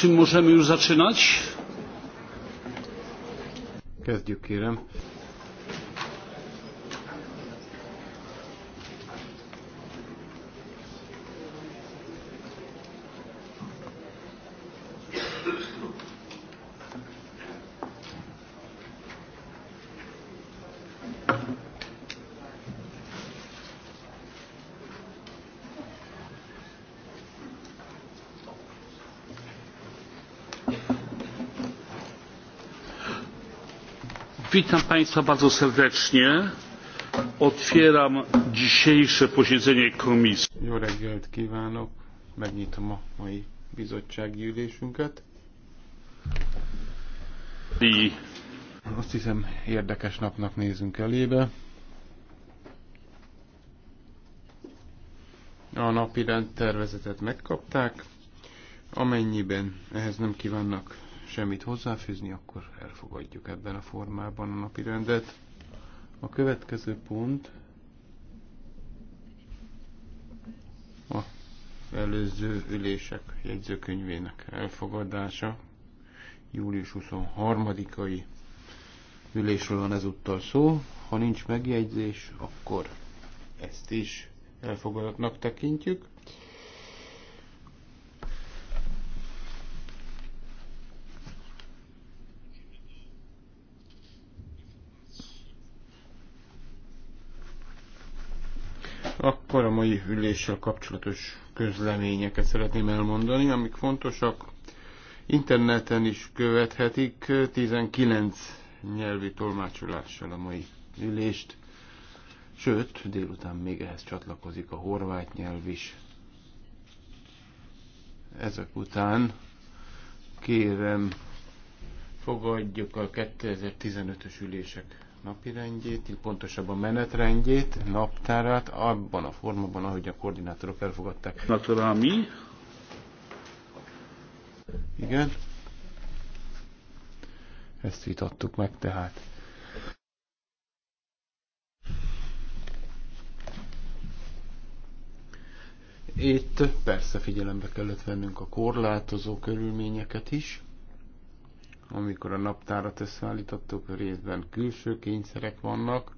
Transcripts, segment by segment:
Czy możemy już zaczynać? Kezdjük kérem. witam państwa bardzo serdecznie. otwieram dzisiejsze posiedzenie komisji. Jó reggelt kívánok! Megnyitom a mai bizottsági ülésünket. Azt hiszem érdekes napnak nézünk elébe. A napi rend tervezetet megkapták. Amennyiben ehhez nem kívánnak semmit hozzáfűzni, akkor elfogadjuk ebben a formában a napi rendet. A következő pont a előző ülések jegyzőkönyvének elfogadása. Július 23-ai ülésről van ezúttal szó. Ha nincs megjegyzés, akkor ezt is elfogadatnak tekintjük. üléssel kapcsolatos közleményeket szeretném elmondani, amik fontosak. Interneten is követhetik 19 nyelvi tolmácsolással a mai ülést, sőt, délután még ehhez csatlakozik a horvát nyelv is. Ezek után kérem, fogadjuk a 2015-ös ülések rendjét, pontosabban menetrendjét, naptárát abban a formában, ahogy a koordinátorok elfogadták. Naturami. Igen. Ezt vitattuk meg tehát. Itt persze figyelembe kellett vennünk a korlátozó körülményeket is amikor a naptárat összeállítottuk, részben külső kényszerek vannak,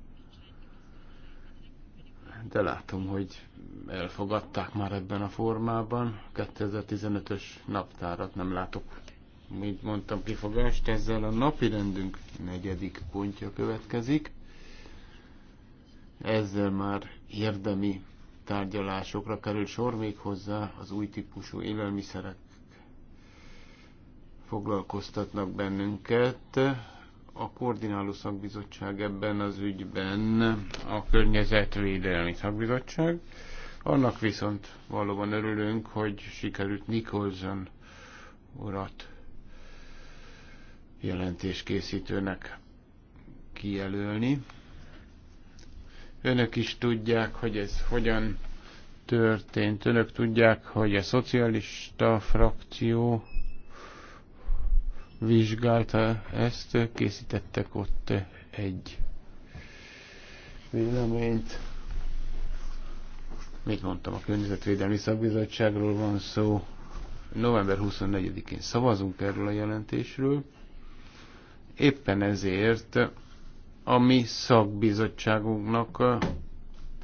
de látom, hogy elfogadták már ebben a formában. 2015-ös naptárat nem látok, mint mondtam, kifogást. Ezzel a napi rendünk negyedik pontja következik. Ezzel már érdemi tárgyalásokra kerül sor még hozzá az új típusú élelmiszerek foglalkoztatnak bennünket. A koordináló szakbizottság ebben az ügyben a környezetvédelmi szakbizottság. Annak viszont valóban örülünk, hogy sikerült Nikolson urat jelentéskészítőnek kijelölni. Önök is tudják, hogy ez hogyan történt. Önök tudják, hogy a szocialista frakció vizsgálta ezt, készítettek ott egy véleményt. Mit mondtam, a Környezetvédelmi Szakbizottságról van szó. November 24-én szavazunk erről a jelentésről. Éppen ezért a mi szakbizottságunknak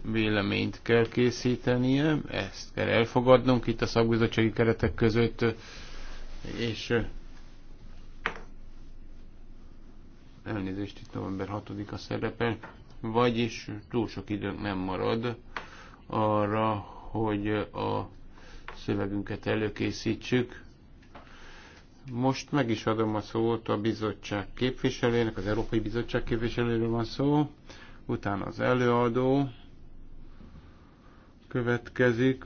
véleményt kell készítenie, ezt kell elfogadnunk itt a szakbizottsági keretek között, és elnézést, itt november 6-a szerepel, vagyis túl sok időnk nem marad arra, hogy a szövegünket előkészítsük. Most meg is adom a szót a bizottság képviselőjének, az Európai Bizottság képviselőről van szó, utána az előadó következik,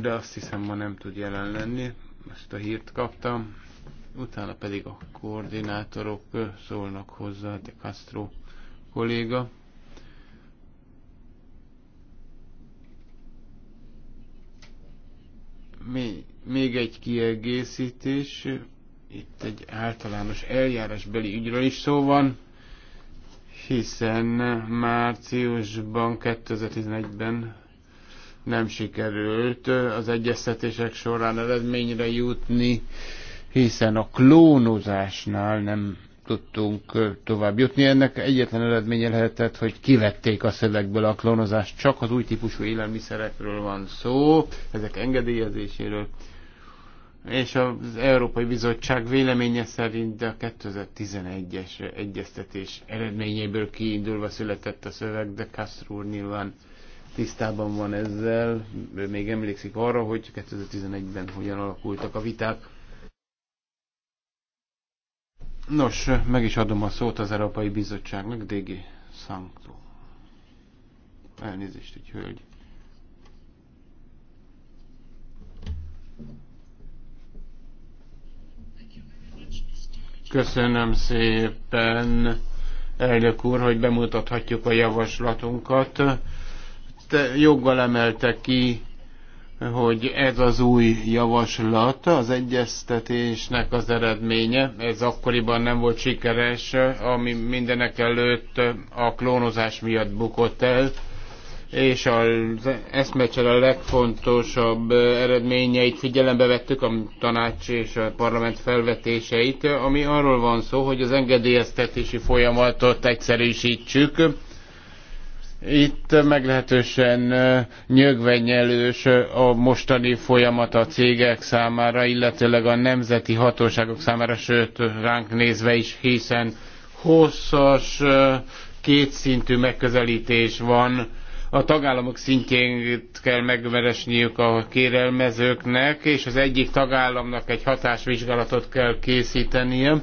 de azt hiszem ma nem tud jelen lenni, ezt a hírt kaptam utána pedig a koordinátorok szólnak hozzá, de Castro kolléga. Még, egy kiegészítés, itt egy általános eljárásbeli ügyről is szó van, hiszen márciusban 2011-ben nem sikerült az egyeztetések során eredményre jutni hiszen a klónozásnál nem tudtunk tovább jutni. Ennek egyetlen eredménye lehetett, hogy kivették a szövegből a klónozást, csak az új típusú élelmiszerekről van szó, ezek engedélyezéséről. És az Európai Bizottság véleménye szerint a 2011-es egyeztetés eredményéből kiindulva született a szöveg, de Castro úr nyilván tisztában van ezzel, ő még emlékszik arra, hogy 2011-ben hogyan alakultak a viták Nos, meg is adom a szót az Európai Bizottságnak, DG Sanktó. Elnézést, egy hölgy. Köszönöm szépen, elnök úr, hogy bemutathatjuk a javaslatunkat. Te joggal emelte ki hogy ez az új javaslat az egyeztetésnek az eredménye. Ez akkoriban nem volt sikeres, ami mindenek előtt a klónozás miatt bukott el, és az eszmecsel a legfontosabb eredményeit figyelembe vettük, a tanács és a parlament felvetéseit, ami arról van szó, hogy az engedélyeztetési folyamatot egyszerűsítsük, itt meglehetősen nyögvenyelős a mostani folyamat a cégek számára, illetőleg a nemzeti hatóságok számára, sőt ránk nézve is, hiszen hosszas, kétszintű megközelítés van, a tagállamok szintjén kell megveresniük a kérelmezőknek, és az egyik tagállamnak egy hatásvizsgálatot kell készítenie,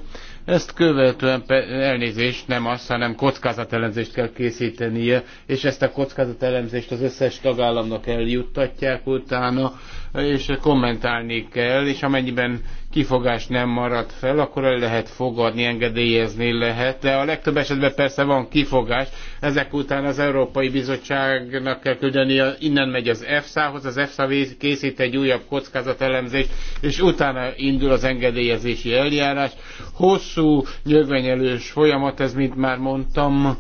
ezt követően elnézést nem azt, hanem kockázatelemzést kell készítenie, és ezt a kockázatelemzést az összes tagállamnak eljuttatják utána, és kommentálni kell, és amennyiben kifogás nem marad fel, akkor el lehet fogadni, engedélyezni lehet, de a legtöbb esetben persze van kifogás. Ezek után az Európai Bizottságnak kell küldeni, innen megy az EFSA-hoz, az EFSA készít egy újabb kockázatelemzést, és utána indul az engedélyezési eljárás. Hosszú, nyögvenyelős folyamat, ez mint már mondtam,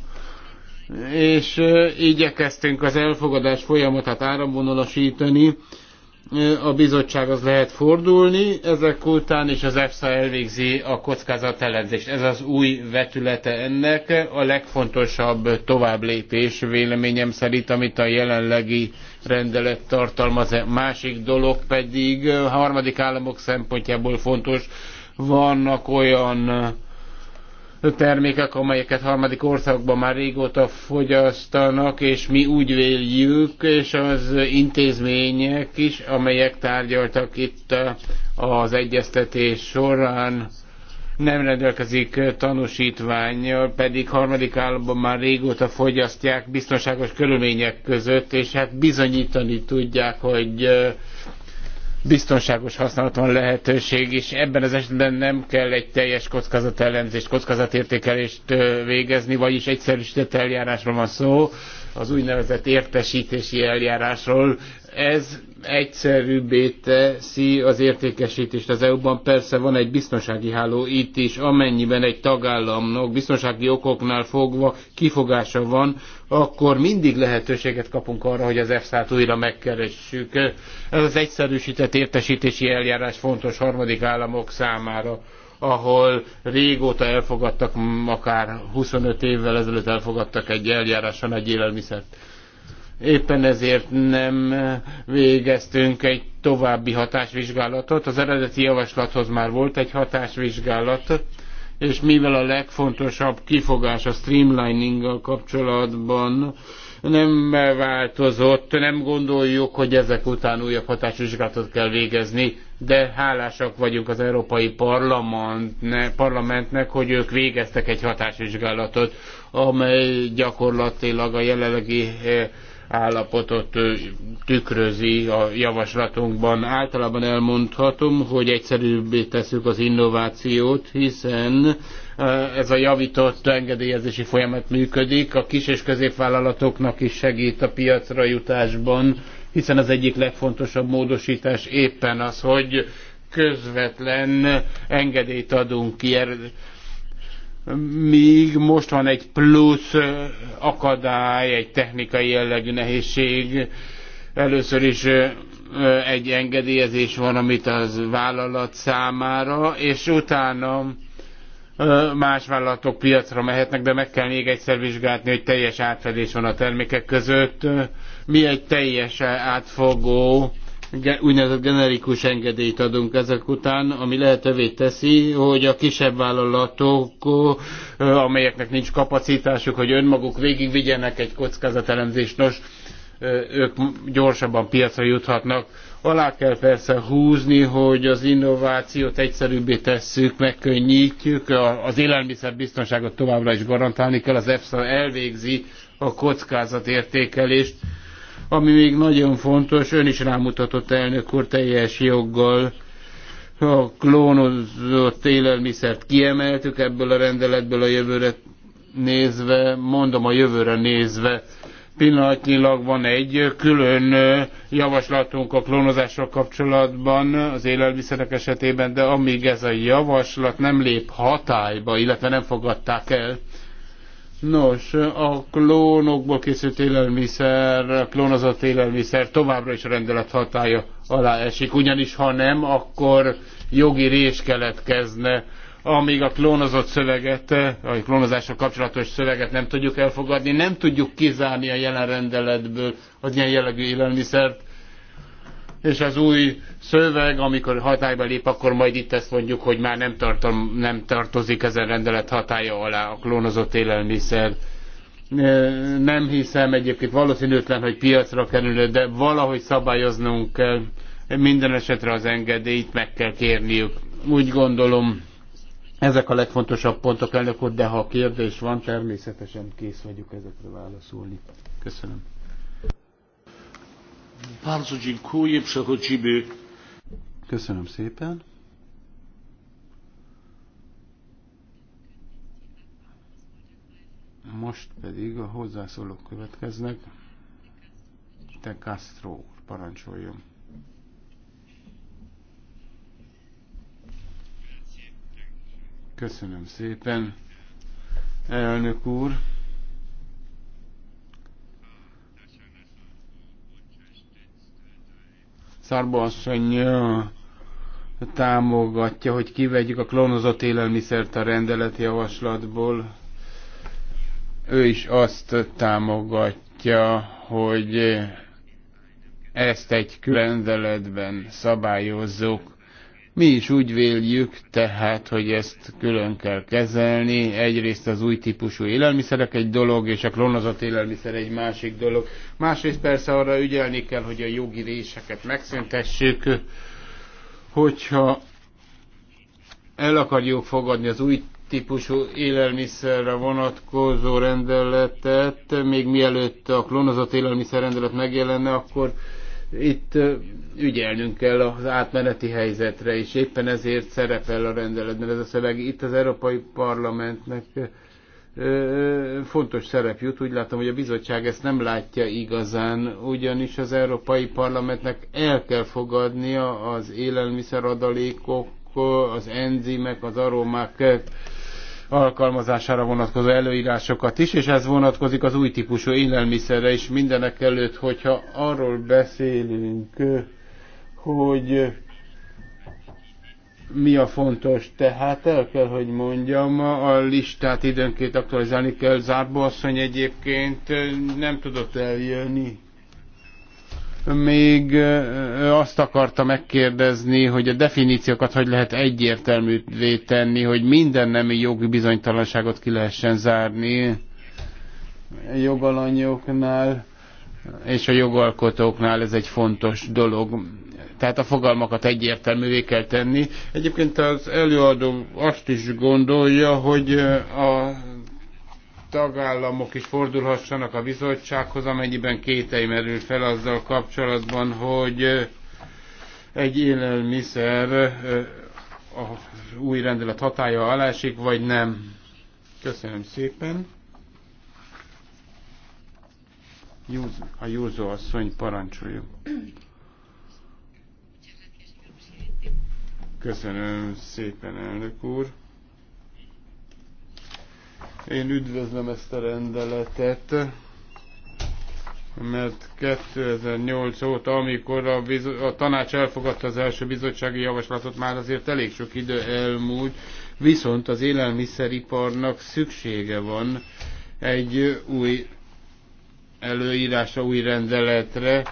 és igyekeztünk az elfogadás folyamatát áramvonalasítani, a bizottság az lehet fordulni ezek után, és az EFSA elvégzi a kockázatelemzést. Ez az új vetülete ennek, a legfontosabb lépés véleményem szerint, amit a jelenlegi rendelet tartalmaz. E másik dolog pedig a harmadik államok szempontjából fontos, vannak olyan termékek, amelyeket harmadik országban már régóta fogyasztanak, és mi úgy véljük, és az intézmények is, amelyek tárgyaltak itt az egyeztetés során, nem rendelkezik tanúsítványjal, pedig harmadik államban már régóta fogyasztják biztonságos körülmények között, és hát bizonyítani tudják, hogy biztonságos használat van lehetőség, és ebben az esetben nem kell egy teljes kockázatelemzést, kockázatértékelést végezni, vagyis egyszerűsített eljárásról van szó, az úgynevezett értesítési eljárásról. Ez egyszerűbbé teszi az értékesítést az EU-ban. Persze van egy biztonsági háló itt is, amennyiben egy tagállamnak biztonsági okoknál fogva kifogása van, akkor mindig lehetőséget kapunk arra, hogy az EFSA-t újra megkeressük. Ez az egyszerűsített értesítési eljárás fontos harmadik államok számára ahol régóta elfogadtak, akár 25 évvel ezelőtt elfogadtak egy eljáráson egy élelmiszert Éppen ezért nem végeztünk egy további hatásvizsgálatot. Az eredeti javaslathoz már volt egy hatásvizsgálat, és mivel a legfontosabb kifogás a streamlininggal kapcsolatban nem változott, nem gondoljuk, hogy ezek után újabb hatásvizsgálatot kell végezni, de hálásak vagyunk az Európai Parlamentnek, hogy ők végeztek egy hatásvizsgálatot, amely gyakorlatilag a jelenlegi eh, állapotot tükrözi a javaslatunkban. Általában elmondhatom, hogy egyszerűbbé tesszük az innovációt, hiszen ez a javított engedélyezési folyamat működik, a kis és középvállalatoknak is segít a piacra jutásban, hiszen az egyik legfontosabb módosítás éppen az, hogy közvetlen engedélyt adunk ki míg most van egy plusz akadály, egy technikai jellegű nehézség. Először is egy engedélyezés van, amit az vállalat számára, és utána más vállalatok piacra mehetnek, de meg kell még egyszer vizsgálni, hogy teljes átfedés van a termékek között. Mi egy teljes átfogó úgynevezett generikus engedélyt adunk ezek után, ami lehetővé teszi, hogy a kisebb vállalatok, amelyeknek nincs kapacitásuk, hogy önmaguk végigvigyenek egy kockázatelemzést, nos, ők gyorsabban piacra juthatnak. Alá kell persze húzni, hogy az innovációt egyszerűbbé tesszük, megkönnyítjük, az élelmiszerbiztonságot továbbra is garantálni kell, az EFSA elvégzi a kockázatértékelést, ami még nagyon fontos, ön is rámutatott elnök úr teljes joggal, a klónozott élelmiszert kiemeltük ebből a rendeletből a jövőre nézve, mondom a jövőre nézve, pillanatnyilag van egy külön javaslatunk a klónozással kapcsolatban az élelmiszerek esetében, de amíg ez a javaslat nem lép hatályba, illetve nem fogadták el, Nos, a klónokból készült élelmiszer, a klónozott élelmiszer továbbra is a rendelet hatája alá esik, ugyanis ha nem, akkor jogi rés keletkezne, amíg a klónozott szöveget, a klónozással kapcsolatos szöveget nem tudjuk elfogadni, nem tudjuk kizárni a jelen rendeletből az ilyen jellegű élelmiszert, és az új szöveg, amikor hatályba lép, akkor majd itt ezt mondjuk, hogy már nem, tartom, nem tartozik ezen rendelet hatája alá a klónozott élelmiszer. Nem hiszem, egyébként valószínűtlen, hogy piacra kerül, de valahogy szabályoznunk kell. Minden esetre az engedélyt meg kell kérniük. Úgy gondolom, ezek a legfontosabb pontok, elnök de ha kérdés van, természetesen kész vagyok ezekre válaszolni. Köszönöm. Bardzo dziękuję. Przechodzimy. Köszönöm szépen. Most pedig a hozzászólók következnek. Te Castro úr, parancsoljon. Köszönöm szépen, elnök úr. Szarba asszony támogatja, hogy kivegyük a klónozott élelmiszert a rendeleti javaslatból. Ő is azt támogatja, hogy ezt egy rendeletben szabályozzuk. Mi is úgy véljük tehát, hogy ezt külön kell kezelni. Egyrészt az új típusú élelmiszerek egy dolog, és a klónozott élelmiszer egy másik dolog. Másrészt persze arra ügyelni kell, hogy a jogi réseket megszüntessük, hogyha el akarjuk fogadni az új típusú élelmiszerre vonatkozó rendeletet, még mielőtt a klónozott rendelet megjelenne, akkor itt ügyelnünk kell az átmeneti helyzetre, és éppen ezért szerepel a rendeletben ez a szöveg. Itt az Európai Parlamentnek fontos szerep jut. Úgy látom, hogy a bizottság ezt nem látja igazán, ugyanis az Európai Parlamentnek el kell fogadnia az élelmiszeradalékok, az enzimek, az aromák alkalmazására vonatkozó előírásokat is, és ez vonatkozik az új típusú élelmiszerre is mindenek előtt, hogyha arról beszélünk, hogy mi a fontos. Tehát el kell, hogy mondjam, a listát időnként aktualizálni kell. zárba asszony egyébként nem tudott eljönni még azt akarta megkérdezni, hogy a definíciókat hogy lehet egyértelművé tenni, hogy minden nemi jogi bizonytalanságot ki lehessen zárni jogalanyoknál, és a jogalkotóknál ez egy fontos dolog. Tehát a fogalmakat egyértelművé kell tenni. Egyébként az előadó azt is gondolja, hogy a tagállamok is fordulhassanak a bizottsághoz, amennyiben kétei merül fel azzal kapcsolatban, hogy egy élelmiszer a új rendelet hatája alá esik, vagy nem. Köszönöm szépen. A Józó asszony parancsoljuk. Köszönöm szépen, elnök úr. Én üdvözlöm ezt a rendeletet, mert 2008 óta, amikor a, a tanács elfogadta az első bizottsági javaslatot, már azért elég sok idő elmúlt, viszont az élelmiszeriparnak szüksége van egy új előírása új rendeletre.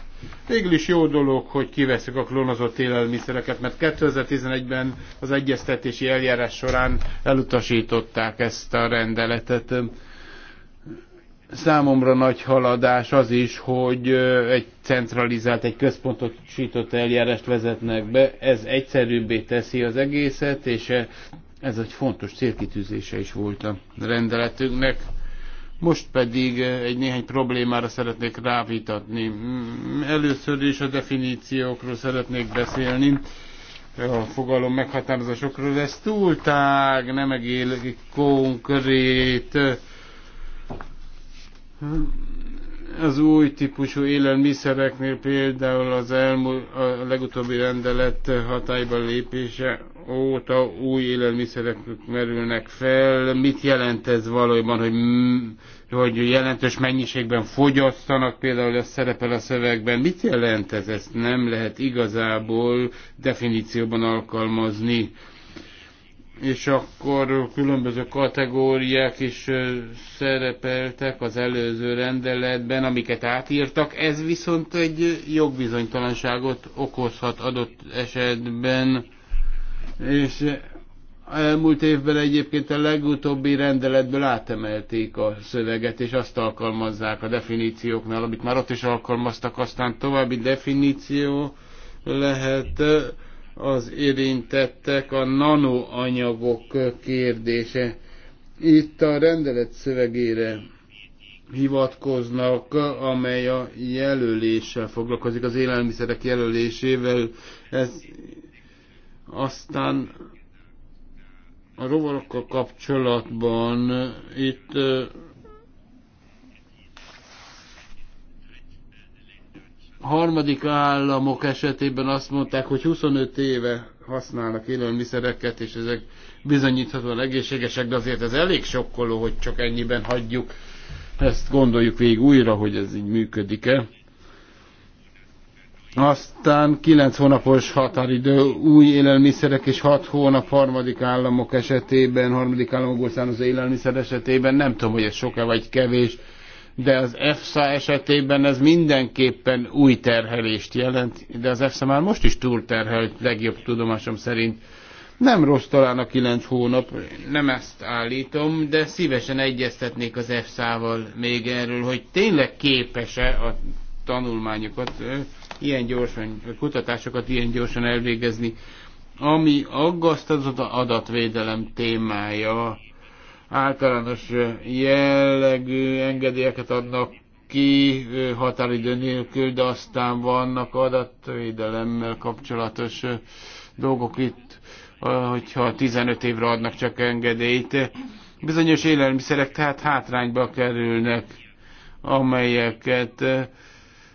Végül is jó dolog, hogy kiveszik a klónozott élelmiszereket, mert 2011-ben az egyeztetési eljárás során elutasították ezt a rendeletet. Számomra nagy haladás az is, hogy egy centralizált, egy központosított eljárást vezetnek be. Ez egyszerűbbé teszi az egészet, és ez egy fontos célkitűzése is volt a rendeletünknek. Most pedig eh, egy néhány problémára szeretnék rávitatni. Mm, először is a definíciókról szeretnék beszélni, a fogalom meghatározásokról. Ez túl tág, nem egész konkrét az új típusú élelmiszereknél például az elmúlt, a legutóbbi rendelet hatályba lépése óta új élelmiszerek merülnek fel. Mit jelent ez valójában, hogy, hogy jelentős mennyiségben fogyasztanak, például ez szerepel a szövegben. Mit jelent ez? Ezt nem lehet igazából definícióban alkalmazni. És akkor különböző kategóriák is szerepeltek az előző rendeletben, amiket átírtak. Ez viszont egy jogbizonytalanságot okozhat adott esetben és elmúlt évben egyébként a legutóbbi rendeletből átemelték a szöveget, és azt alkalmazzák a definícióknál, amit már ott is alkalmaztak, aztán további definíció lehet az érintettek a nanoanyagok kérdése. Itt a rendelet szövegére hivatkoznak, amely a jelöléssel foglalkozik, az élelmiszerek jelölésével. Ez aztán a rovarokkal kapcsolatban itt harmadik államok esetében azt mondták, hogy 25 éve használnak élelmiszereket, és ezek bizonyíthatóan egészségesek, de azért ez elég sokkoló, hogy csak ennyiben hagyjuk. Ezt gondoljuk végig újra, hogy ez így működik-e. Aztán 9 hónapos határidő új élelmiszerek és 6 hónap harmadik államok esetében, harmadik államokból származó élelmiszer esetében, nem tudom, hogy ez sok-e vagy kevés, de az EFSA esetében ez mindenképpen új terhelést jelent, de az EFSA már most is túlterhelt, legjobb tudomásom szerint. Nem rossz talán a kilenc hónap, nem ezt állítom, de szívesen egyeztetnék az EFSA-val még erről, hogy tényleg képes-e a tanulmányokat ilyen gyorsan, kutatásokat ilyen gyorsan elvégezni. Ami aggaszt az adatvédelem témája, általános jellegű engedélyeket adnak ki határidő nélkül, de aztán vannak adatvédelemmel kapcsolatos dolgok itt, hogyha 15 évre adnak csak engedélyt. Bizonyos élelmiszerek tehát hátrányba kerülnek, amelyeket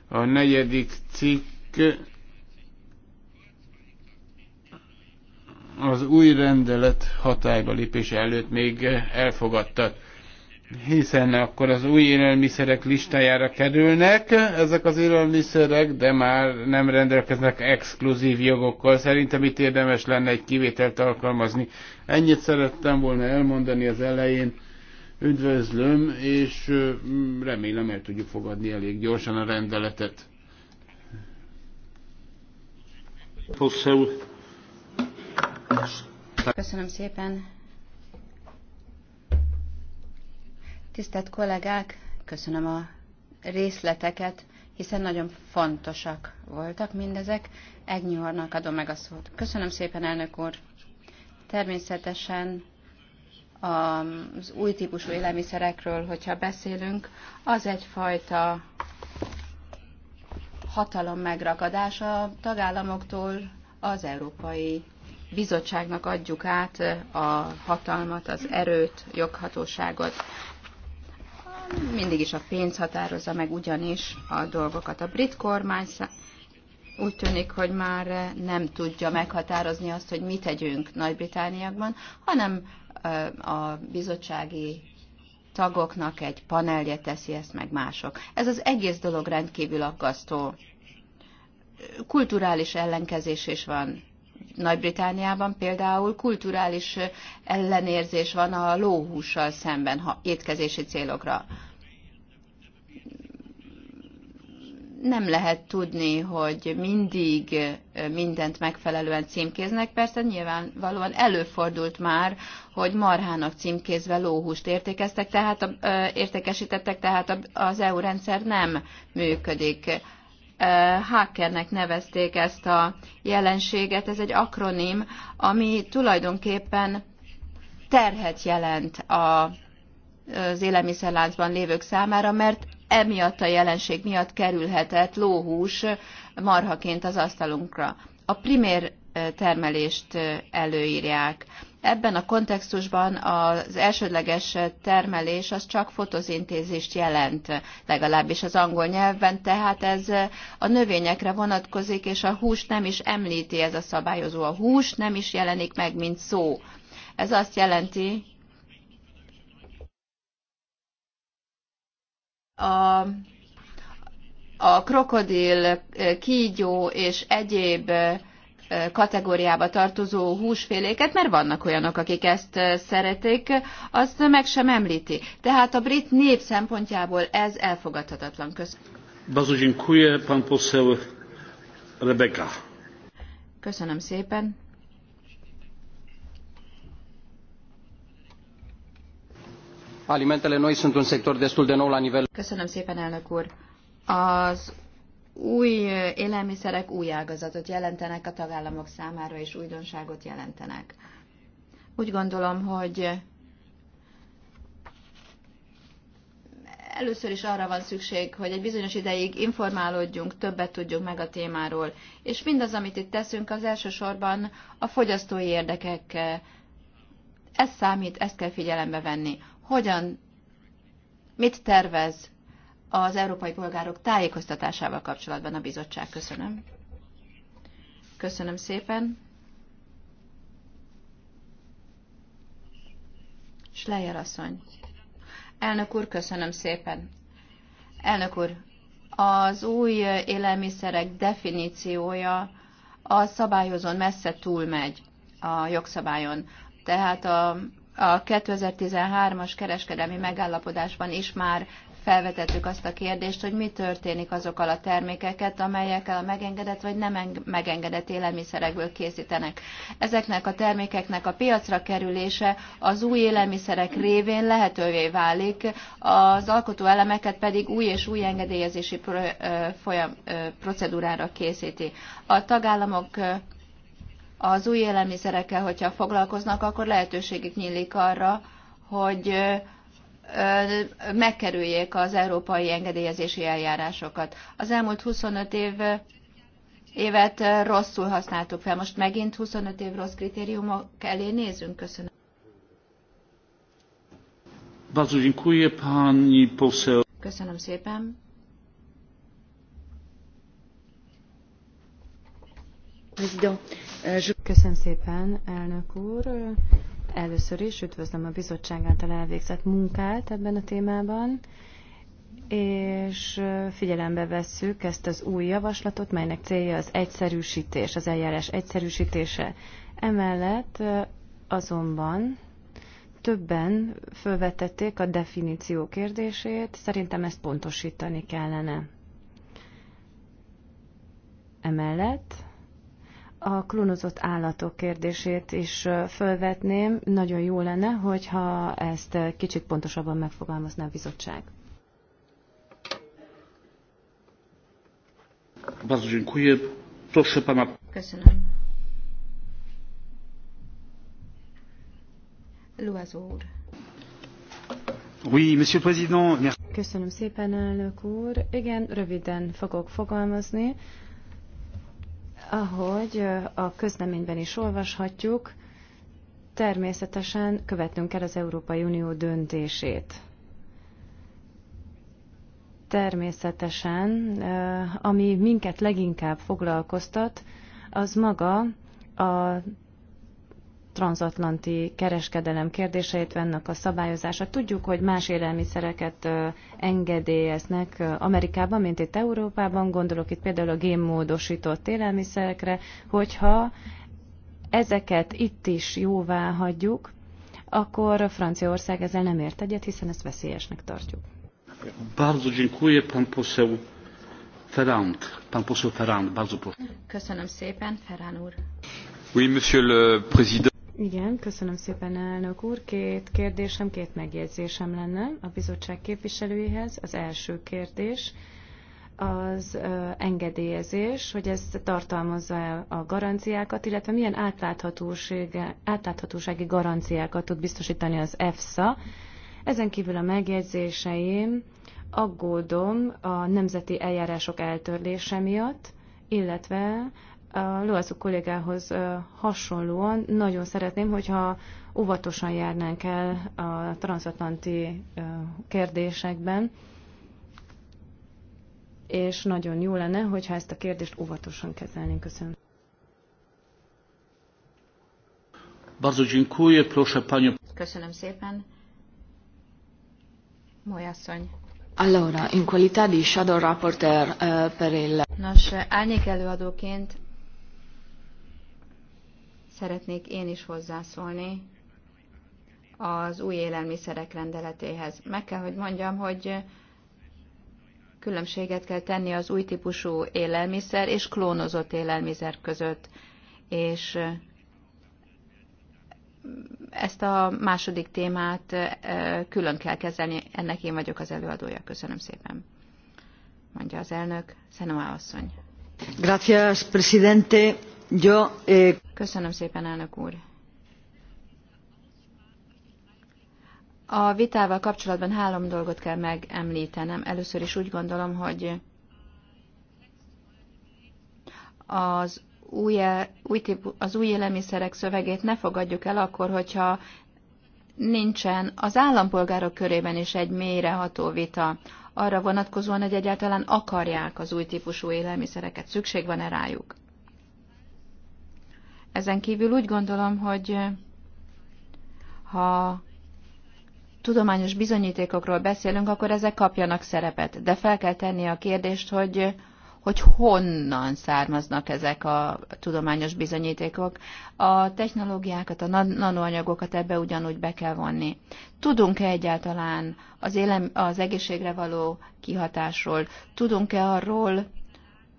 a negyedik cikk az új rendelet hatályba lépése előtt még elfogadtat hiszen akkor az új élelmiszerek listájára kerülnek ezek az élelmiszerek, de már nem rendelkeznek exkluzív jogokkal. Szerintem itt érdemes lenne egy kivételt alkalmazni. Ennyit szerettem volna elmondani az elején üdvözlöm, és remélem el tudjuk fogadni elég gyorsan a rendeletet. Köszönöm szépen. Tisztelt kollégák, köszönöm a részleteket, hiszen nagyon fontosak voltak mindezek. Egnyornak adom meg a szót. Köszönöm szépen, elnök úr. Természetesen az új típusú élelmiszerekről, hogyha beszélünk, az egyfajta hatalom megragadása a tagállamoktól az Európai Bizottságnak adjuk át a hatalmat, az erőt, joghatóságot. Mindig is a pénz határozza meg ugyanis a dolgokat. A brit kormány úgy tűnik, hogy már nem tudja meghatározni azt, hogy mit tegyünk Nagy-Britániában, hanem a bizottsági tagoknak egy panelje teszi ezt meg mások. Ez az egész dolog rendkívül aggasztó. Kulturális ellenkezés is van. Nagy-Britániában például kulturális ellenérzés van a lóhússal szemben, ha étkezési célokra nem lehet tudni, hogy mindig mindent megfelelően címkéznek. Persze nyilvánvalóan előfordult már, hogy marhának címkézve lóhúst értékeztek, tehát a, értékesítettek, tehát az EU rendszer nem működik. Hackernek nevezték ezt a jelenséget, ez egy akronim, ami tulajdonképpen terhet jelent a, az élelmiszerláncban lévők számára, mert emiatt a jelenség miatt kerülhetett lóhús marhaként az asztalunkra. A primér termelést előírják. Ebben a kontextusban az elsődleges termelés az csak fotoszintézist jelent, legalábbis az angol nyelvben, tehát ez a növényekre vonatkozik, és a hús nem is említi ez a szabályozó. A hús nem is jelenik meg, mint szó. Ez azt jelenti, a, a krokodil, eh, kígyó és egyéb eh, kategóriába tartozó húsféléket, mert vannak olyanok, akik ezt eh, szeretik, azt meg sem említi. Tehát a brit nép szempontjából ez elfogadhatatlan. Köszönöm. Köszönöm szépen. alimentele noi sunt un sector destul de nou la nivel... Köszönöm szépen, elnök úr. Az új élelmiszerek új ágazatot jelentenek a tagállamok számára, és újdonságot jelentenek. Úgy gondolom, hogy először is arra van szükség, hogy egy bizonyos ideig informálódjunk, többet tudjunk meg a témáról. És mindaz, amit itt teszünk, az elsősorban a fogyasztói érdekek. Ez számít, ezt kell figyelembe venni hogyan, mit tervez az európai polgárok tájékoztatásával kapcsolatban a bizottság. Köszönöm. Köszönöm szépen. Schleyer asszony. Elnök úr, köszönöm szépen. Elnök úr, az új élelmiszerek definíciója a szabályozón messze túlmegy a jogszabályon. Tehát a a 2013-as kereskedelmi megállapodásban is már felvetettük azt a kérdést, hogy mi történik azokkal a termékeket, amelyekkel a megengedett vagy nem megengedett élelmiszerekből készítenek. Ezeknek a termékeknek a piacra kerülése az új élelmiszerek révén lehetővé válik, az alkotó elemeket pedig új és új engedélyezési pro, folyam, procedúrára készíti. A tagállamok az új élelmiszerekkel, hogyha foglalkoznak, akkor lehetőségük nyílik arra, hogy megkerüljék az európai engedélyezési eljárásokat. Az elmúlt 25 év évet rosszul használtuk fel. Most megint 25 év rossz kritériumok elé nézünk. Köszönöm. Köszönöm szépen. Président. Köszönöm szépen, elnök úr. Először is üdvözlöm a bizottság által elvégzett munkát ebben a témában, és figyelembe vesszük ezt az új javaslatot, melynek célja az egyszerűsítés, az eljárás egyszerűsítése. Emellett azonban többen felvetették a definíció kérdését, szerintem ezt pontosítani kellene. Emellett a klónozott állatok kérdését is fölvetném. Nagyon jó lenne, hogyha ezt kicsit pontosabban megfogalmazná a bizottság. Bardzo dziękuję. Proszę pana. Köszönöm. Loazó úr. Oui, monsieur le président. Köszönöm szépen, elnök úr. Igen, röviden fogok fogalmazni. Ahogy a közleményben is olvashatjuk, természetesen követnünk kell az Európai Unió döntését. Természetesen, ami minket leginkább foglalkoztat, az maga a transatlanti kereskedelem kérdéseit, ennek a szabályozása. Tudjuk, hogy más élelmiszereket engedélyeznek Amerikában, mint itt Európában, gondolok itt például a génmódosított élelmiszerekre, hogyha ezeket itt is jóvá hagyjuk, akkor Franciaország ezzel nem ért egyet, hiszen ezt veszélyesnek tartjuk. Bardzo dziękuję, pan poseł Ferrand. Pan poseł Ferrand, bardzo proszę. Köszönöm szépen, Ferrand úr. Oui, monsieur le président. Igen, köszönöm szépen, elnök úr. Két kérdésem, két megjegyzésem lenne a bizottság képviselőihez. Az első kérdés az engedélyezés, hogy ez tartalmazza a garanciákat, illetve milyen átláthatósági garanciákat tud biztosítani az EFSA. Ezen kívül a megjegyzéseim aggódom a nemzeti eljárások eltörlése miatt, illetve a Loacu kollégához hasonlóan nagyon szeretném, hogyha óvatosan járnánk el a transatlanti kérdésekben, és nagyon jó lenne, hogyha ezt a kérdést óvatosan kezelnénk. Köszönöm. dziękuję, proszę Köszönöm szépen. Mój asszony. Allora, in qualità di shadow rapporteur uh, per il... Nos, árnyék előadóként szeretnék én is hozzászólni az új élelmiszerek rendeletéhez. Meg kell, hogy mondjam, hogy különbséget kell tenni az új típusú élelmiszer és klónozott élelmiszer között, és ezt a második témát külön kell kezelni, ennek én vagyok az előadója. Köszönöm szépen, mondja az elnök, Szenóá asszony. Gracias, presidente. Eh, Köszönöm szépen, elnök úr. A vitával kapcsolatban három dolgot kell megemlítenem. Először is úgy gondolom, hogy az új, e- új típu, az új élelmiszerek szövegét ne fogadjuk el akkor, hogyha nincsen az állampolgárok körében is egy mélyreható vita arra vonatkozóan, hogy egyáltalán akarják az új típusú élelmiszereket, szükség van-e rájuk. Ezen kívül úgy gondolom, hogy eh, ha tudományos bizonyítékokról beszélünk, akkor ezek kapjanak szerepet. De fel kell tenni a kérdést, hogy eh, hogy honnan származnak ezek a tudományos bizonyítékok. A technológiákat, a nanoanyagokat ebbe ugyanúgy be kell vonni. Tudunk-e egyáltalán az, élem, az egészségre való kihatásról? Tudunk-e arról,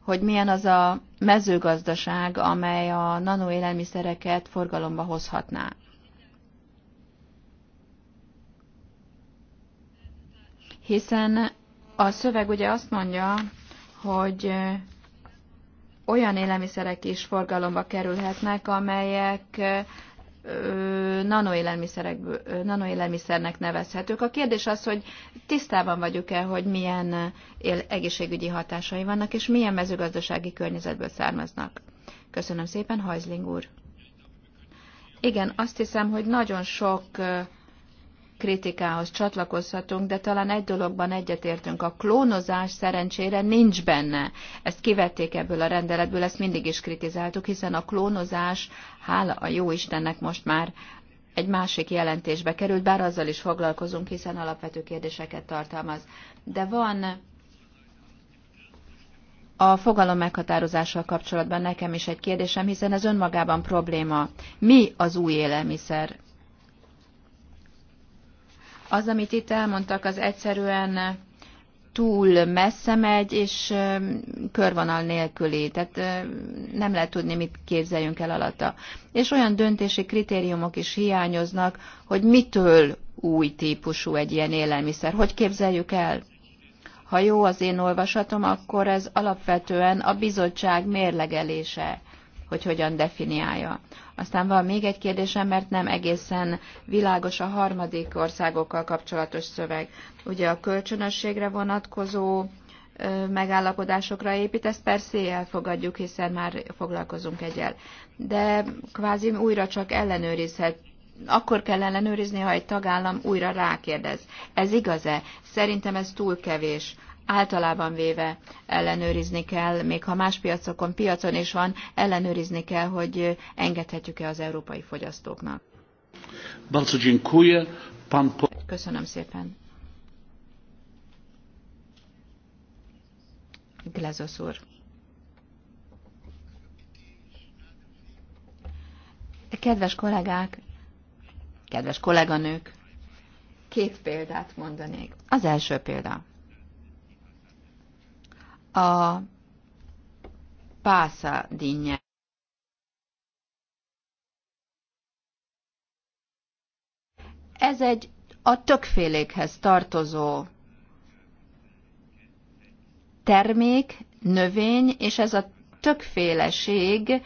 hogy milyen az a mezőgazdaság, amely a nanoélelmiszereket forgalomba hozhatná. Hiszen a szöveg ugye azt mondja, hogy olyan élelmiszerek is forgalomba kerülhetnek, amelyek nanoélelmiszernek nevezhetők. A kérdés az, hogy tisztában vagyunk-e, hogy milyen egészségügyi hatásai vannak, és milyen mezőgazdasági környezetből származnak. Köszönöm szépen, Hajzling úr! Igen, azt hiszem, hogy nagyon sok kritikához csatlakozhatunk, de talán egy dologban egyetértünk, a klónozás szerencsére nincs benne. Ezt kivették ebből a rendeletből, ezt mindig is kritizáltuk, hiszen a klónozás, hála a jó Istennek most már egy másik jelentésbe került, bár azzal is foglalkozunk, hiszen alapvető kérdéseket tartalmaz. De van a fogalom meghatározással kapcsolatban nekem is egy kérdésem, hiszen ez önmagában probléma. Mi az új élelmiszer? Az, amit itt elmondtak, az egyszerűen túl messze megy, és körvonal nélküli, tehát nem lehet tudni, mit képzeljünk el alatta. És olyan döntési kritériumok is hiányoznak, hogy mitől új típusú egy ilyen élelmiszer, hogy képzeljük el. Ha jó az én olvasatom, akkor ez alapvetően a bizottság mérlegelése hogy hogyan definiálja. Aztán van még egy kérdésem, mert nem egészen világos a harmadik országokkal kapcsolatos szöveg. Ugye a kölcsönösségre vonatkozó megállapodásokra épít, ezt persze elfogadjuk, hiszen már foglalkozunk egyel. De kvázi újra csak ellenőrizhet, akkor kell ellenőrizni, ha egy tagállam újra rákérdez. Ez igaz-e? Szerintem ez túl kevés általában véve ellenőrizni kell, még ha más piacokon, piacon is van, ellenőrizni kell, hogy engedhetjük-e az európai fogyasztóknak. Köszönöm szépen. Glezos úr. Kedves kollégák, kedves kolléganők, két példát mondanék. Az első példa a Pasadena. Ez egy a tökfélékhez tartozó termék, növény, és ez a tökféleség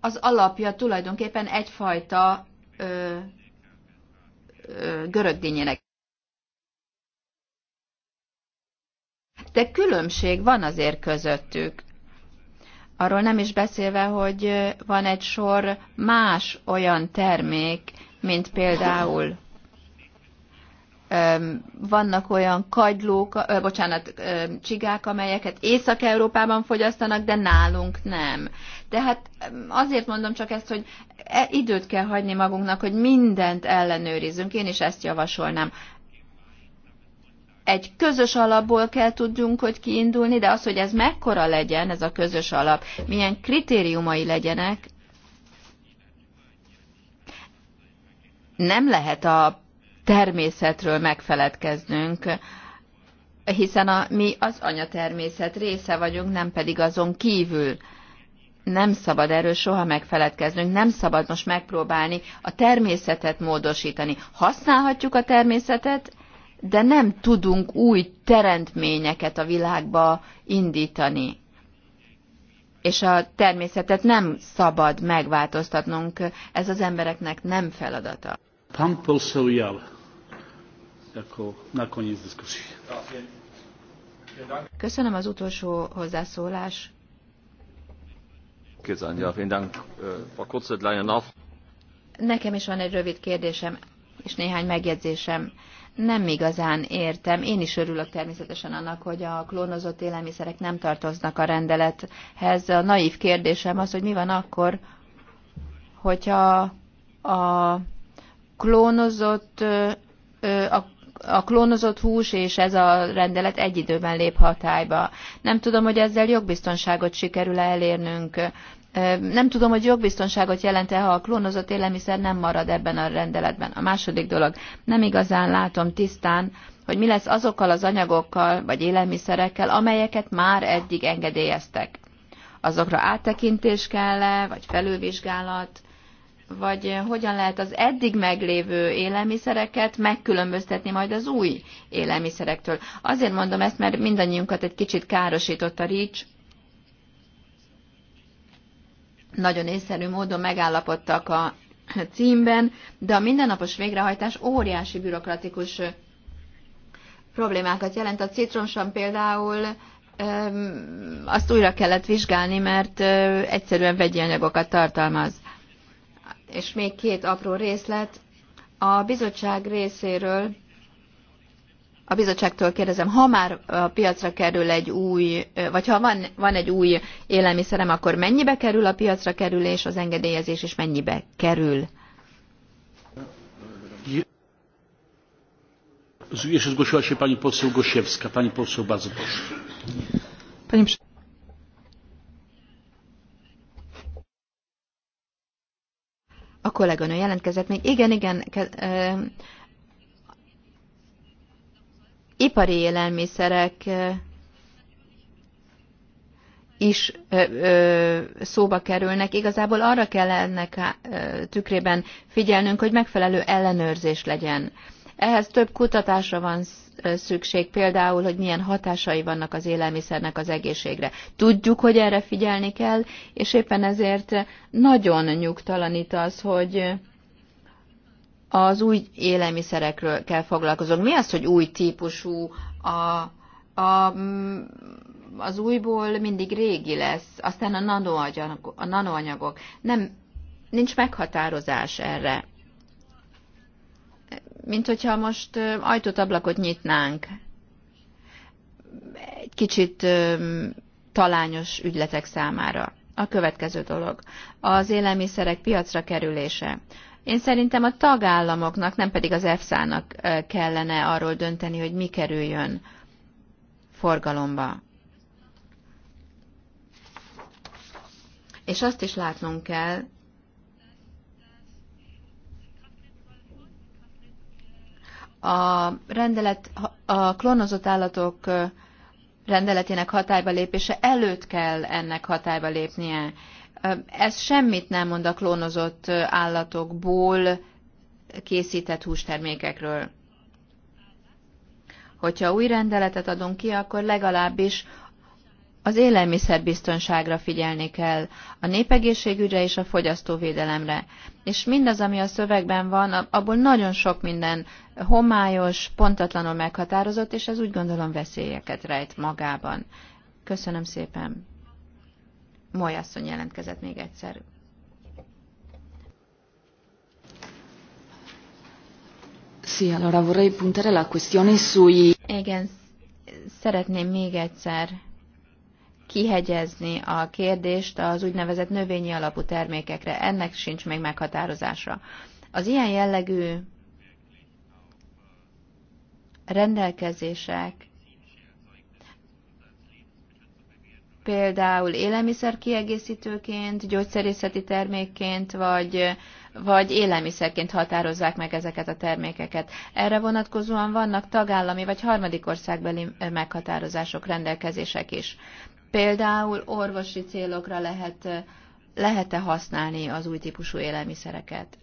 az alapja tulajdonképpen egyfajta ö, ö, De különbség van azért közöttük. Arról nem is beszélve, hogy van egy sor más olyan termék, mint például vannak olyan kagylók, bocsánat, csigák, amelyeket Észak-Európában fogyasztanak, de nálunk nem. Tehát azért mondom csak ezt, hogy e, időt kell hagyni magunknak, hogy mindent ellenőrizzünk. Én is ezt javasolnám egy közös alapból kell tudjunk, hogy kiindulni, de az, hogy ez mekkora legyen, ez a közös alap, milyen kritériumai legyenek, nem lehet a természetről megfeledkeznünk, hiszen a, mi az anyatermészet része vagyunk, nem pedig azon kívül. Nem szabad erről soha megfeledkeznünk, nem szabad most megpróbálni a természetet módosítani. Használhatjuk a természetet, de nem tudunk új teremtményeket a világba indítani. És a természetet nem szabad megváltoztatnunk, ez az embereknek nem feladata. Pan poseł Jal, Köszönöm az utolsó hozzászólás. Äh, Nekem is van egy rövid kérdésem, és néhány megjegyzésem nem igazán értem. Én is örülök természetesen annak, hogy a klónozott élelmiszerek nem tartoznak a rendelethez. A naív kérdésem az, hogy mi van akkor, hogyha a klónozott a a klónozott hús és ez a rendelet egy időben lép hatályba. Nem tudom, hogy ezzel jogbiztonságot sikerül elérnünk. Nem tudom, hogy jogbiztonságot jelent-e, ha a klónozott élelmiszer nem marad ebben a rendeletben. A második dolog, nem igazán látom tisztán, hogy mi lesz azokkal az anyagokkal vagy élelmiszerekkel, amelyeket már eddig engedélyeztek. Azokra áttekintés kell-e, vagy felülvizsgálat, vagy hogyan lehet az eddig meglévő élelmiszereket megkülönböztetni majd az új élelmiszerektől. Azért mondom ezt, mert mindannyiunkat egy kicsit károsított a rics, nagyon észszerű módon megállapodtak a címben, de a mindennapos végrehajtás óriási bürokratikus problémákat jelent. A citromsan például azt újra kellett vizsgálni, mert egyszerűen vegyi anyagokat tartalmaz. És még két apró részlet. A bizottság részéről a bizottságtól kérdezem, ha már a piacra kerül egy új, vagy ha van, van egy új élelmiszerem, akkor mennyibe kerül a piacra kerülés, az engedélyezés, és mennyibe kerül? Jeszcze zgłosiła się pani poseł Gosiewska. Pani poseł, bardzo proszę. A kolléganő jelentkezett még. Igen, igen, ipari élelmiszerek is ö, ö, szóba kerülnek. Igazából arra kell ennek tükrében figyelnünk, hogy megfelelő ellenőrzés legyen. Ehhez több kutatásra van szükség, például, hogy milyen hatásai vannak az élelmiszernek az egészségre. Tudjuk, hogy erre figyelni kell, és éppen ezért nagyon nyugtalanít az, hogy az új élelmiszerekről kell foglalkozunk. Mi az, hogy új típusú a, a, az újból mindig régi lesz, aztán a, nanoanyagok. a nanoanyagok. Nem, nincs meghatározás erre. Mint hogyha most ajtót, ablakot nyitnánk. Egy kicsit talányos ügyletek számára. A következő dolog. Az élelmiszerek piacra kerülése. Én szerintem a tagállamoknak, nem pedig az EFSA-nak kellene arról dönteni, hogy mi kerüljön forgalomba. És azt is látnunk kell, a rendelet, a klónozott állatok rendeletének hatályba lépése előtt kell ennek hatályba lépnie. Ez semmit nem mond a klónozott állatokból készített hústermékekről. Hogyha új rendeletet adunk ki, akkor legalábbis az élelmiszerbiztonságra figyelni kell, a népegészségügyre és a fogyasztóvédelemre. És mindaz, ami a szövegben van, abból nagyon sok minden homályos, pontatlanul meghatározott, és ez úgy gondolom veszélyeket rejt magában. Köszönöm szépen! Molyasszony jelentkezett még egyszer. Sì, allora vorrei puntare la questione sui... Igen, szeretném még egyszer kihegyezni a kérdést az úgynevezett növényi alapú termékekre. Ennek sincs még meghatározása. Az ilyen jellegű rendelkezések például élelmiszerkiegészítőként, gyógyszerészeti termékként, vagy, vagy élelmiszerként határozzák meg ezeket a termékeket. Erre vonatkozóan vannak tagállami vagy harmadik országbeli meghatározások, rendelkezések is. Például orvosi célokra lehet, lehet-e használni az új típusú élelmiszereket?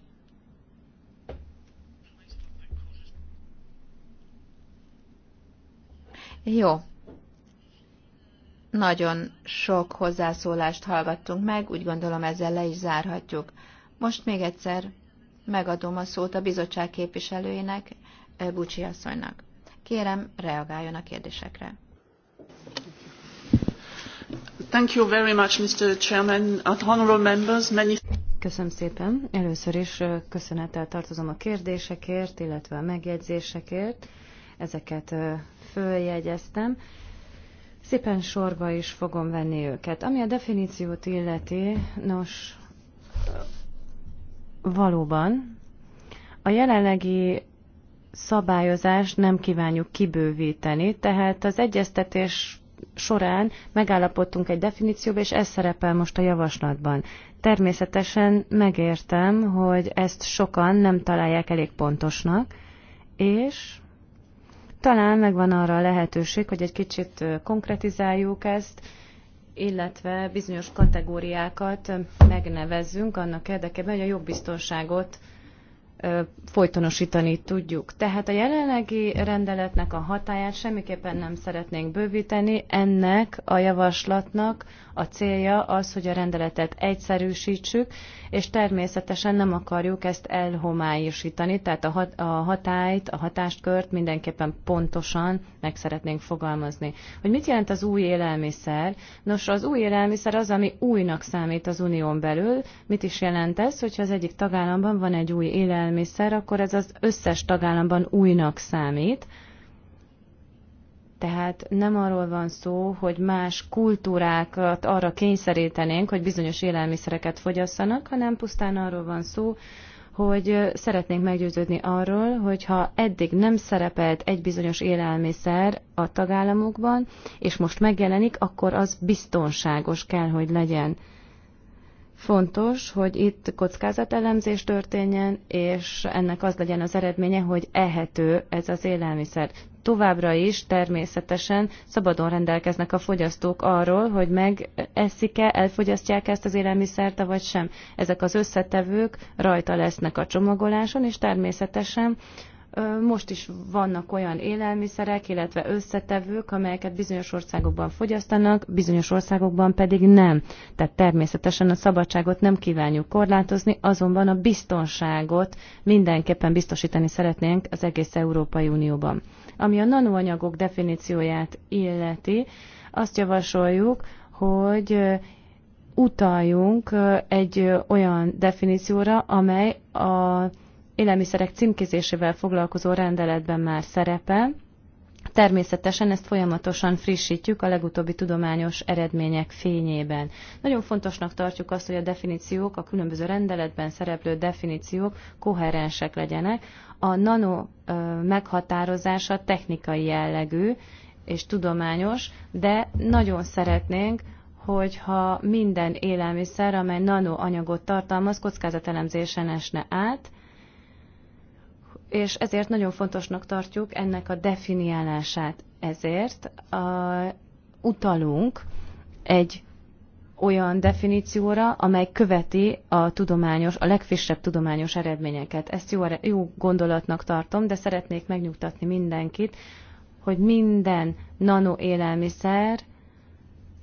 Jó, nagyon sok hozzászólást hallgattunk meg, úgy gondolom ezzel le is zárhatjuk. Most még egyszer megadom a szót a bizottság képviselőjének, Bucsi asszonynak. Kérem, reagáljon a kérdésekre. Thank you very much, Mr. Chairman, honorable members, many... Köszönöm szépen. Először is köszönettel tartozom a kérdésekért, illetve a megjegyzésekért. Ezeket följegyeztem. Szépen sorba is fogom venni őket. Ami a definíciót illeti, nos, valóban a jelenlegi szabályozást nem kívánjuk kibővíteni, tehát az egyeztetés során megállapodtunk egy definícióba, és ez szerepel most a javaslatban. Természetesen megértem, hogy ezt sokan nem találják elég pontosnak, és talán megvan arra a lehetőség, hogy egy kicsit konkretizáljuk ezt, illetve bizonyos kategóriákat megnevezzünk annak érdekében, hogy a jogbiztonságot folytonosítani tudjuk. Tehát a jelenlegi rendeletnek a hatáját semmiképpen nem szeretnénk bővíteni, ennek a javaslatnak a célja az, hogy a rendeletet egyszerűsítsük, és természetesen nem akarjuk ezt elhomályosítani, tehát a, hat, a hatályt, a hatástkört mindenképpen pontosan meg szeretnénk fogalmazni. Hogy mit jelent az új élelmiszer? Nos, az új élelmiszer az, ami újnak számít az unión belül. Mit is jelent ez, hogyha az egyik tagállamban van egy új élelmiszer, akkor ez az összes tagállamban újnak számít. Tehát nem arról van szó, hogy más kultúrákat arra kényszerítenénk, hogy bizonyos élelmiszereket fogyasszanak, hanem pusztán arról van szó, hogy szeretnénk meggyőződni arról, hogy ha eddig nem szerepelt egy bizonyos élelmiszer a tagállamokban, és most megjelenik, akkor az biztonságos kell, hogy legyen. Fontos, hogy itt kockázatelemzés történjen, és ennek az legyen az eredménye, hogy ehető ez az élelmiszer továbbra is természetesen szabadon rendelkeznek a fogyasztók arról, hogy megeszik-e, elfogyasztják ezt az élelmiszert, vagy sem. Ezek az összetevők rajta lesznek a csomagoláson, és természetesen most is vannak olyan élelmiszerek, illetve összetevők, amelyeket bizonyos országokban fogyasztanak, bizonyos országokban pedig nem. Tehát természetesen a szabadságot nem kívánjuk korlátozni, azonban a biztonságot mindenképpen biztosítani szeretnénk az egész Európai Unióban. Ami a nanoanyagok definícióját illeti, azt javasoljuk, hogy utaljunk egy olyan definícióra, amely a élelmiszerek címkézésével foglalkozó rendeletben már szerepel, Természetesen ezt folyamatosan frissítjük a legutóbbi tudományos eredmények fényében. Nagyon fontosnak tartjuk azt, hogy a definíciók, a különböző rendeletben szereplő definíciók koherensek legyenek. A nano meghatározása technikai jellegű és tudományos, de nagyon szeretnénk, hogyha minden élelmiszer, amely nanoanyagot tartalmaz, kockázatelemzésen esne át, és ezért nagyon fontosnak tartjuk ennek a definiálását. Ezért a, utalunk egy olyan definícióra, amely követi a tudományos, a legfrissebb tudományos eredményeket. Ezt jó, jó gondolatnak tartom, de szeretnék megnyugtatni mindenkit, hogy minden nanoélelmiszer,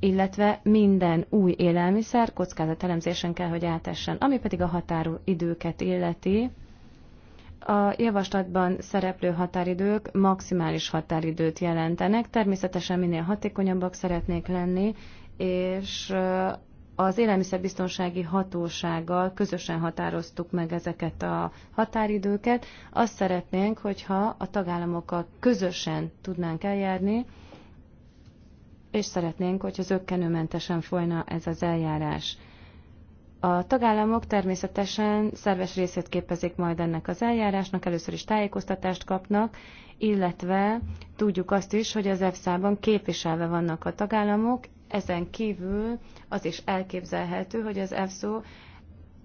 illetve minden új élelmiszer kockázatelemzésen kell, hogy átessen. Ami pedig a határidőket illeti, a javaslatban szereplő határidők maximális határidőt jelentenek, természetesen minél hatékonyabbak szeretnék lenni, és az élelmiszerbiztonsági hatósággal közösen határoztuk meg ezeket a határidőket. Azt szeretnénk, hogyha a tagállamokkal közösen tudnánk eljárni, és szeretnénk, hogy az ökkenőmentesen folyna ez az eljárás. A tagállamok természetesen szerves részét képezik majd ennek az eljárásnak, először is tájékoztatást kapnak, illetve tudjuk azt is, hogy az EFSA-ban képviselve vannak a tagállamok, ezen kívül az is elképzelhető, hogy az EFSA,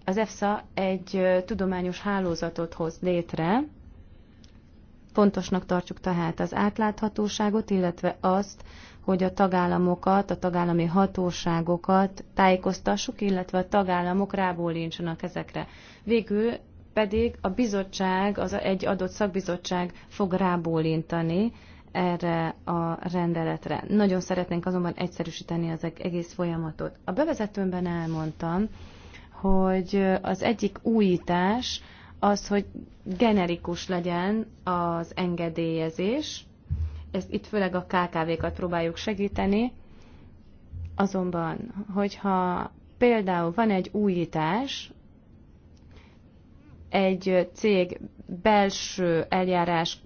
az EFSA egy tudományos hálózatot hoz létre. Fontosnak tartjuk tehát az átláthatóságot, illetve azt, hogy a tagállamokat, a tagállami hatóságokat tájékoztassuk, illetve a tagállamok rábólincsanak ezekre. Végül pedig a bizottság, az egy adott szakbizottság fog rábólintani erre a rendeletre. Nagyon szeretnénk azonban egyszerűsíteni az egész folyamatot. A bevezetőmben elmondtam, hogy az egyik újítás az, hogy generikus legyen az engedélyezés, ezt itt főleg a KKV-kat próbáljuk segíteni, azonban, hogyha például van egy újítás, egy cég belső eljárás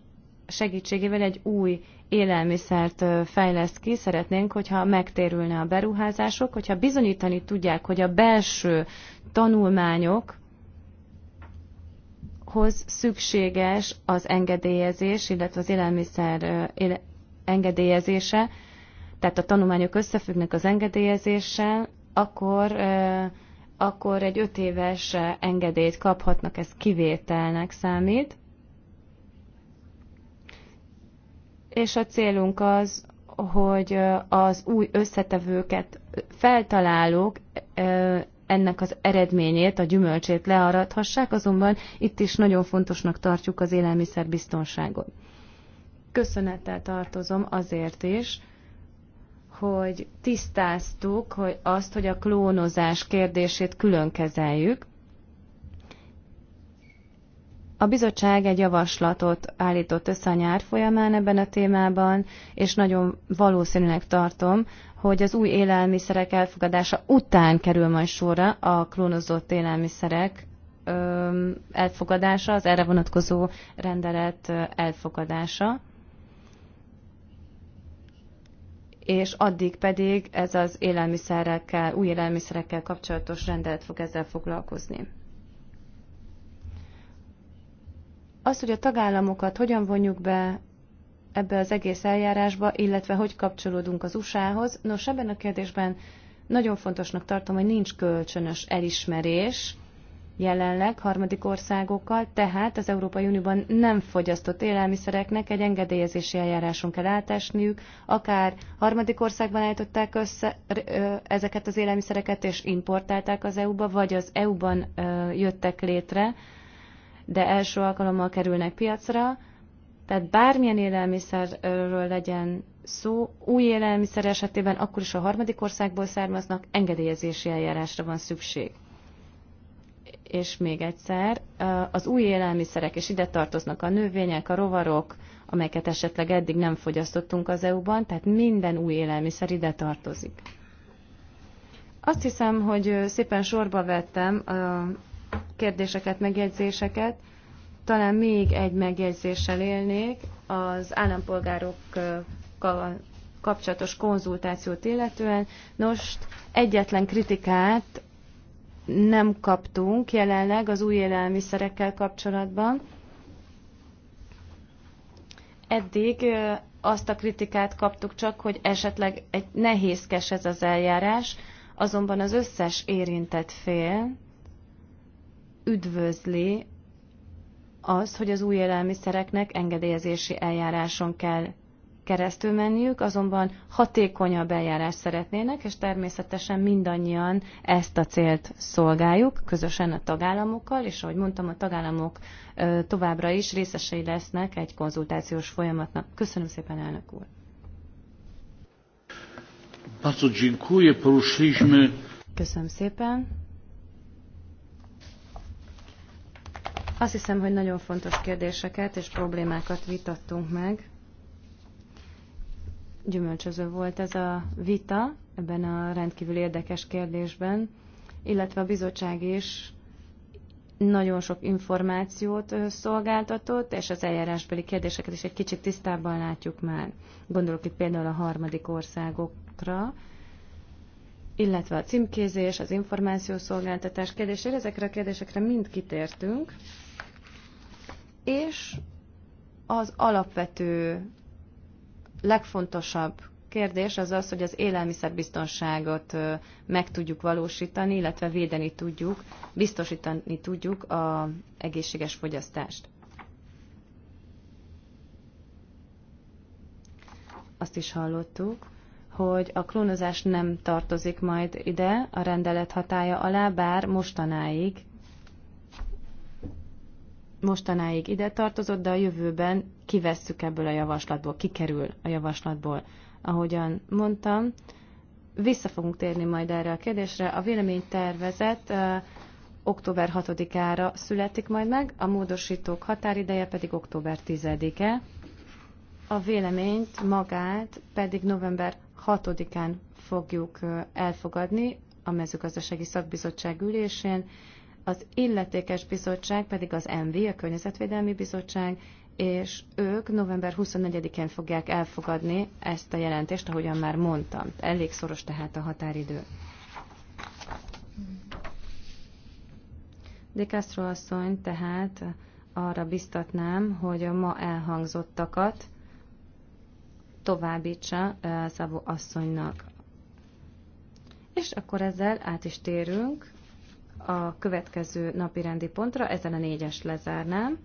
segítségével egy új élelmiszert fejleszt ki, szeretnénk, hogyha megtérülne a beruházások, hogyha bizonyítani tudják, hogy a belső tanulmányok hoz szükséges az engedélyezés, illetve az élelmiszer engedélyezése, tehát a tanulmányok összefüggnek az engedélyezéssel, akkor, akkor egy öt éves engedélyt kaphatnak, ez kivételnek számít. És a célunk az, hogy az új összetevőket feltalálók ennek az eredményét, a gyümölcsét learadhassák, azonban itt is nagyon fontosnak tartjuk az élelmiszerbiztonságot. Köszönettel tartozom azért is, hogy tisztáztuk hogy azt, hogy a klónozás kérdését külön kezeljük. A bizottság egy javaslatot állított össze a nyár folyamán ebben a témában, és nagyon valószínűleg tartom, hogy az új élelmiszerek elfogadása után kerül majd sorra a klónozott élelmiszerek elfogadása, az erre vonatkozó rendelet elfogadása. és addig pedig ez az élelmiszerekkel, új élelmiszerekkel kapcsolatos rendelet fog ezzel foglalkozni. Az, hogy a tagállamokat hogyan vonjuk be ebbe az egész eljárásba, illetve hogy kapcsolódunk az USA-hoz. Nos, ebben a kérdésben nagyon fontosnak tartom, hogy nincs kölcsönös elismerés jelenleg harmadik országokkal, tehát az Európai Unióban nem fogyasztott élelmiszereknek egy engedélyezési eljáráson kell átesniük, akár harmadik országban állították össze ezeket az élelmiszereket, és importálták az EU-ba, vagy az EU-ban jöttek létre, de első alkalommal kerülnek piacra, tehát bármilyen élelmiszerről legyen szó, új élelmiszer esetében akkor is a harmadik országból származnak, engedélyezési eljárásra van szükség. És még egyszer, eh, az új élelmiszerek, és ide tartoznak a növények, a rovarok, amelyeket esetleg eddig nem fogyasztottunk az EU-ban, tehát minden új élelmiszer ide tartozik. Azt hiszem, hogy eh, szépen sorba vettem a eh, kérdéseket, megjegyzéseket. Talán még egy megjegyzéssel élnék az állampolgárokkal kapcsolatos konzultációt illetően. Nos, egyetlen kritikát nem kaptunk jelenleg az új élelmiszerekkel kapcsolatban. Eddig azt a kritikát kaptuk csak, hogy esetleg egy nehézkes ez az eljárás, azonban az összes érintett fél üdvözli az, hogy az új élelmiszereknek engedélyezési eljáráson kell keresztül menniük, azonban hatékonyabb eljárást szeretnének, és természetesen mindannyian ezt a célt szolgáljuk, közösen a tagállamokkal, és ahogy mondtam, a tagállamok továbbra is részesei lesznek egy konzultációs folyamatnak. Köszönöm szépen, elnök úr! Köszönöm szépen! Azt hiszem, hogy nagyon fontos kérdéseket és problémákat vitattunk meg. Gyümölcsöző volt ez a vita ebben a rendkívül érdekes kérdésben, illetve a bizottság is nagyon sok információt szolgáltatott, és az eljárásbeli kérdéseket is egy kicsit tisztábban látjuk már. Gondolok itt például a harmadik országokra, illetve a címkézés, az információszolgáltatás kérdésére, ezekre a kérdésekre mind kitértünk és az alapvető, legfontosabb kérdés az az, hogy az élelmiszerbiztonságot meg tudjuk valósítani, illetve védeni tudjuk, biztosítani tudjuk az egészséges fogyasztást. Azt is hallottuk, hogy a klónozás nem tartozik majd ide a rendelet hatája alá, bár mostanáig mostanáig ide tartozott, de a jövőben kivesszük ebből a javaslatból, kikerül a javaslatból. Ahogyan mondtam, vissza fogunk térni majd erre a kérdésre. A véleménytervezet október 6-ára születik majd meg, a módosítók határideje pedig október 10-e, a véleményt magát pedig november 6-án fogjuk elfogadni a mezőgazdasági szakbizottság ülésén, az illetékes bizottság pedig az ENVI, a Környezetvédelmi Bizottság, és ők november 24-én fogják elfogadni ezt a jelentést, ahogyan már mondtam. Elég szoros tehát a határidő. De Castro asszony tehát arra biztatnám, hogy a ma elhangzottakat továbbítsa eh, Szabó asszonynak. És akkor ezzel át is térünk a következő napi rendi pontra, ezen a négyes lezárnám.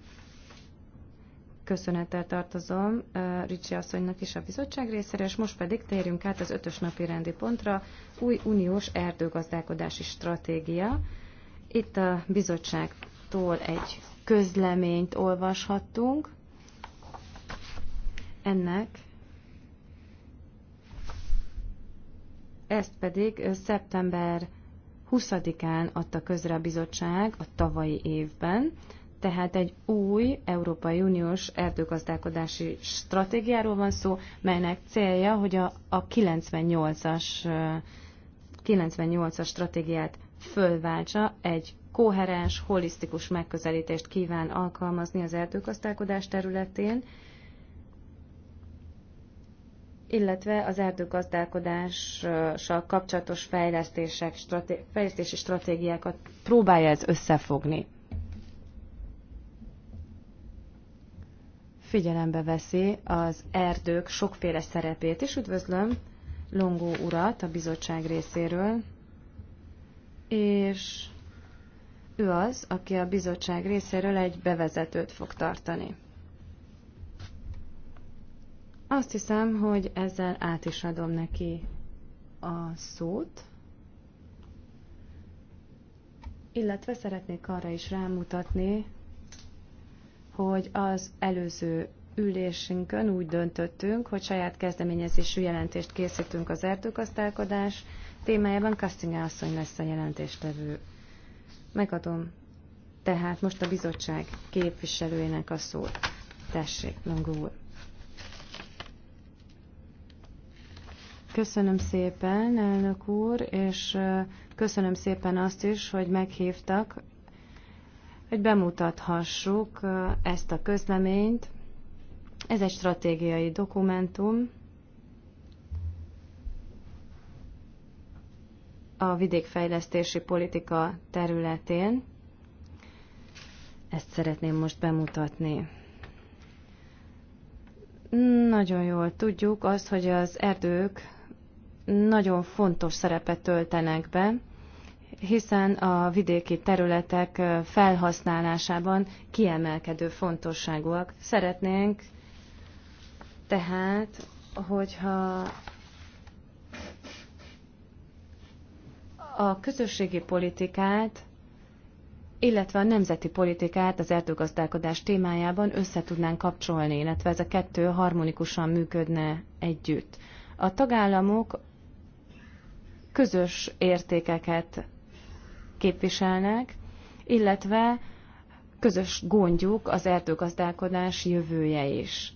Köszönettel tartozom Ricsi asszonynak is a bizottság részére, és most pedig térjünk át az ötös napi rendi pontra, új uniós erdőgazdálkodási stratégia. Itt a bizottságtól egy közleményt olvashattunk. Ennek ezt pedig szeptember 20-án adta közre a bizottság a tavalyi évben, tehát egy új Európai Uniós erdőgazdálkodási stratégiáról van szó, melynek célja, hogy a, a 98-as 98-as stratégiát fölváltsa, egy koherens, holisztikus megközelítést kíván alkalmazni az erdőgazdálkodás területén, illetve az erdőgazdálkodással kapcsolatos fejlesztések, straté- fejlesztési stratégiákat próbálja ez összefogni. Figyelembe veszi az erdők sokféle szerepét, és üdvözlöm Longó urat a bizottság részéről, és ő az, aki a bizottság részéről egy bevezetőt fog tartani. Azt hiszem, hogy ezzel át is adom neki a szót, illetve szeretnék arra is rámutatni, hogy az előző ülésünkön úgy döntöttünk, hogy saját kezdeményezésű jelentést készítünk az erdőgazdálkodás témájában. Kastinga asszony lesz a jelentéstevő. Megadom tehát most a bizottság képviselőjének a szót. Tessék, Longo úr. Köszönöm szépen, elnök úr, és köszönöm szépen azt is, hogy meghívtak, hogy bemutathassuk ezt a közleményt. Ez egy stratégiai dokumentum a vidékfejlesztési politika területén. Ezt szeretném most bemutatni. Nagyon jól tudjuk azt, hogy az erdők nagyon fontos szerepet töltenek be, hiszen a vidéki területek felhasználásában kiemelkedő fontosságúak. Szeretnénk tehát, hogyha a közösségi politikát, illetve a nemzeti politikát az erdőgazdálkodás témájában tudnánk kapcsolni, illetve ez a kettő harmonikusan működne együtt. A tagállamok közös értékeket képviselnek, illetve közös gondjuk az erdőgazdálkodás jövője is.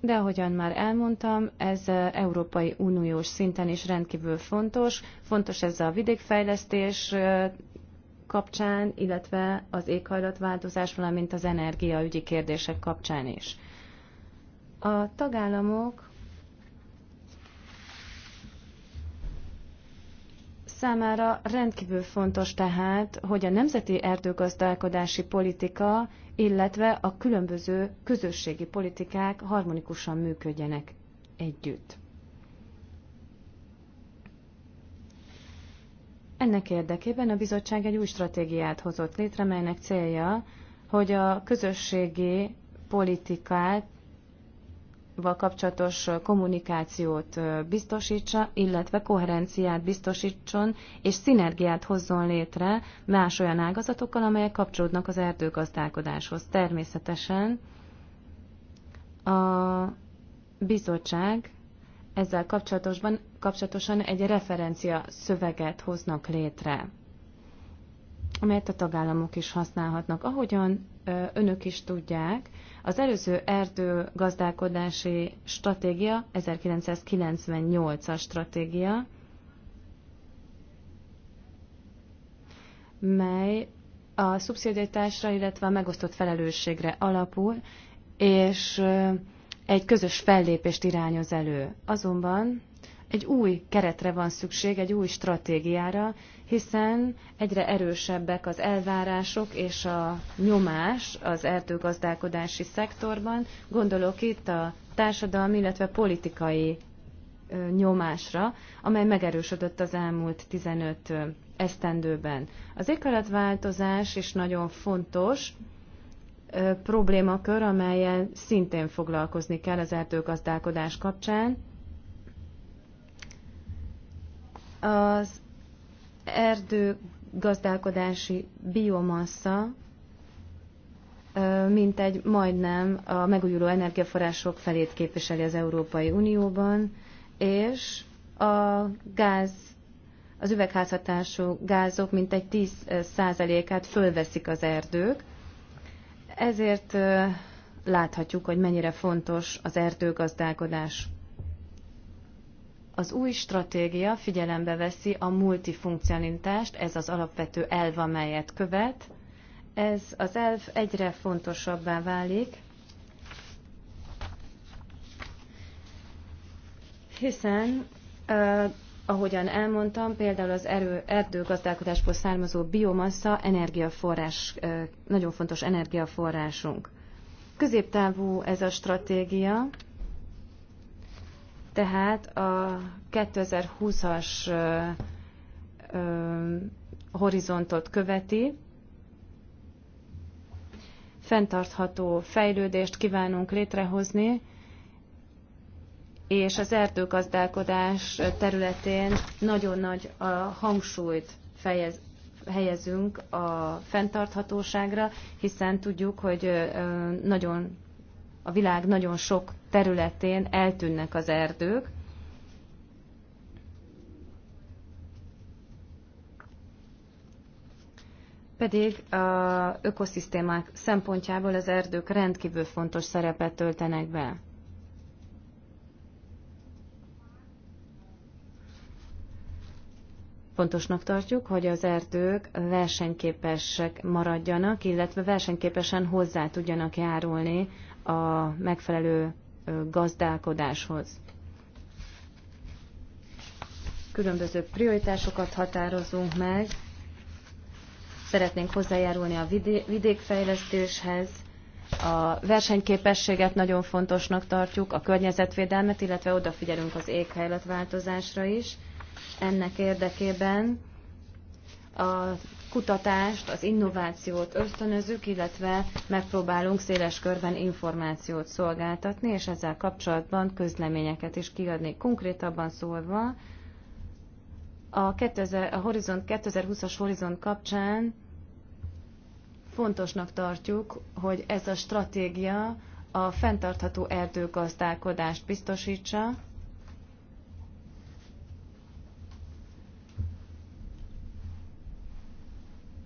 De ahogyan már elmondtam, ez Európai Uniós szinten is rendkívül fontos. Fontos ez a vidékfejlesztés kapcsán, illetve az éghajlatváltozás, valamint az energiaügyi kérdések kapcsán is. A tagállamok Számára rendkívül fontos tehát, hogy a nemzeti erdőgazdálkodási politika, illetve a különböző közösségi politikák harmonikusan működjenek együtt. Ennek érdekében a bizottság egy új stratégiát hozott létre, melynek célja, hogy a közösségi politikát val kapcsolatos kommunikációt biztosítsa, illetve koherenciát biztosítson, és szinergiát hozzon létre más olyan ágazatokkal, amelyek kapcsolódnak az erdőgazdálkodáshoz. Természetesen a bizottság ezzel kapcsolatosan, kapcsolatosan egy referencia szöveget hoznak létre amelyet a tagállamok is használhatnak. Ahogyan önök is tudják, az előző erdő gazdálkodási stratégia 1998-as stratégia, mely a szubszidiaritásra, illetve a megosztott felelősségre alapul, és egy közös fellépést irányoz elő. Azonban egy új keretre van szükség, egy új stratégiára, hiszen egyre erősebbek az elvárások és a nyomás az erdőgazdálkodási szektorban. Gondolok itt a társadalmi, illetve politikai nyomásra, amely megerősödött az elmúlt 15 esztendőben. Az éghajlatváltozás is nagyon fontos problémakör, amelyen szintén foglalkozni kell az erdőgazdálkodás kapcsán. Az erdőgazdálkodási biomassa mintegy majdnem a megújuló energiaforrások felét képviseli az Európai Unióban, és a gáz, az üvegházhatású gázok mintegy 10%-át fölveszik az erdők. Ezért láthatjuk, hogy mennyire fontos az erdőgazdálkodás. Az új stratégia figyelembe veszi a multifunkcionalitást, ez az alapvető elv, amelyet követ. Ez az elv egyre fontosabbá válik, hiszen eh, ahogyan elmondtam, például az erő, erdőgazdálkodásból származó biomassa energiaforrás, eh, nagyon fontos energiaforrásunk. Középtávú ez a stratégia, tehát a 2020-as horizontot követi. Fentartható fejlődést kívánunk létrehozni, és az erdőgazdálkodás területén nagyon nagy a hangsúlyt fejez, helyezünk a fenntarthatóságra, hiszen tudjuk, hogy nagyon, a világ nagyon sok területén eltűnnek az erdők. Pedig a ökoszisztémák szempontjából az erdők rendkívül fontos szerepet töltenek be. Fontosnak tartjuk, hogy az erdők versenyképesek maradjanak, illetve versenyképesen hozzá tudjanak járulni a megfelelő gazdálkodáshoz. Különböző prioritásokat határozunk meg, szeretnénk hozzájárulni a vidékfejlesztéshez, a versenyképességet nagyon fontosnak tartjuk, a környezetvédelmet, illetve odafigyelünk az éghajlatváltozásra is. Ennek érdekében a kutatást, az innovációt ösztönözzük, illetve megpróbálunk széles körben információt szolgáltatni, és ezzel kapcsolatban közleményeket is kiadni. Konkrétabban szólva, a, 2000, a Horizont 2020-as Horizont kapcsán fontosnak tartjuk, hogy ez a stratégia a fenntartható erdőgazdálkodást biztosítsa,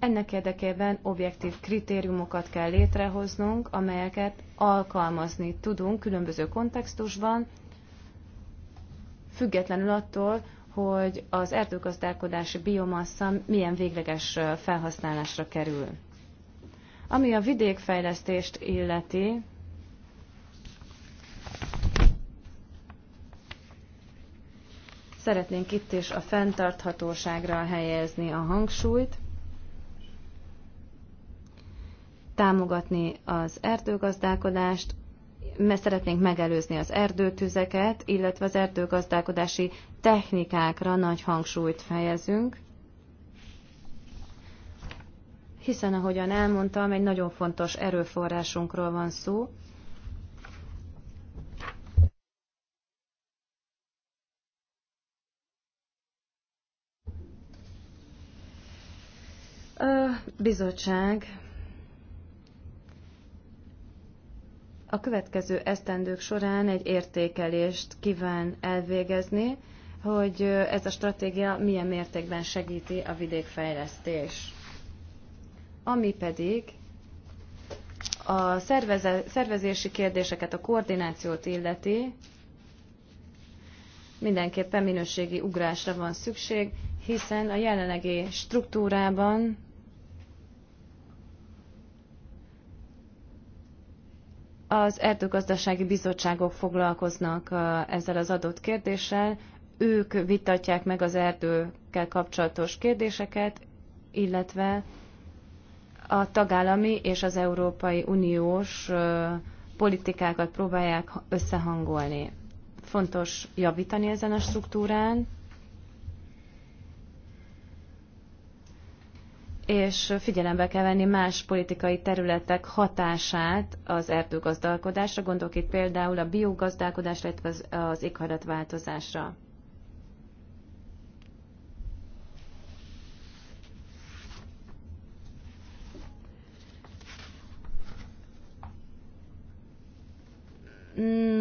Ennek érdekében objektív kritériumokat kell létrehoznunk, amelyeket alkalmazni tudunk különböző kontextusban, függetlenül attól, hogy az erdőgazdálkodási biomassa milyen végleges felhasználásra kerül. Ami a vidékfejlesztést illeti, szeretnénk itt is a fenntarthatóságra helyezni a hangsúlyt. támogatni az erdőgazdálkodást, mert szeretnénk megelőzni az erdőtüzeket, illetve az erdőgazdálkodási technikákra nagy hangsúlyt fejezünk. Hiszen, ahogyan elmondtam, egy nagyon fontos erőforrásunkról van szó, A bizottság a következő esztendők során egy értékelést kíván elvégezni, hogy ez a stratégia milyen mértékben segíti a vidékfejlesztés. Ami pedig a szervezési kérdéseket, a koordinációt illeti, mindenképpen minőségi ugrásra van szükség, hiszen a jelenlegi struktúrában Az erdőgazdasági bizottságok foglalkoznak ezzel az adott kérdéssel, ők vitatják meg az erdőkkel kapcsolatos kérdéseket, illetve a tagállami és az Európai Uniós politikákat próbálják összehangolni. Fontos javítani ezen a struktúrán, és figyelembe kell venni más politikai területek hatását az erdőgazdálkodásra, gondolok itt például a biogazdálkodásra, illetve az, az éghajlatváltozásra.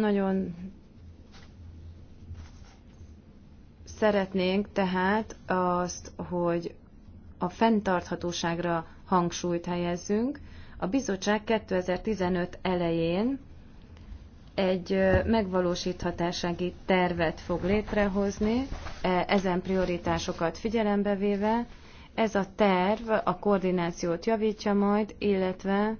Nagyon szeretnénk tehát azt, hogy a fenntarthatóságra hangsúlyt helyezzünk. A bizottság 2015 elején egy megvalósíthatásági tervet fog létrehozni, e, ezen prioritásokat figyelembe véve. Ez a terv a koordinációt javítja majd, illetve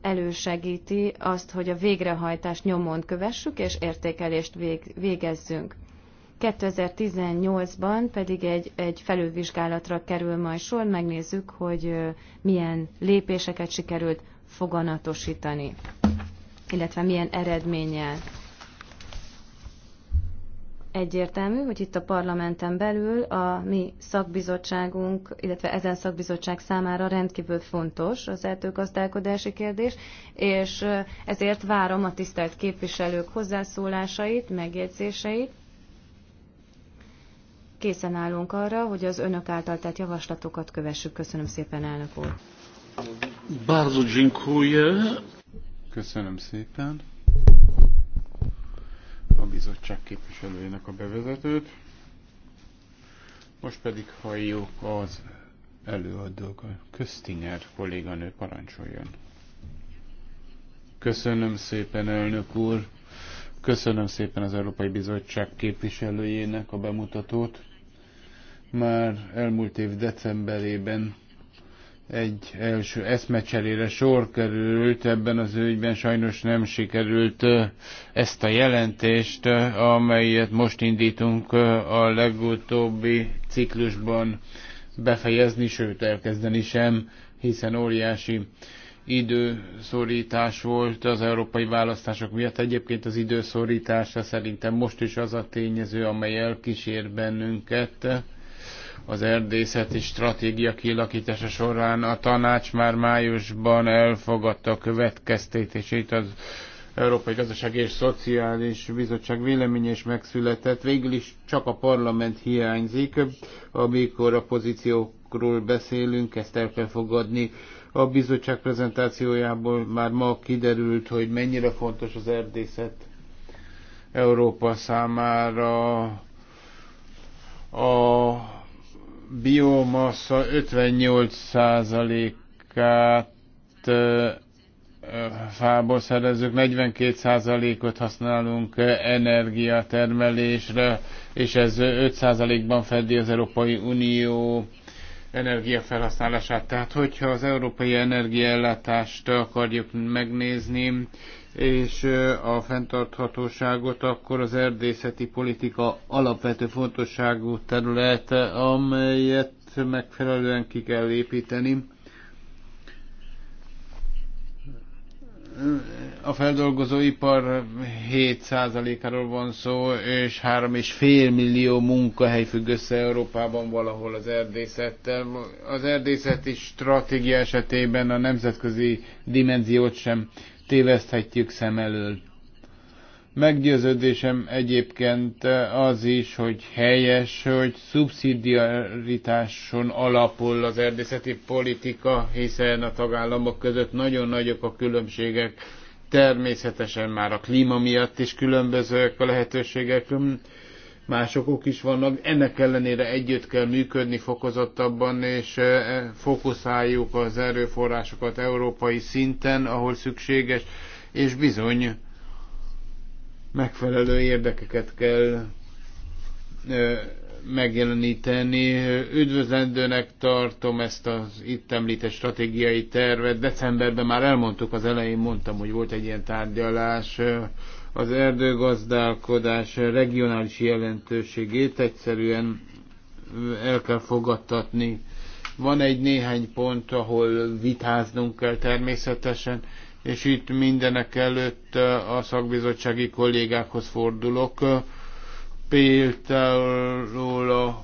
elősegíti azt, hogy a végrehajtást nyomon kövessük és értékelést végezzünk. 2018-ban pedig egy, egy felülvizsgálatra kerül majd sor, megnézzük, hogy milyen lépéseket sikerült foganatosítani, illetve milyen eredménnyel. Egyértelmű, hogy itt a parlamenten belül a mi szakbizottságunk, illetve ezen szakbizottság számára rendkívül fontos az erdőgazdálkodási kérdés, és ezért várom a tisztelt képviselők hozzászólásait, megjegyzéseit, készen állunk arra, hogy az önök által tett javaslatokat kövessük. Köszönöm szépen, elnök úr. Bardzo dziękuję. Köszönöm szépen a bizottság képviselőjének a bevezetőt. Most pedig halljuk az előadók, a Köztinger kolléganő parancsoljon. Köszönöm szépen, elnök úr! Köszönöm szépen az Európai Bizottság képviselőjének a bemutatót. Már elmúlt év decemberében egy első eszmecserére sor került ebben az ügyben, sajnos nem sikerült ezt a jelentést, amelyet most indítunk a legutóbbi ciklusban befejezni, sőt elkezdeni sem, hiszen óriási időszorítás volt az európai választások miatt. Egyébként az időszorítása szerintem most is az a tényező, amely elkísér bennünket az erdészeti stratégia kialakítása során. A tanács már májusban elfogadta a következtetését az Európai Gazdasági és Szociális Bizottság véleménye is megszületett. Végül is csak a parlament hiányzik, amikor a pozíciókról beszélünk, ezt el kell fogadni. A bizottság prezentációjából már ma kiderült, hogy mennyire fontos az erdészet Európa számára. A biomassa 58%-át fából szerezünk, 42%-ot használunk energiatermelésre, és ez 5%-ban fedi az Európai Unió energiafelhasználását. Tehát, hogyha az európai energiaellátást akarjuk megnézni, és a fenntarthatóságot, akkor az erdészeti politika alapvető fontosságú terület, amelyet megfelelően ki kell építeni. A feldolgozóipar 7%-áról van szó, és 3,5 millió munkahely függ össze Európában valahol az erdészettel. Az erdészeti stratégia esetében a nemzetközi dimenziót sem téveszthetjük szem elől. Meggyőződésem egyébként az is, hogy helyes, hogy szubszidiaritáson alapul az erdészeti politika, hiszen a tagállamok között nagyon nagyok a különbségek, természetesen már a klíma miatt is különbözőek a lehetőségek más okok is vannak, ennek ellenére együtt kell működni fokozottabban, és eh, fókuszáljuk az erőforrásokat európai szinten, ahol szükséges, és bizony megfelelő érdekeket kell eh, megjeleníteni. Üdvözlendőnek tartom ezt az itt említett stratégiai tervet. Decemberben már elmondtuk, az elején mondtam, hogy volt egy ilyen tárgyalás eh, az erdőgazdálkodás regionális jelentőségét egyszerűen el kell fogadtatni. Van egy néhány pont, ahol vitáznunk kell természetesen, és itt mindenek előtt eh, a szakbizottsági kollégákhoz fordulok. Például a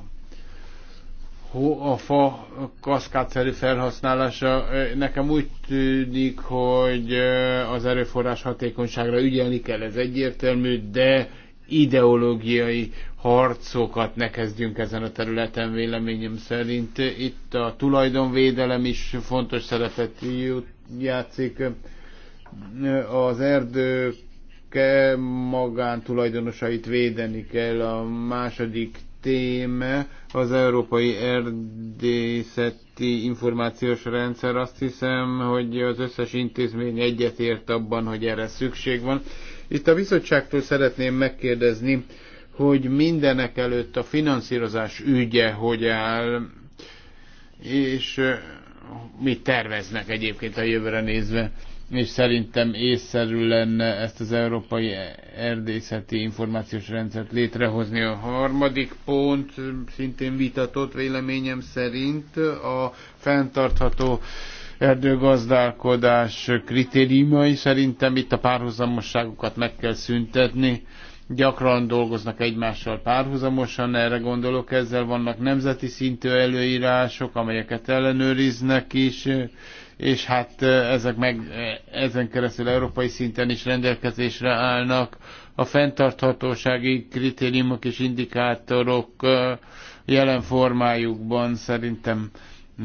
a fa kaszkádszerű felhasználása. Eh, nekem úgy tűnik, hogy eh, az erőforrás hatékonyságra ügyelni kell, ez egyértelmű, de ideológiai harcokat ne kezdjünk ezen a területen véleményem szerint. Itt a tulajdonvédelem is fontos szerepet játszik. Az erdők magán tulajdonosait védeni kell. A második téme, az Európai Erdészeti Információs Rendszer. Azt hiszem, hogy az összes intézmény egyetért abban, hogy erre szükség van. Itt a bizottságtól szeretném megkérdezni, hogy mindenek előtt a finanszírozás ügye hogy áll, és mit terveznek egyébként a jövőre nézve és szerintem észszerű lenne ezt az Európai Erdészeti Információs Rendszert létrehozni. A harmadik pont, szintén vitatott véleményem szerint a fenntartható erdőgazdálkodás kritériumai szerintem itt a párhuzamosságokat meg kell szüntetni. Gyakran dolgoznak egymással párhuzamosan, erre gondolok, ezzel vannak nemzeti szintű előírások, amelyeket ellenőriznek is, és hát ezek meg ezen keresztül európai szinten is rendelkezésre állnak. A fenntarthatósági kritériumok és indikátorok jelen formájukban szerintem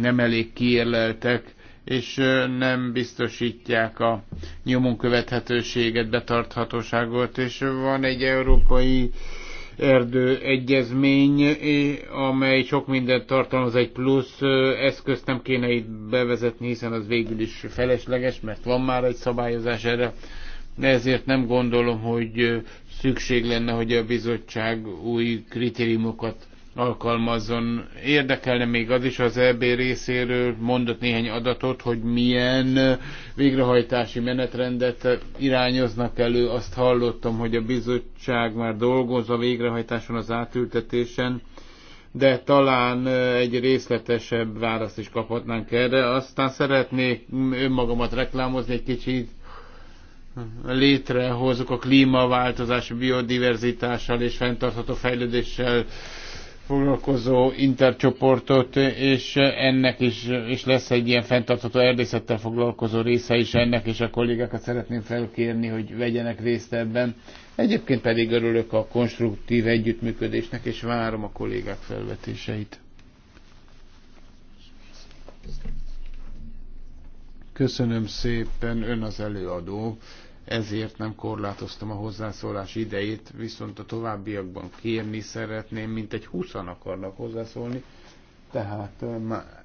nem elég kiérleltek, és nem biztosítják a nyomon követhetőséget, betarthatóságot, és van egy európai erdő egyezmény, amely sok mindent tartalmaz, egy plusz eszközt nem kéne itt bevezetni, hiszen az végül is felesleges, mert van már egy szabályozás erre. De ezért nem gondolom, hogy szükség lenne, hogy a bizottság új kritériumokat alkalmazzon. Érdekelne még az is az EB részéről, mondott néhány adatot, hogy milyen végrehajtási menetrendet irányoznak elő. Azt hallottam, hogy a bizottság már dolgoz a végrehajtáson, az átültetésen, de talán egy részletesebb választ is kaphatnánk erre. Aztán szeretnék önmagamat reklámozni egy kicsit, létrehozok a klímaváltozás biodiverzitással és fenntartható fejlődéssel foglalkozó intercsoportot, és ennek is és lesz egy ilyen fenntartható erdészettel foglalkozó része is ennek, és a kollégákat szeretném felkérni, hogy vegyenek részt ebben. Egyébként pedig örülök a konstruktív együttműködésnek, és várom a kollégák felvetéseit. Köszönöm szépen, ön az előadó ezért nem korlátoztam a hozzászólás idejét, viszont a továbbiakban kérni szeretném, mint egy húszan akarnak hozzászólni, tehát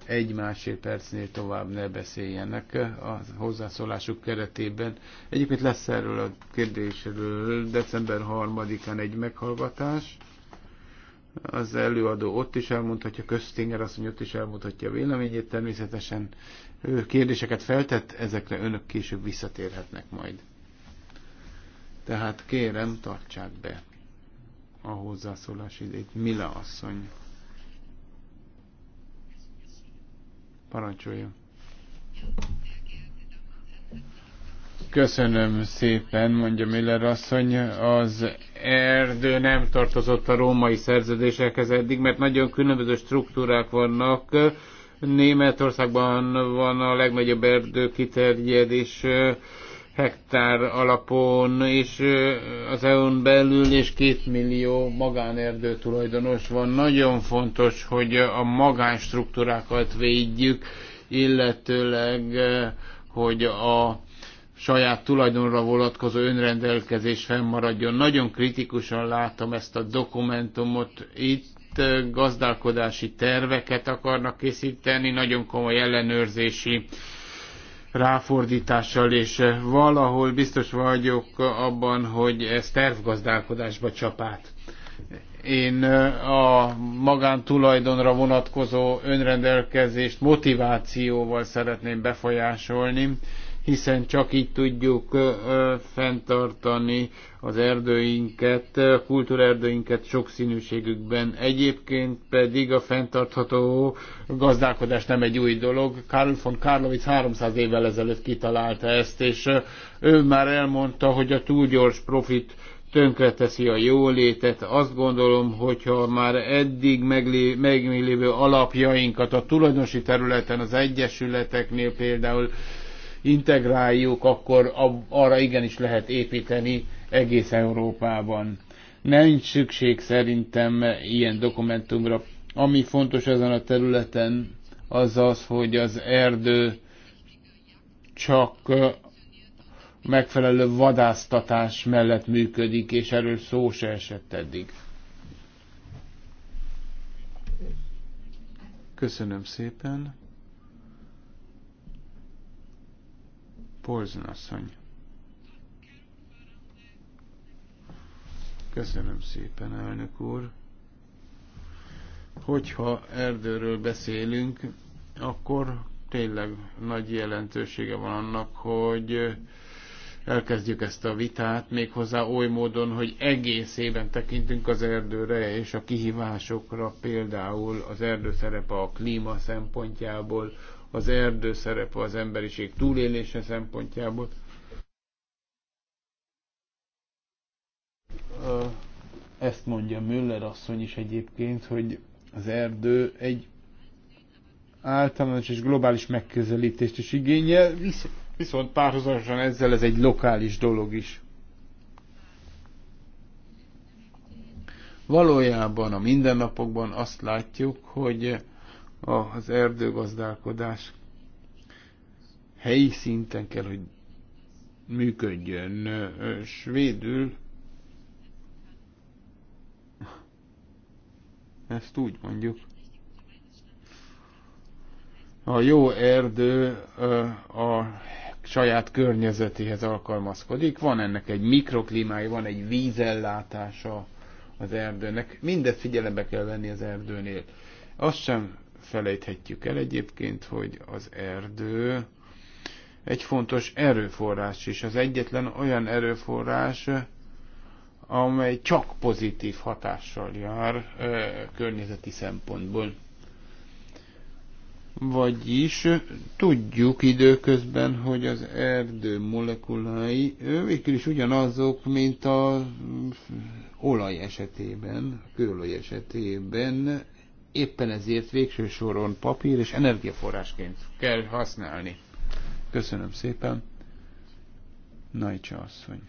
egy másfél percnél tovább ne beszéljenek a hozzászólásuk keretében. Egyébként lesz erről a kérdésről december 3-án egy meghallgatás. Az előadó ott is elmondhatja, Köztinger mondja, ott is elmondhatja a véleményét, természetesen kérdéseket feltett, ezekre önök később visszatérhetnek majd. Tehát kérem, tartsák be a hozzászólás idejét. Mila asszony. Parancsolja. Köszönöm szépen, mondja Miller asszony. Az erdő nem tartozott a római szerződésekhez eddig, mert nagyon különböző struktúrák vannak. Németországban van a legnagyobb erdő kiterjedés hektár alapon, és az EU-n belül, és két millió magánerdő tulajdonos van. Nagyon fontos, hogy a magánstruktúrákat védjük, illetőleg, hogy a saját tulajdonra vonatkozó önrendelkezés fennmaradjon. Nagyon kritikusan látom ezt a dokumentumot. Itt gazdálkodási terveket akarnak készíteni, nagyon komoly ellenőrzési ráfordítással, és valahol biztos vagyok abban, hogy ez tervgazdálkodásba csap át. Én a magántulajdonra vonatkozó önrendelkezést motivációval szeretném befolyásolni, hiszen csak így tudjuk fenntartani az erdőinket, kultúrerdőinket sokszínűségükben. Egyébként pedig a fenntartható gazdálkodás nem egy új dolog. Karl von Karlovic 300 évvel ezelőtt kitalálta ezt, és ő már elmondta, hogy a túl gyors profit tönkreteszi a jólétet. Azt gondolom, hogyha már eddig meglévő alapjainkat a tulajdonosi területen, az egyesületeknél például integráljuk, akkor arra igenis lehet építeni egész Európában. Nincs szükség szerintem ilyen dokumentumra. Ami fontos ezen a területen, az az, hogy az erdő csak megfelelő vadáztatás mellett működik, és erről szó se esett eddig. Köszönöm szépen. Polzon asszony. Köszönöm szépen, elnök úr. Hogyha erdőről beszélünk, akkor tényleg nagy jelentősége van annak, hogy elkezdjük ezt a vitát, méghozzá oly módon, hogy egész éven tekintünk az erdőre és a kihívásokra, például az erdő szerepe a klíma szempontjából, az erdő szerepe az emberiség túlélése szempontjából. Ezt mondja Müller asszony is egyébként, hogy az erdő egy általános és globális megközelítést is igényel, viszont párhuzamosan ezzel ez egy lokális dolog is. Valójában a mindennapokban azt látjuk, hogy az erdőgazdálkodás helyi szinten kell, hogy működjön. Svédül ezt úgy mondjuk. A jó erdő a saját környezetéhez alkalmazkodik. Van ennek egy mikroklimája, van egy vízellátása az erdőnek. Mindet figyelembe kell venni az erdőnél. Azt sem felejthetjük el egyébként, hogy az erdő egy fontos erőforrás is. Az egyetlen olyan erőforrás, amely csak pozitív hatással jár e, környezeti szempontból. Vagyis tudjuk időközben, hogy az erdő molekulái végül is ugyanazok, mint a olaj esetében, a kőolaj esetében, éppen ezért végső soron papír és energiaforrásként kell használni. Köszönöm szépen. Najcsa asszony.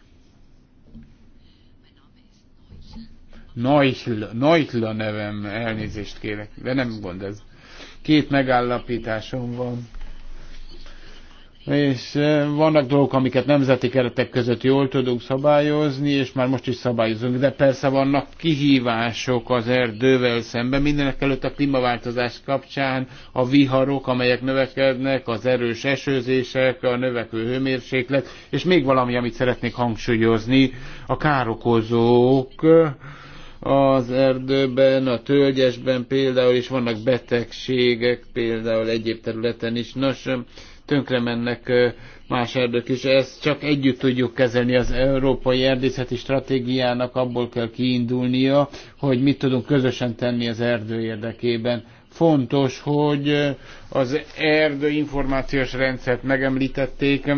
Najtla nevem, elnézést kérek, de nem gond ez. Két megállapításom van és vannak dolgok, amiket nemzeti keretek között jól tudunk szabályozni, és már most is szabályozunk, de persze vannak kihívások az erdővel szemben, mindenek előtt a klímaváltozás kapcsán, a viharok, amelyek növekednek, az erős esőzések, a növekvő hőmérséklet, és még valami, amit szeretnék hangsúlyozni, a károkozók, az erdőben, a tölgyesben például, is vannak betegségek, például egyéb területen is. Nos, tönkre mennek más erdők is. Ezt csak együtt tudjuk kezelni az európai erdészeti stratégiának, abból kell kiindulnia, hogy mit tudunk közösen tenni az erdő érdekében. Fontos, hogy az erdő információs rendszert megemlítették,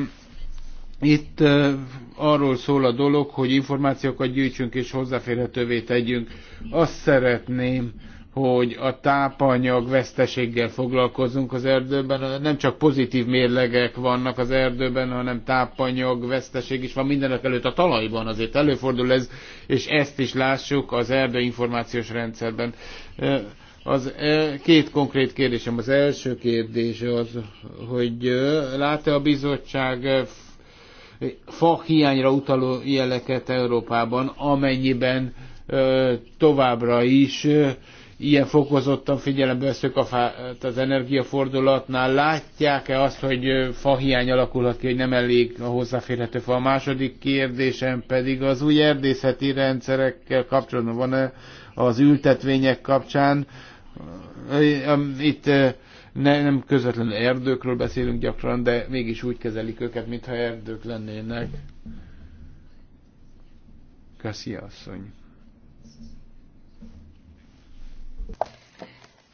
itt uh, arról szól a dolog, hogy információkat gyűjtsünk és hozzáférhetővé tegyünk. Azt szeretném, hogy a tápanyag veszteséggel foglalkozunk az erdőben. Nem csak pozitív mérlegek vannak az erdőben, hanem tápanyag veszteség is van mindenek előtt a talajban azért előfordul ez, és ezt is lássuk az erdőinformációs rendszerben. Az két konkrét kérdésem. Az első kérdés az, hogy lát-e a bizottság fa hiányra utaló jeleket Európában, amennyiben továbbra is ilyen fokozottan figyelembe veszük a fát az energiafordulatnál. Látják-e azt, hogy fahiány alakulhat ki, hogy nem elég a hozzáférhető fa? A második kérdésem pedig az új erdészeti rendszerekkel kapcsolatban van-e az ültetvények kapcsán? Itt ne, nem közvetlenül erdőkről beszélünk gyakran, de mégis úgy kezelik őket, mintha erdők lennének. Köszi asszony.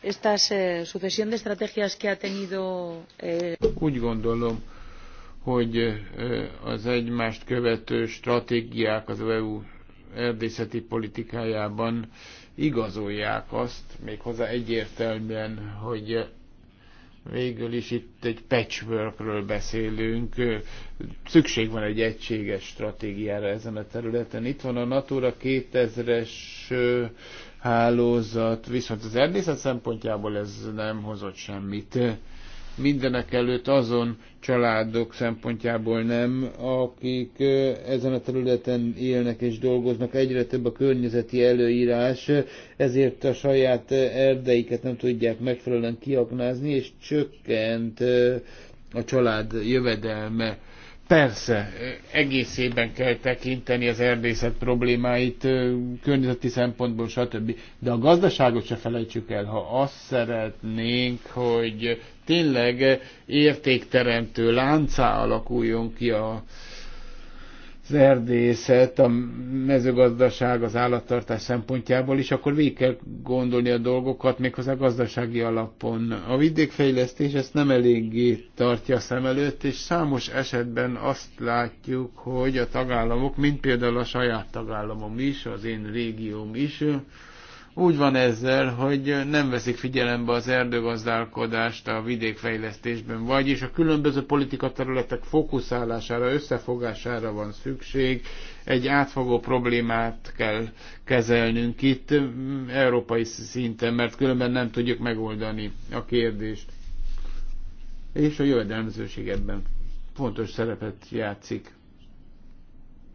esta eh, sucesión de estrategias que ha tenido... Eh, Úgy gondolom, hogy eh, az egymást követő stratégiák az EU erdészeti politikájában igazolják azt, méghozzá egyértelműen, hogy végül is itt egy patchworkről beszélünk. Szükség van egy egységes stratégiára ezen a területen. Itt van a Natura 2000-es hálózat, viszont az erdészet szempontjából ez nem hozott semmit. Mindenek előtt azon családok szempontjából nem, akik ezen a területen élnek és dolgoznak, egyre több a környezeti előírás, ezért a saját erdeiket nem tudják megfelelően kiaknázni, és csökkent a család jövedelme Persze, egészében kell tekinteni az erdészet problémáit, környezeti szempontból, stb. De a gazdaságot se felejtsük el, ha azt szeretnénk, hogy tényleg értékteremtő láncá alakuljon ki a az erdészet, a mezőgazdaság, az állattartás szempontjából is, akkor végig kell gondolni a dolgokat, méghozzá gazdasági alapon. A vidékfejlesztés ezt nem eléggé tartja szem előtt, és számos esetben azt látjuk, hogy a tagállamok, mint például a saját tagállamom is, az én régióm is, úgy van ezzel, hogy nem veszik figyelembe az erdőgazdálkodást a vidékfejlesztésben, vagyis a különböző politika területek fókuszálására, összefogására van szükség, egy átfogó problémát kell kezelnünk itt európai szinten, mert különben nem tudjuk megoldani a kérdést. És a jövedelmezőség ebben fontos szerepet játszik.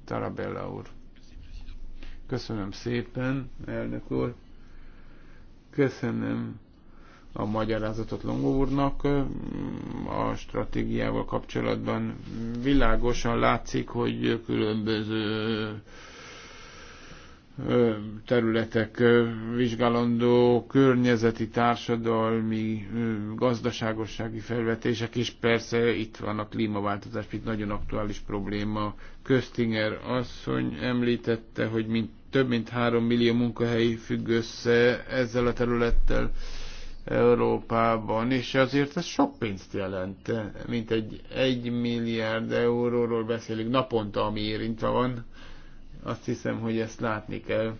Tarabella úr. Köszönöm szépen, elnök úr. Köszönöm a magyarázatot Longó úrnak. A stratégiával kapcsolatban világosan látszik, hogy különböző területek vizsgálandó, környezeti, társadalmi, gazdaságossági felvetések, és persze itt van a klímaváltozás, itt nagyon aktuális probléma. Köztinger asszony említette, hogy mint több mint 3 millió munkahely függ össze ezzel a területtel Európában, és azért ez sok pénzt jelent, mint egy 1 milliárd euróról beszélünk naponta, ami érintve van. Azt hiszem, hogy ezt látni kell.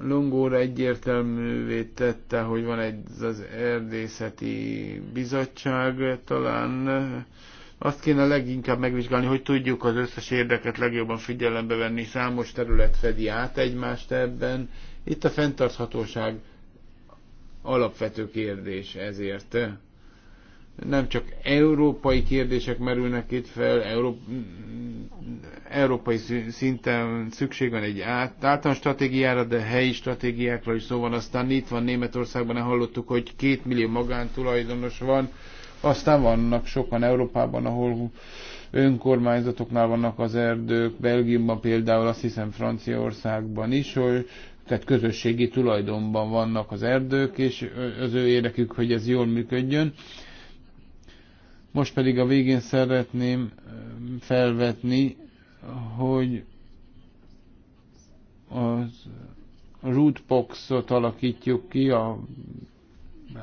Longóra egyértelművé tette, hogy van egy az erdészeti bizottság, talán azt kéne leginkább megvizsgálni, hogy tudjuk az összes érdeket legjobban figyelembe venni. Számos terület fedi át egymást ebben. Itt a fenntarthatóság alapvető kérdés ezért. Nem csak európai kérdések merülnek itt fel, európai szinten szükség van egy át, általános stratégiára, de helyi stratégiákra is szó van. Aztán itt van Németországban, hallottuk, hogy két millió magántulajdonos van, aztán vannak sokan Európában, ahol önkormányzatoknál vannak az erdők, Belgiumban például, azt hiszem Franciaországban is, hogy tehát közösségi tulajdonban vannak az erdők, és az ő érdekük, hogy ez jól működjön. Most pedig a végén szeretném eh, felvetni, hogy az rootboxot alakítjuk ki, a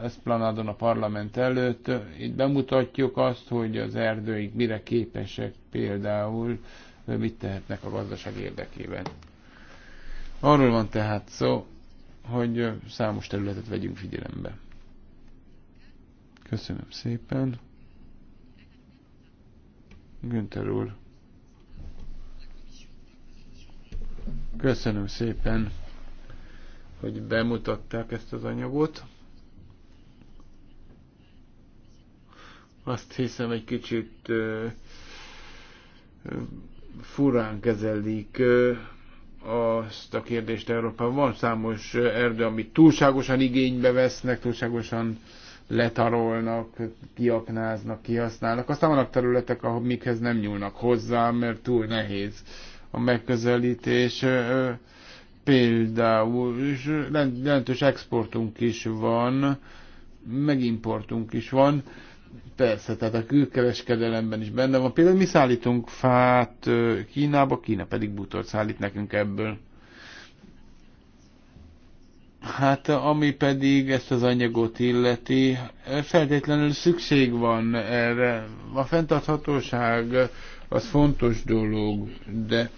Esplanadon a parlament előtt. Itt bemutatjuk azt, hogy az erdőik mire képesek például, mit tehetnek a gazdaság érdekében. Arról van tehát szó, hogy számos területet vegyünk figyelembe. Köszönöm szépen. Günther úr. Köszönöm szépen, hogy bemutatták ezt az anyagot. Azt hiszem egy kicsit ö, furán kezelik ö, azt a kérdést Európában. Van számos erdő, amit túlságosan igénybe vesznek, túlságosan letarolnak, kiaknáznak, kihasználnak. Aztán vannak területek, ahol mikhez nem nyúlnak hozzá, mert túl nehéz a megközelítés. Például és jelentős exportunk is van, megimportunk is van, Persze, tehát a külkereskedelemben is benne van. Például mi szállítunk fát Kínába, Kína pedig butort szállít nekünk ebből. Hát ami pedig ezt az anyagot illeti, feltétlenül szükség van erre. A fenntarthatóság az fontos dolog, de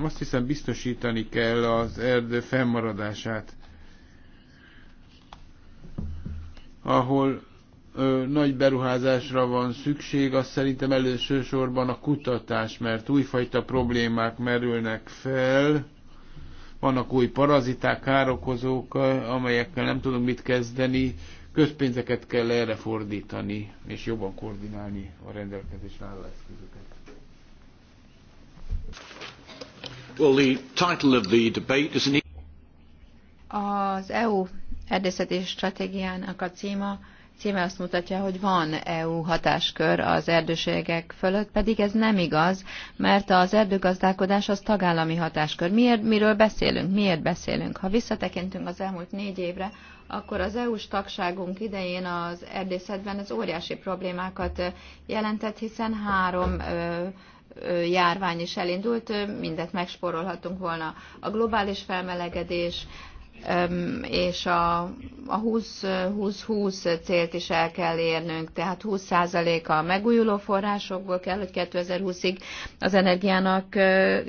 azt hiszem biztosítani kell az erdő fennmaradását, ahol ö, nagy beruházásra van szükség, az szerintem elősősorban a kutatás, mert újfajta problémák merülnek fel, vannak új paraziták, károkozók, amelyekkel nem tudunk mit kezdeni, közpénzeket kell erre fordítani, és jobban koordinálni a rendelkezés álló eszközöket. Well, the title of the debate is an... Az EU erdészeti stratégiának a címa címe azt mutatja, hogy van EU hatáskör az erdőségek fölött, pedig ez nem igaz, mert az erdőgazdálkodás az tagállami hatáskör. Miért, miről beszélünk? Miért beszélünk? Ha visszatekintünk az elmúlt négy évre, akkor az EU-s tagságunk idején az erdészetben ez óriási problémákat jelentett, hiszen három járvány is elindult, mindet megsporolhatunk volna. A globális felmelegedés, és a 20-20 célt is el kell érnünk, tehát 20% a megújuló forrásokból kell, hogy 2020-ig az energiának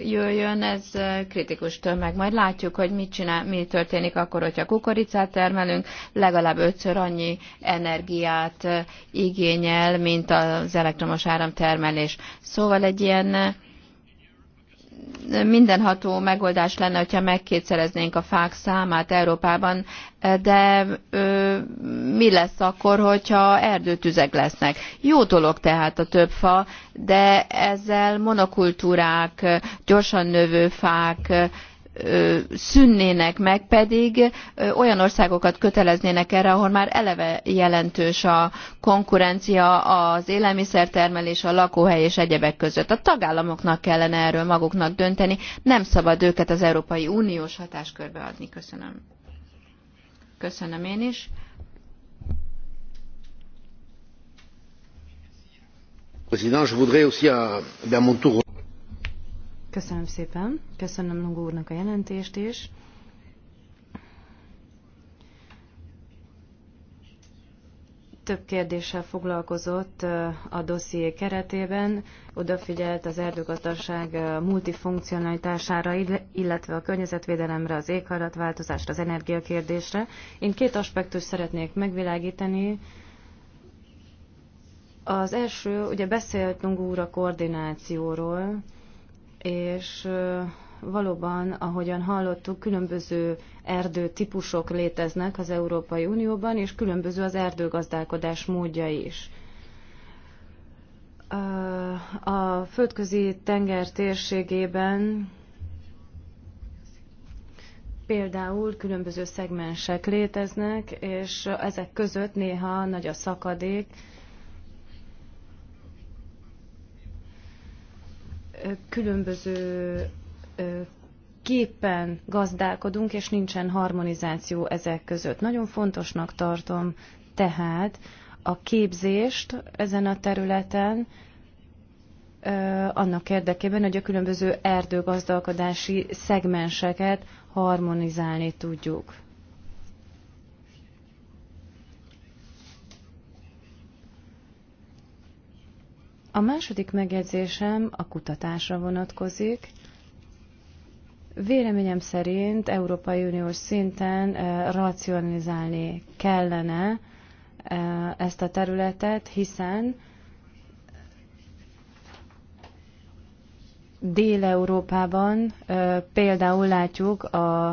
jöjjön, ez kritikus tömeg. Majd látjuk, hogy mit csinál, mi történik akkor, hogyha kukoricát termelünk, legalább ötször annyi energiát igényel, mint az elektromos áramtermelés. Szóval egy ilyen mindenható megoldás lenne, hogyha megkétszereznénk a fák számát Európában, de ö, mi lesz akkor, hogyha erdőtüzek lesznek? Jó dolog tehát a több fa, de ezzel monokultúrák, gyorsan növő fák, szűnnének meg, pedig olyan országokat köteleznének erre, ahol már eleve jelentős a konkurencia az élelmiszertermelés, a lakóhely és egyebek között. A tagállamoknak kellene erről maguknak dönteni, nem szabad őket az Európai Uniós hatáskörbe adni. Köszönöm. Köszönöm én is. Président, je voudrais aussi euh, à mon tour Köszönöm szépen. Köszönöm Lungó úrnak a jelentést is. Több kérdéssel foglalkozott a dosszié keretében, odafigyelt az erdőgazdaság multifunkcionalitására, illetve a környezetvédelemre, az éghajlatváltozásra, az energiakérdésre. Én két aspektust szeretnék megvilágítani. Az első, ugye beszéltünk úr a koordinációról, és valóban, ahogyan hallottuk, különböző erdő típusok léteznek az Európai Unióban, és különböző az erdőgazdálkodás módja is. A földközi tenger térségében például különböző szegmensek léteznek, és ezek között néha nagy a szakadék, különböző képen gazdálkodunk, és nincsen harmonizáció ezek között. Nagyon fontosnak tartom tehát a képzést ezen a területen, annak érdekében, hogy a különböző erdőgazdálkodási szegmenseket harmonizálni tudjuk. A második megjegyzésem a kutatásra vonatkozik. Véleményem szerint Európai Uniós szinten eh, racionalizálni kellene eh, ezt a területet, hiszen Dél-Európában eh, például látjuk a,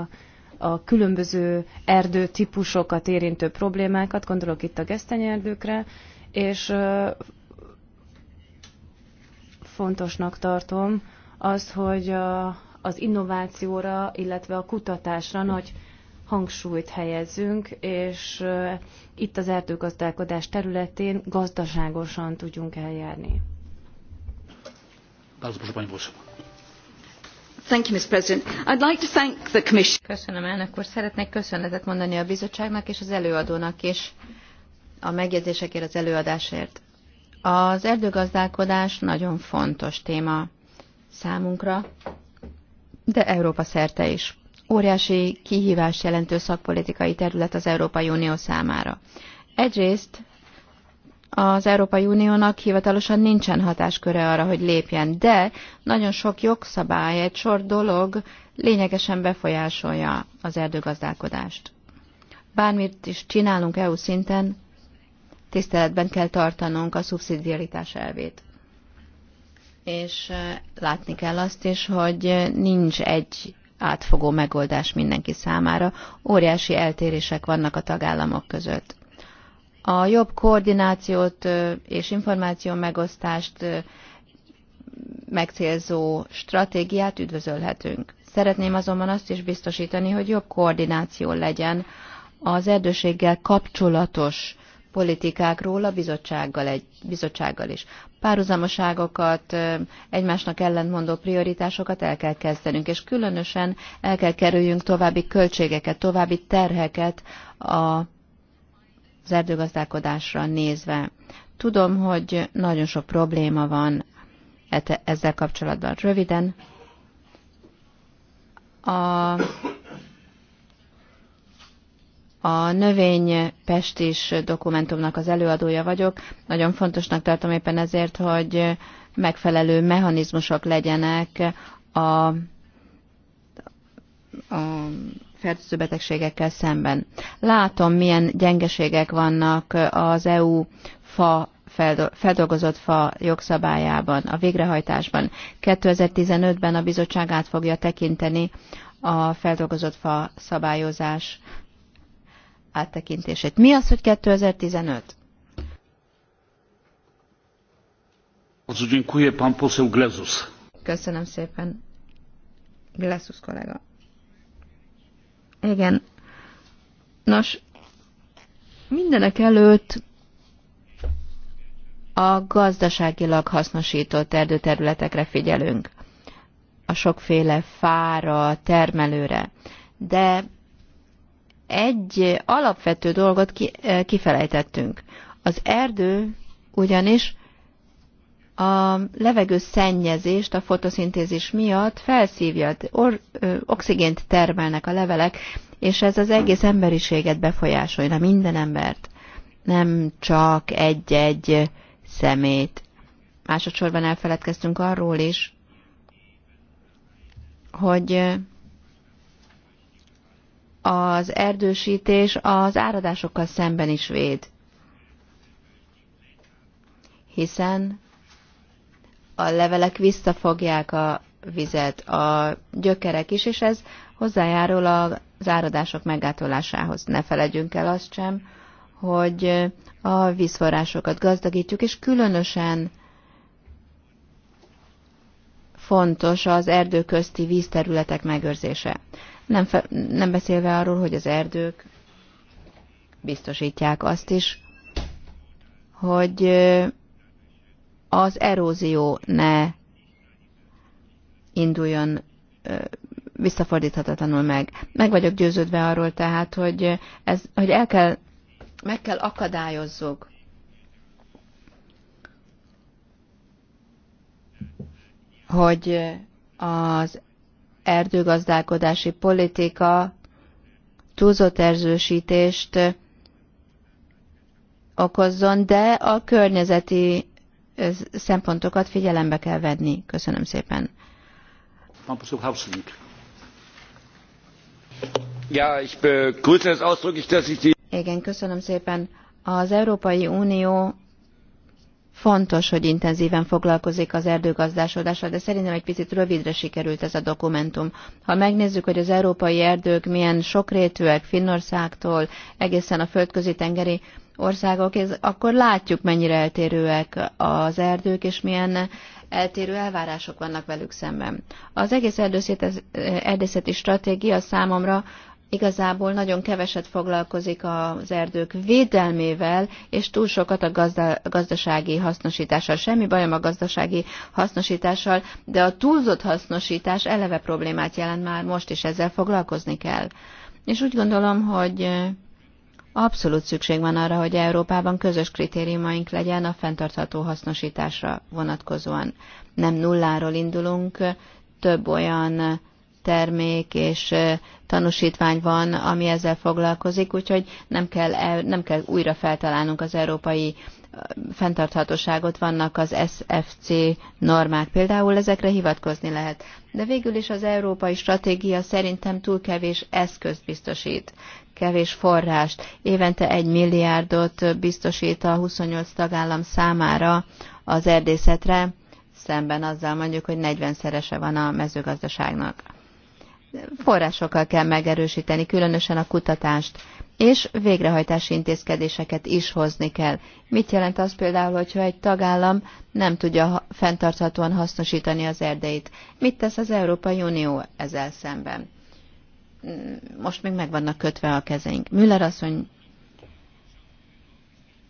a különböző erdőtípusokat érintő problémákat, gondolok itt a gesztenyerdőkre, és fontosnak tartom az, hogy a, az innovációra, illetve a kutatásra nagy hangsúlyt helyezünk, és itt az erdőgazdálkodás területén gazdaságosan tudjunk eljárni. Thank you, Ms. President. I'd like to thank the Commission. Köszönöm, elnök úr. Szeretnék köszönetet mondani a bizottságnak és az előadónak is a megjegyzésekért, az előadásért. Az erdőgazdálkodás nagyon fontos téma számunkra, de Európa szerte is. Óriási kihívás jelentő szakpolitikai terület az Európai Unió számára. Egyrészt az Európai Uniónak hivatalosan nincsen hatásköre arra, hogy lépjen, de nagyon sok jogszabály, egy sor dolog lényegesen befolyásolja az erdőgazdálkodást. Bármit is csinálunk EU szinten, tiszteletben kell tartanunk a szubszidiaritás elvét. És látni kell azt is, hogy nincs egy átfogó megoldás mindenki számára, óriási eltérések vannak a tagállamok között. A jobb koordinációt és információ megosztást megcélzó stratégiát üdvözölhetünk. Szeretném azonban azt is biztosítani, hogy jobb koordináció legyen az erdőséggel kapcsolatos politikákról a bizottsággal, egy, bizottsággal is. Párhuzamoságokat, egymásnak ellentmondó prioritásokat el kell kezdenünk, és különösen el kell kerüljünk további költségeket, további terheket a az erdőgazdálkodásra nézve. Tudom, hogy nagyon sok probléma van e ezzel kapcsolatban. Röviden, a a növény pestis dokumentumnak az előadója vagyok. Nagyon fontosnak tartom éppen ezért, hogy megfelelő mechanizmusok legyenek a, a fertőző betegségekkel szemben. Látom, milyen gyengeségek vannak az EU fa feldolgozott fa jogszabályában, a végrehajtásban. 2015-ben a bizottság át fogja tekinteni a feldolgozott fa szabályozás áttekintését. Mi az, hogy 2015? Köszönöm szépen. Glesus kollega. Igen. Nos, mindenek előtt a gazdaságilag hasznosított erdőterületekre figyelünk. A sokféle fára, termelőre. De egy alapvető dolgot ki, kifelejtettünk. Az erdő ugyanis a levegő szennyezést a fotoszintézis miatt felszívja, hát or, ö, oxigént termelnek a levelek, és ez az egész emberiséget befolyásolja, minden embert, nem csak egy-egy szemét. Másodszorban elfeledkeztünk arról is, hogy az erdősítés az áradásokkal szemben is véd. Hiszen a levelek visszafogják a vizet, a gyökerek is, és ez hozzájárul az áradások megátolásához. Ne felejtjünk el azt sem, hogy a vízforrásokat gazdagítjuk, és különösen fontos az erdőközti vízterületek megőrzése nem, fe, nem beszélve arról, hogy az erdők biztosítják azt is, hogy az erózió ne induljon visszafordíthatatlanul meg. Meg vagyok győződve arról tehát, hogy, ez, hogy el kell, meg kell akadályozzuk hogy az erdőgazdálkodási politika túlzott erzősítést okozzon, de a környezeti szempontokat figyelembe kell venni. Köszönöm szépen. Äh, Igen, köszönöm szépen. Az Európai Unió Fontos, hogy intenzíven foglalkozik az erdőgazdásodással, de szerintem egy picit rövidre sikerült ez a dokumentum. Ha megnézzük, hogy az európai erdők milyen sokrétűek Finnországtól egészen a földközi tengeri országok, akkor látjuk, mennyire eltérőek az erdők, és milyen eltérő elvárások vannak velük szemben. Az egész erdőszeti stratégia számomra igazából nagyon keveset foglalkozik az erdők védelmével, és túl sokat a gazda, gazdasági hasznosítással. Semmi bajom a gazdasági hasznosítással, de a túlzott hasznosítás eleve problémát jelent már most, is ezzel foglalkozni kell. És úgy gondolom, hogy abszolút szükség van arra, hogy Európában közös kritériumaink legyen a fenntartható hasznosításra vonatkozóan. Nem nulláról indulunk, több olyan termék és tanúsítvány van, ami ezzel foglalkozik, úgyhogy nem kell, nem kell újra feltalálnunk az európai fenntarthatóságot, vannak az SFC normák, például ezekre hivatkozni lehet. De végül is az európai stratégia szerintem túl kevés eszközt biztosít kevés forrást. Évente egy milliárdot biztosít a 28 tagállam számára az erdészetre, szemben azzal mondjuk, hogy 40-szerese van a mezőgazdaságnak forrásokkal kell megerősíteni, különösen a kutatást, és végrehajtási intézkedéseket is hozni kell. Mit jelent az például, hogyha egy tagállam nem tudja fenntarthatóan hasznosítani az erdeit? Mit tesz az Európai Unió ezzel szemben? Mm, most még meg vannak kötve a kezeink. Müller asszony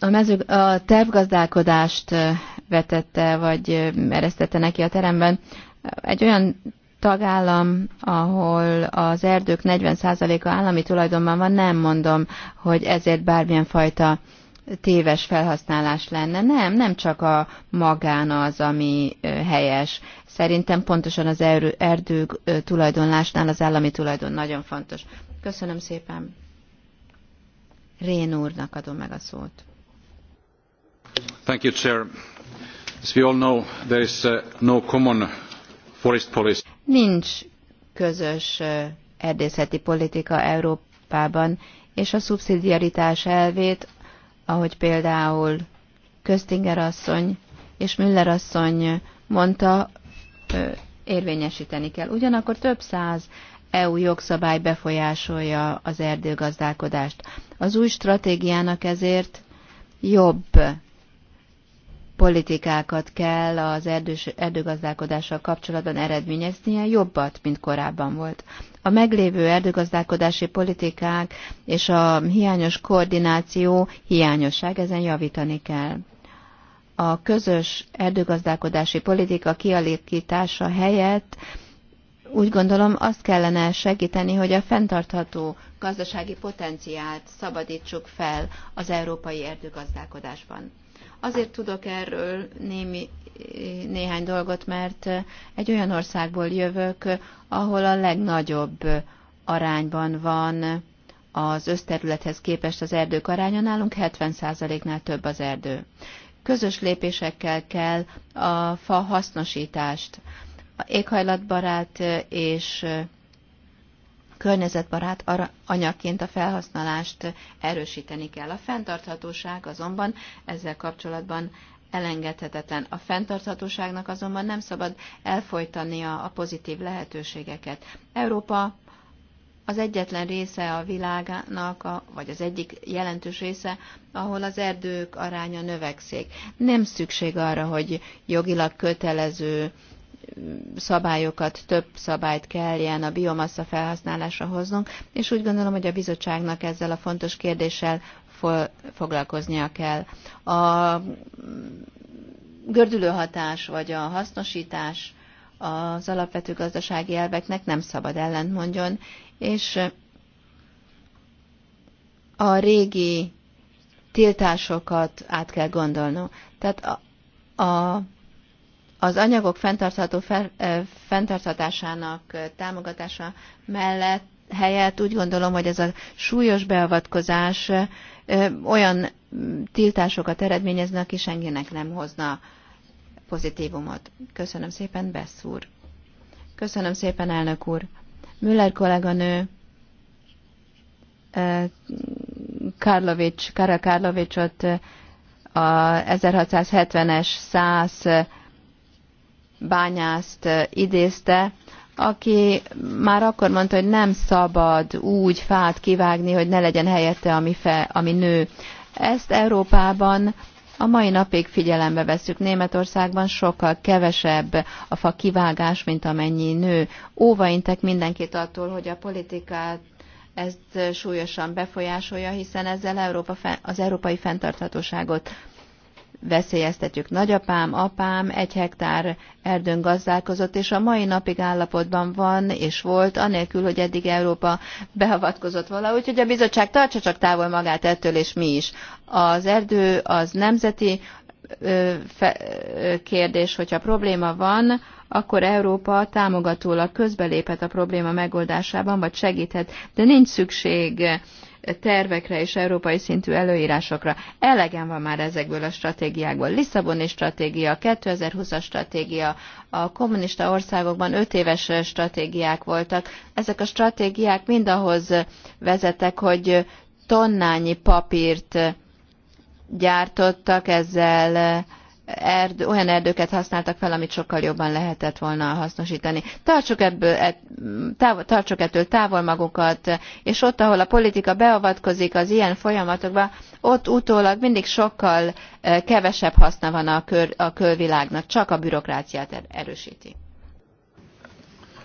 a, mező, a tervgazdálkodást vetette, vagy eresztette neki a teremben. Egy olyan tagállam, ahol az erdők 40%-a állami tulajdonban van, nem mondom, hogy ezért bármilyen fajta téves felhasználás lenne. Nem, nem csak a magán az, ami helyes. Szerintem pontosan az erdők tulajdonlásnál az állami tulajdon nagyon fontos. Köszönöm szépen. Rén úrnak adom meg a szót. Thank you, Chair. As we all know, there is uh, no common forest policy. Nincs közös erdészeti politika Európában, és a szubszidiaritás elvét, ahogy például Köztinger asszony és Müller asszony mondta, érvényesíteni kell. Ugyanakkor több száz EU jogszabály befolyásolja az erdőgazdálkodást. Az új stratégiának ezért jobb politikákat kell az erdős, erdőgazdálkodással kapcsolatban eredményeznie, jobbat, mint korábban volt. A meglévő erdőgazdálkodási politikák és a hiányos koordináció hiányosság, ezen javítani kell. A közös erdőgazdálkodási politika kialakítása helyett úgy gondolom azt kellene segíteni, hogy a fenntartható gazdasági potenciált szabadítsuk fel az európai erdőgazdálkodásban. Azért tudok erről némi, néhány dolgot, mert egy olyan országból jövök, ahol a legnagyobb arányban van az összterülethez képest az erdők aránya, nálunk 70%-nál több az erdő. Közös lépésekkel kell a fa hasznosítást, éghajlatbarát és környezetbarát anyagként a felhasználást erősíteni kell. A fenntarthatóság azonban ezzel kapcsolatban elengedhetetlen. A fenntarthatóságnak azonban nem szabad elfolytania a pozitív lehetőségeket. Európa az egyetlen része a világnak, a, vagy az egyik jelentős része, ahol az erdők aránya növekszik. Nem szükség arra, hogy jogilag kötelező szabályokat, több szabályt kelljen a biomassa felhasználásra hoznunk, és úgy gondolom, hogy a bizottságnak ezzel a fontos kérdéssel foglalkoznia kell. A gördülőhatás vagy a hasznosítás az alapvető gazdasági elveknek nem szabad ellent mondjon, és a régi tiltásokat át kell gondolnunk. Tehát a, a az anyagok fenntartható fel, fenntarthatásának támogatása mellett helyett úgy gondolom, hogy ez a súlyos beavatkozás olyan tiltásokat eredményezne, aki senkinek nem hozna pozitívumot. Köszönöm szépen, Bessz úr. Köszönöm szépen, elnök úr. Müller kolléganő Karlovics, Kara Karlovicsot a 1670-es 100 bányászt idézte, aki már akkor mondta, hogy nem szabad úgy fát kivágni, hogy ne legyen helyette, ami, fe, ami nő. Ezt Európában a mai napig figyelembe veszük. Németországban sokkal kevesebb a fa kivágás, mint amennyi nő. Óvaintek mindenkit attól, hogy a politikát ezt súlyosan befolyásolja, hiszen ezzel Európa, az európai fenntarthatóságot veszélyeztetjük. Nagyapám, apám egy hektár erdőn gazdálkozott, és a mai napig állapotban van és volt, anélkül, hogy eddig Európa beavatkozott vala, úgyhogy a bizottság tartsa csak távol magát ettől, és mi is. Az erdő az nemzeti kérdés, hogyha probléma van, akkor Európa támogatólag közbeléphet a probléma megoldásában, vagy segíthet, de nincs szükség tervekre és európai szintű előírásokra. Elegem van már ezekből a stratégiákból. Lisszaboni stratégia, 2020-as stratégia, a kommunista országokban öt éves stratégiák voltak. Ezek a stratégiák mind ahhoz vezettek, hogy tonnányi papírt gyártottak ezzel erd, olyan erdőket használtak fel, amit sokkal jobban lehetett volna hasznosítani. Tartsuk, ebből, e- távol, tartsuk ettől távol magukat, és ott, ahol a politika beavatkozik az ilyen folyamatokba, ott utólag mindig sokkal e, kevesebb haszna van a, kör, a körvilágnak, csak a bürokráciát er- erősíti.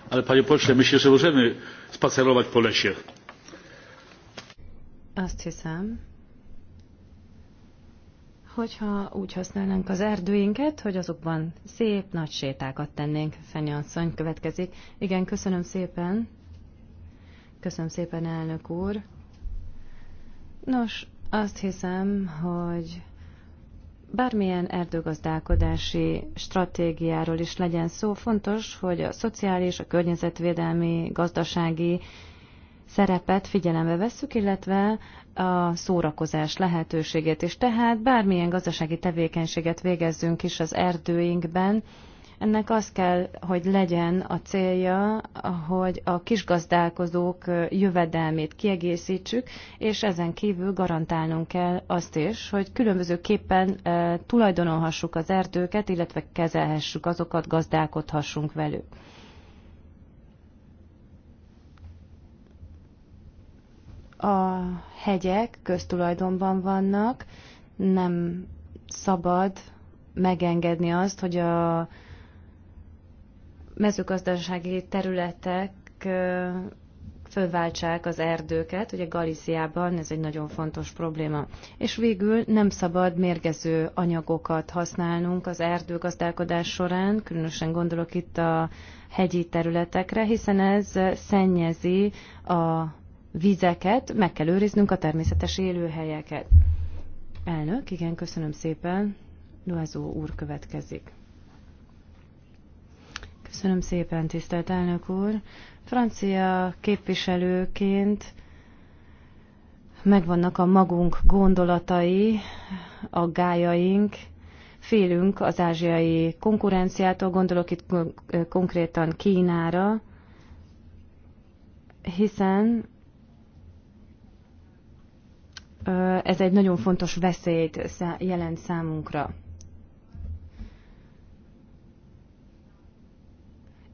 Ale panie pośle, myślę, że możemy spacerować po lesie. Azt hiszem, hogyha úgy használnánk az erdőinket, hogy azokban szép nagy sétákat tennénk. Fenni asszony következik. Igen, köszönöm szépen. Köszönöm szépen, elnök úr. Nos, azt hiszem, hogy bármilyen erdőgazdálkodási stratégiáról is legyen szó, fontos, hogy a szociális, a környezetvédelmi, gazdasági szerepet figyelembe vesszük, illetve a szórakozás lehetőségét is. Tehát bármilyen gazdasági tevékenységet végezzünk is az erdőinkben, ennek az kell, hogy legyen a célja, hogy a kisgazdálkozók jövedelmét kiegészítsük, és ezen kívül garantálnunk kell azt is, hogy különbözőképpen e, tulajdonolhassuk az erdőket, illetve kezelhessük azokat, gazdálkodhassunk velük. A hegyek köztulajdonban vannak, nem szabad megengedni azt, hogy a mezőgazdasági területek fölváltsák az erdőket, ugye Galiciában ez egy nagyon fontos probléma. És végül nem szabad mérgező anyagokat használnunk az erdőgazdálkodás során, különösen gondolok itt a hegyi területekre, hiszen ez szennyezi a vizeket, meg kell őriznünk a természetes élőhelyeket. Elnök, igen, köszönöm szépen. Luázó úr következik. Köszönöm szépen, tisztelt elnök úr. Francia képviselőként megvannak a magunk gondolatai, a gájaink, félünk az ázsiai konkurenciától, gondolok itt konkrétan Kínára, hiszen ez egy nagyon fontos veszélyt jelent számunkra.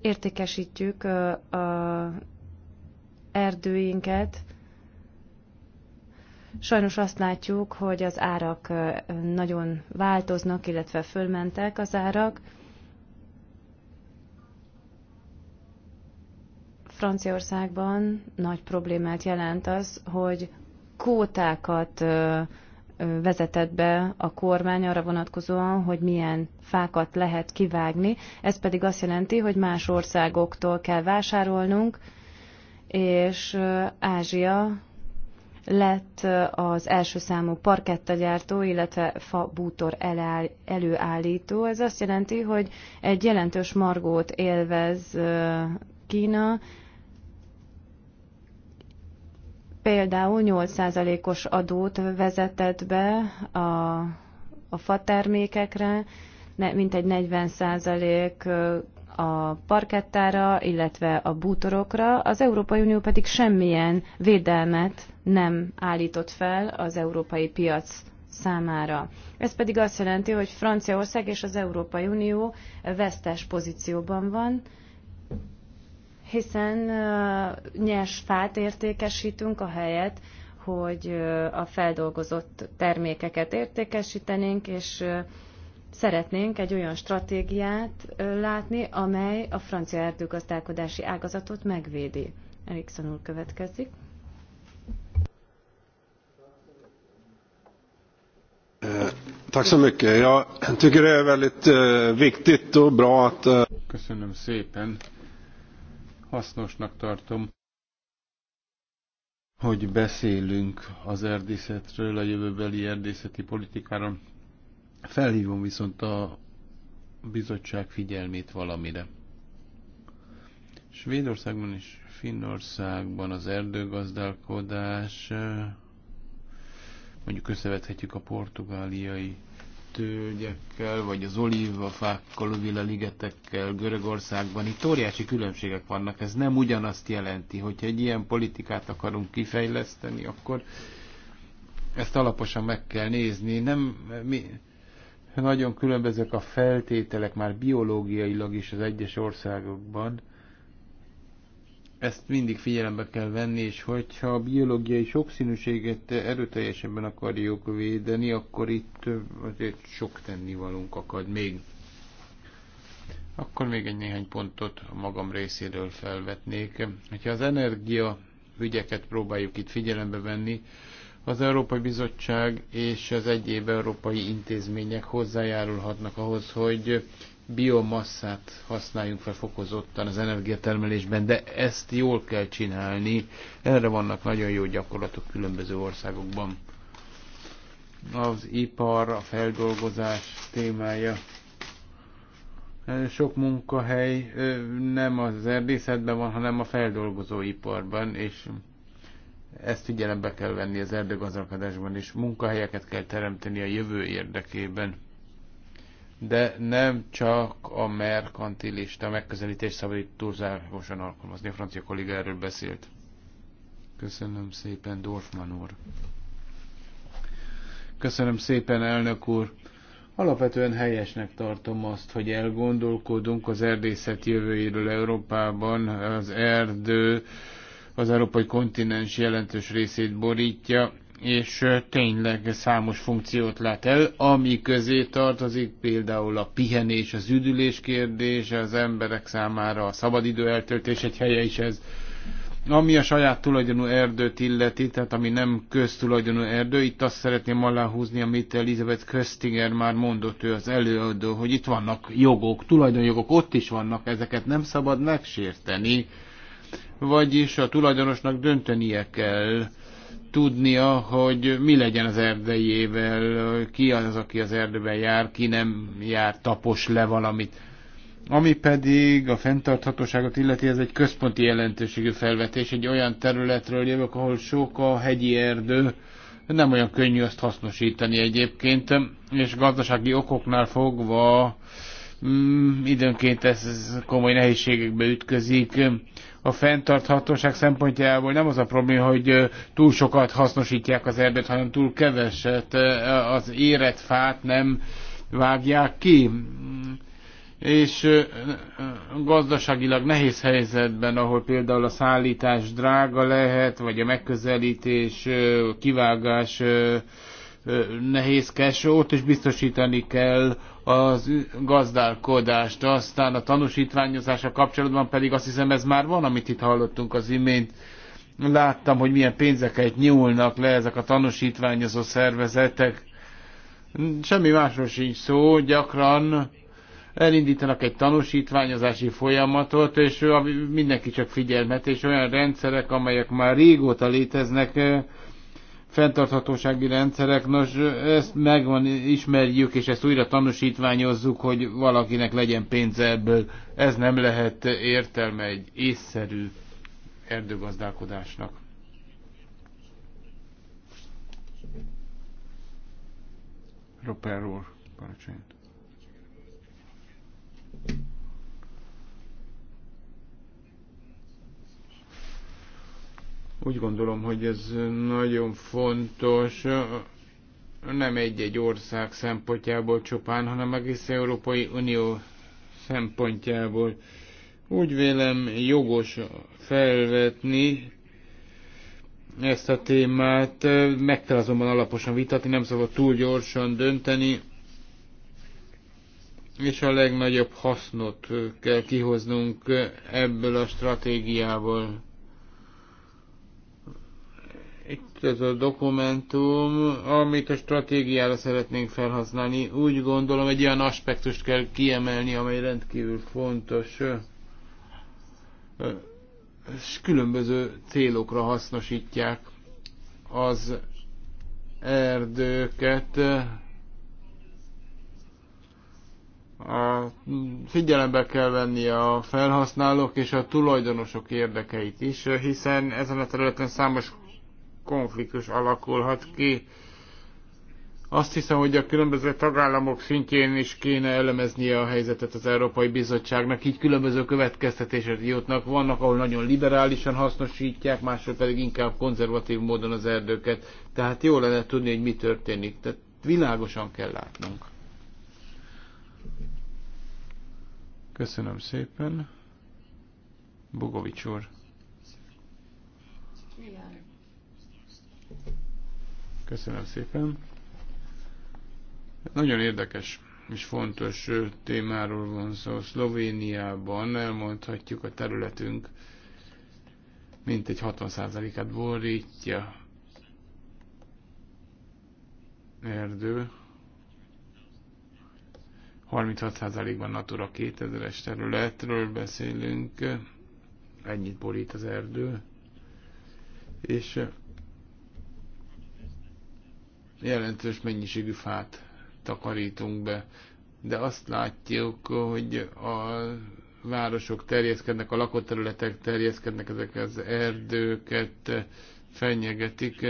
Értékesítjük a erdőinket. Sajnos azt látjuk, hogy az árak nagyon változnak, illetve fölmentek az árak. Franciaországban nagy problémát jelent az, hogy kótákat vezetett be a kormány arra vonatkozóan, hogy milyen fákat lehet kivágni. Ez pedig azt jelenti, hogy más országoktól kell vásárolnunk, és Ázsia lett az első számú parkettagyártó, illetve fa bútor előállító. Ez azt jelenti, hogy egy jelentős margót élvez Kína, Például 8%-os adót vezetett be a, a fa termékekre, mintegy 40% a parkettára, illetve a bútorokra, az Európai Unió pedig semmilyen védelmet nem állított fel az európai piac számára. Ez pedig azt jelenti, hogy Franciaország és az Európai Unió vesztes pozícióban van, hiszen nyers fát értékesítünk a helyet, hogy a feldolgozott termékeket értékesítenénk, és szeretnénk egy olyan stratégiát látni, amely a francia erdőgazdálkodási ágazatot megvédi. Erikson úr következik. Tack så mycket. Jag tycker det är väldigt eh, viktigt och bra att... Eh, Köszönöm szépen hasznosnak tartom, hogy beszélünk az erdészetről, a jövőbeli erdészeti politikáról. Felhívom viszont a bizottság figyelmét valamire. Svédországban és Finnországban az erdőgazdálkodás, mondjuk összevethetjük a portugáliai tölgyekkel, vagy az olívafákkal, a ligetekkel, Görögországban. Itt óriási különbségek vannak. Ez nem ugyanazt jelenti, hogyha egy ilyen politikát akarunk kifejleszteni, akkor ezt alaposan meg kell nézni. Nem, mi, nagyon különbözők a feltételek már biológiailag is az egyes országokban. Ezt mindig figyelembe kell venni, és hogyha a biológiai sokszínűséget erőteljesebben akarjuk védeni, akkor itt azért sok tennivalónk akad még. Akkor még egy néhány pontot a magam részéről felvetnék. hogyha az energia ügyeket próbáljuk itt figyelembe venni, az Európai Bizottság és az egyéb európai intézmények hozzájárulhatnak ahhoz, hogy biomasszát használjunk fel fokozottan az energiatermelésben, de ezt jól kell csinálni. Erre vannak nagyon jó gyakorlatok különböző országokban. Az ipar, a feldolgozás témája. Sok munkahely nem az erdészetben van, hanem a feldolgozóiparban, és ezt figyelembe kell venni az erdőgazdálkodásban, és munkahelyeket kell teremteni a jövő érdekében de nem csak a merkantilista megközelítés szabad itt túlzárosan alkalmazni. A francia kolléga erről beszélt. Köszönöm szépen, Dorfman úr. Köszönöm szépen, elnök úr. Alapvetően helyesnek tartom azt, hogy elgondolkodunk az erdészet jövőjéről Európában. Az erdő az európai kontinens jelentős részét borítja, és tényleg számos funkciót lát el, ami közé tartozik például a pihenés, az üdülés kérdése, az emberek számára a szabadidő eltöltés egy helye is ez. Ami a saját tulajdonú erdőt illeti, tehát ami nem köztulajdonú erdő, itt azt szeretném aláhúzni, amit Elizabeth Köstinger már mondott, ő az előadó, hogy itt vannak jogok, tulajdonjogok, ott is vannak, ezeket nem szabad megsérteni, vagyis a tulajdonosnak döntenie kell, tudnia, hogy mi legyen az erdejével, ki az, aki az erdőben jár, ki nem jár, tapos le valamit. Ami pedig a fenntarthatóságot illeti, ez egy központi jelentőségű felvetés, egy olyan területről jövök, ahol sok a hegyi erdő, nem olyan könnyű azt hasznosítani egyébként, és gazdasági okoknál fogva mm, időnként ez, ez komoly nehézségekbe ütközik a fenntarthatóság szempontjából nem az a probléma, hogy túl sokat hasznosítják az erdőt, hanem túl keveset, az érett fát nem vágják ki. És gazdaságilag nehéz helyzetben, ahol például a szállítás drága lehet, vagy a megközelítés, a kivágás nehézkes, ott is biztosítani kell az gazdálkodást. Aztán a tanúsítványozása kapcsolatban pedig azt hiszem ez már van, amit itt hallottunk az imént. Láttam, hogy milyen pénzeket nyúlnak le ezek a tanúsítványozó szervezetek. Semmi másról sincs szó, gyakran elindítanak egy tanúsítványozási folyamatot, és mindenki csak figyelmet, és olyan rendszerek, amelyek már régóta léteznek, fenntarthatósági rendszerek, nos, ezt megvan, ismerjük, és ezt újra tanúsítványozzuk, hogy valakinek legyen pénze ebből. Ez nem lehet értelme egy észszerű erdőgazdálkodásnak. Roper úr, parancsoljunk. Úgy gondolom, hogy ez nagyon fontos, nem egy-egy ország szempontjából csupán, hanem egész Európai Unió szempontjából. Úgy vélem jogos felvetni ezt a témát, meg kell azonban alaposan vitatni, nem szabad túl gyorsan dönteni, és a legnagyobb hasznot kell kihoznunk ebből a stratégiából. Itt ez a dokumentum, amit a stratégiára szeretnénk felhasználni. Úgy gondolom, egy olyan aspektust kell kiemelni, amely rendkívül fontos és különböző célokra hasznosítják az erdőket. A, figyelembe kell venni a felhasználók és a tulajdonosok érdekeit is, hiszen ezen a területen számos konfliktus alakulhat ki. Azt hiszem, hogy a különböző tagállamok szintjén is kéne elemeznie a helyzetet az Európai Bizottságnak, így különböző következtetések jutnak. Vannak, ahol nagyon liberálisan hasznosítják, máshol pedig inkább konzervatív módon az erdőket. Tehát jó lenne tudni, hogy mi történik. Tehát világosan kell látnunk. Köszönöm szépen. Bogovics úr. Köszönöm szépen. Nagyon érdekes és fontos témáról van szó. Szlovéniában elmondhatjuk a területünk mintegy 60%-át borítja erdő. 36%-ban Natura 2000-es területről beszélünk, ennyit borít az erdő, és jelentős mennyiségű fát takarítunk be. De azt látjuk, hogy a városok terjeszkednek, a lakott területek terjeszkednek, ezek az erdőket fenyegetik.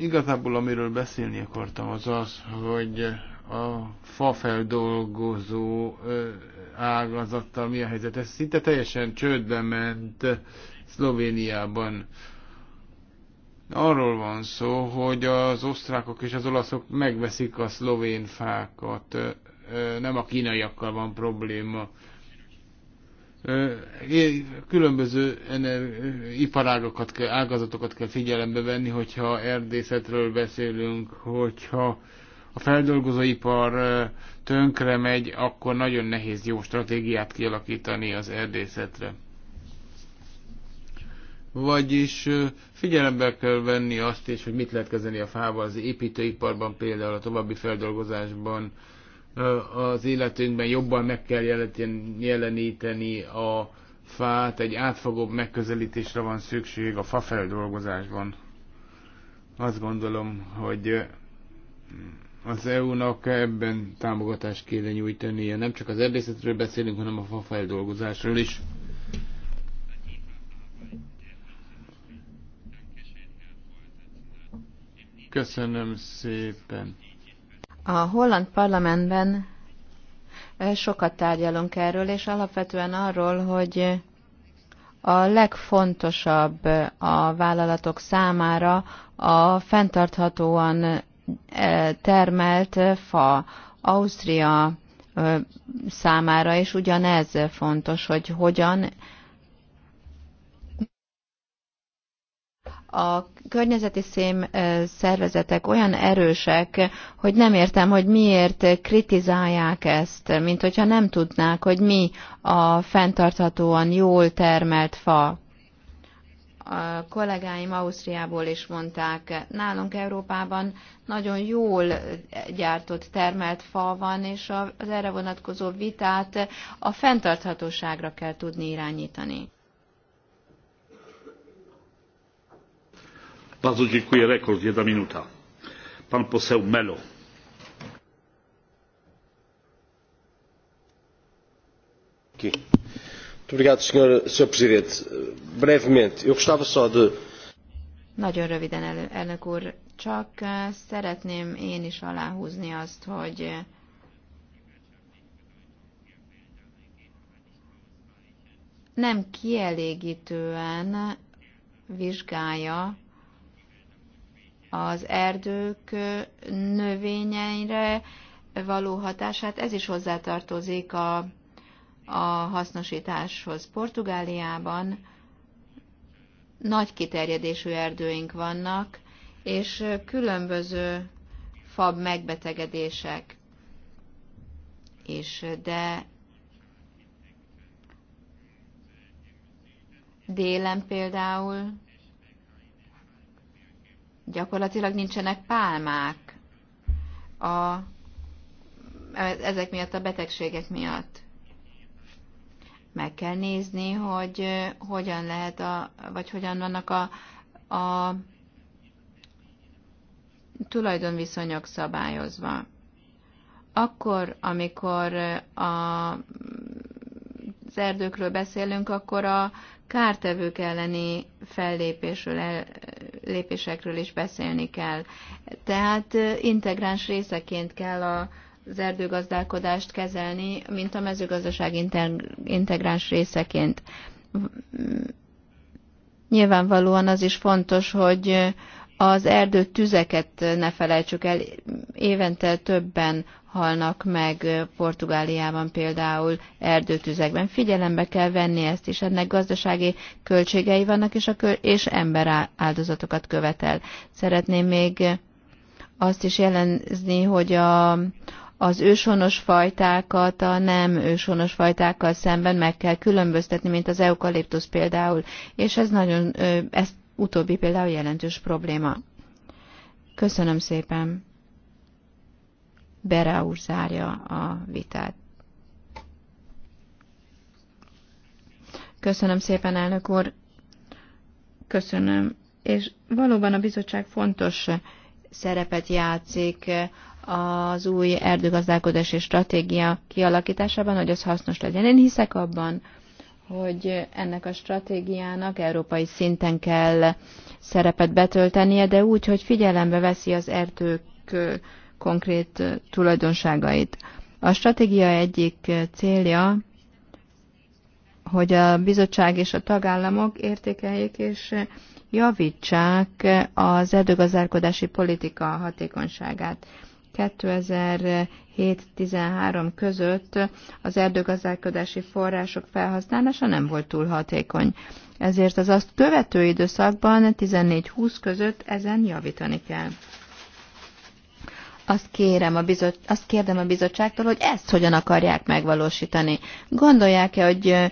Igazából amiről beszélni akartam az az, hogy a fafeldolgozó ágazattal mi a helyzet. Ez szinte teljesen csődbe ment Szlovéniában. Arról van szó, hogy az osztrákok és az olaszok megveszik a szlovén fákat, nem a kínaiakkal van probléma. Különböző iparágokat, kell, ágazatokat kell figyelembe venni, hogyha erdészetről beszélünk, hogyha a feldolgozóipar tönkre megy, akkor nagyon nehéz jó stratégiát kialakítani az erdészetre. Vagyis figyelembe kell venni azt is, hogy mit lehet kezelni a fával az építőiparban, például a további feldolgozásban, az életünkben jobban meg kell jeleníteni a fát, egy átfogóbb megközelítésre van szükség a fafeldolgozásban. Azt gondolom, hogy az EU-nak ebben támogatást kéne nyújtania. Nem csak az erdészetről beszélünk, hanem a fafeldolgozásról is. Köszönöm szépen. A holland parlamentben sokat tárgyalunk erről, és alapvetően arról, hogy a legfontosabb a vállalatok számára a fenntarthatóan termelt fa. Ausztria számára és ugyanez fontos, hogy hogyan a környezeti szém szervezetek olyan erősek, hogy nem értem, hogy miért kritizálják ezt, mint hogyha nem tudnák, hogy mi a fenntarthatóan jól termelt fa. A kollégáim Ausztriából is mondták, nálunk Európában nagyon jól gyártott, termelt fa van, és az erre vonatkozó vitát a fenntarthatóságra kell tudni irányítani. Bardzo dziękuję. Rekord, jedna minuta. Pan poseł Melo. Nagyon röviden, elnök úr. Csak eh, szeretném én is aláhúzni azt, hogy eh, nem kielégítően vizsgálja az erdők növényeire való hatását, ez is hozzátartozik a, a hasznosításhoz. Portugáliában nagy kiterjedésű erdőink vannak, és különböző fab megbetegedések is, de délen például gyakorlatilag nincsenek pálmák a, ezek miatt, a betegségek miatt. Meg kell nézni, hogy hogyan lehet, a, vagy hogyan vannak a, a tulajdonviszonyok szabályozva. Akkor, amikor a erdőkről beszélünk, akkor a kártevők elleni fellépésről, el, lépésekről is beszélni kell. Tehát integráns részeként kell a, az erdőgazdálkodást kezelni, mint a mezőgazdaság integráns részeként. Nyilvánvalóan az is fontos, hogy az erdő tüzeket ne felejtsük el, évente többen halnak meg Portugáliában például erdőtüzekben. Figyelembe kell venni ezt is, ennek gazdasági költségei vannak, és, a kö- és ember áldozatokat követel. Szeretném még azt is jelenzni, hogy a, az őshonos fajtákat a nem őshonos fajtákkal szemben meg kell különböztetni, mint az eukaliptusz például, és ez nagyon, ezt Utóbbi például jelentős probléma. Köszönöm szépen. Bera úr zárja a vitát. Köszönöm szépen, elnök úr. Köszönöm. És valóban a bizottság fontos szerepet játszik az új erdőgazdálkodási stratégia kialakításában, hogy az hasznos legyen. Én hiszek abban, hogy ennek a stratégiának európai szinten kell szerepet betöltenie, de úgy, hogy figyelembe veszi az erdők konkrét tulajdonságait. A stratégia egyik célja, hogy a bizottság és a tagállamok értékeljék és javítsák az erdőgazdálkodási politika hatékonyságát. 2000 7-13 között az erdőgazdálkodási források felhasználása nem volt túl hatékony. Ezért az azt követő időszakban 14-20 között ezen javítani kell. Azt, kérem a bizot, azt kérdem a bizottságtól, hogy ezt hogyan akarják megvalósítani. Gondolják-e, hogy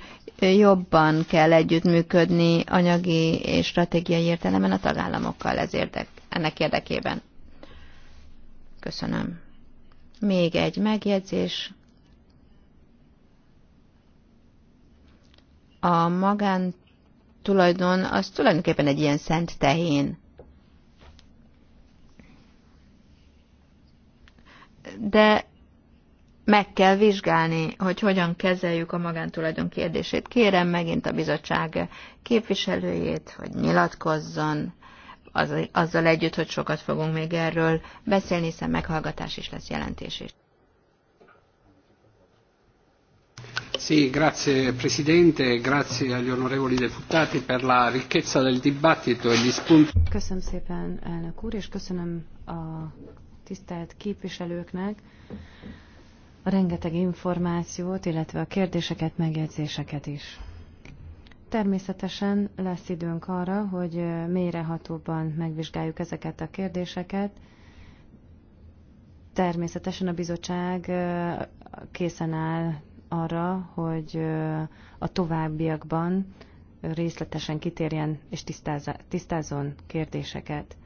jobban kell együttműködni anyagi és stratégiai értelemben a tagállamokkal ez érdek, ennek érdekében? Köszönöm. Még egy megjegyzés. A magántulajdon az tulajdonképpen egy ilyen szent tehén. De meg kell vizsgálni, hogy hogyan kezeljük a magántulajdon kérdését. Kérem megint a bizottság képviselőjét, hogy nyilatkozzon az, azzal együtt, hogy sokat fogunk még erről beszélni, hiszen meghallgatás is lesz jelentés is. Sì, grazie Presidente, grazie agli onorevoli deputati per la ricchezza del dibattito e gli spunti. Köszönöm szépen, elnök úr, és köszönöm a tisztelt képviselőknek a rengeteg információt, illetve a kérdéseket, megjegyzéseket is. Természetesen lesz időnk arra, hogy mélyrehatóban megvizsgáljuk ezeket a kérdéseket. Természetesen a bizottság készen áll arra, hogy a továbbiakban részletesen kitérjen és tisztázon kérdéseket.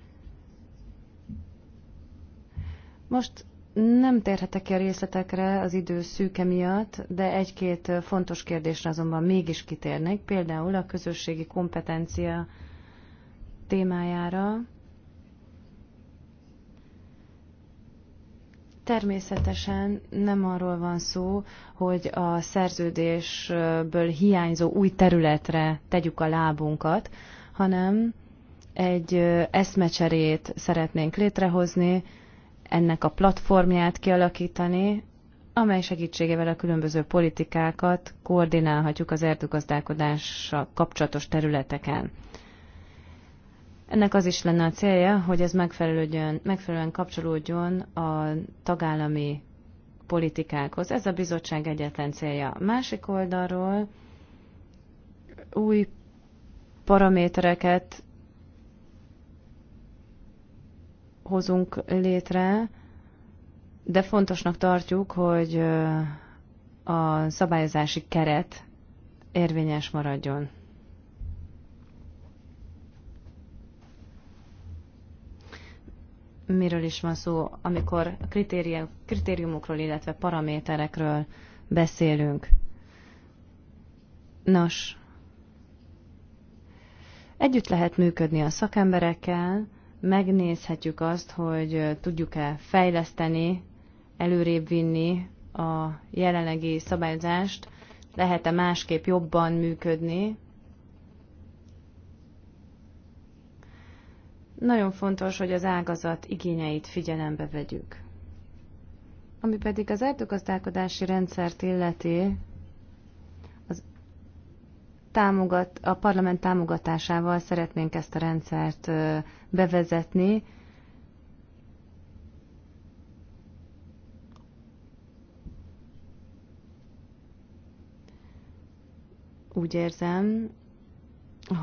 Most nem térhetek ki a részletekre az idő szűke miatt, de egy-két fontos kérdésre azonban mégis kitérnek. például a közösségi kompetencia témájára. Természetesen nem arról van szó, hogy a szerződésből hiányzó új területre tegyük a lábunkat, hanem egy eszmecserét szeretnénk létrehozni, ennek a platformját kialakítani, amely segítségével a különböző politikákat koordinálhatjuk az erdőgazdálkodással kapcsolatos területeken. Ennek az is lenne a célja, hogy ez megfelelően kapcsolódjon a tagállami politikákhoz. Ez a bizottság egyetlen célja. Másik oldalról új paramétereket hozunk létre, de fontosnak tartjuk, hogy a szabályozási keret érvényes maradjon. Miről is van szó, amikor kritériumokról, illetve paraméterekről beszélünk? Nos, együtt lehet működni a szakemberekkel, megnézhetjük azt, hogy tudjuk-e fejleszteni, előrébb vinni a jelenlegi szabályzást, lehet-e másképp jobban működni. Nagyon fontos, hogy az ágazat igényeit figyelembe vegyük. Ami pedig az erdőgazdálkodási rendszert illeti, támogat, a parlament támogatásával szeretnénk ezt a rendszert bevezetni. Úgy érzem,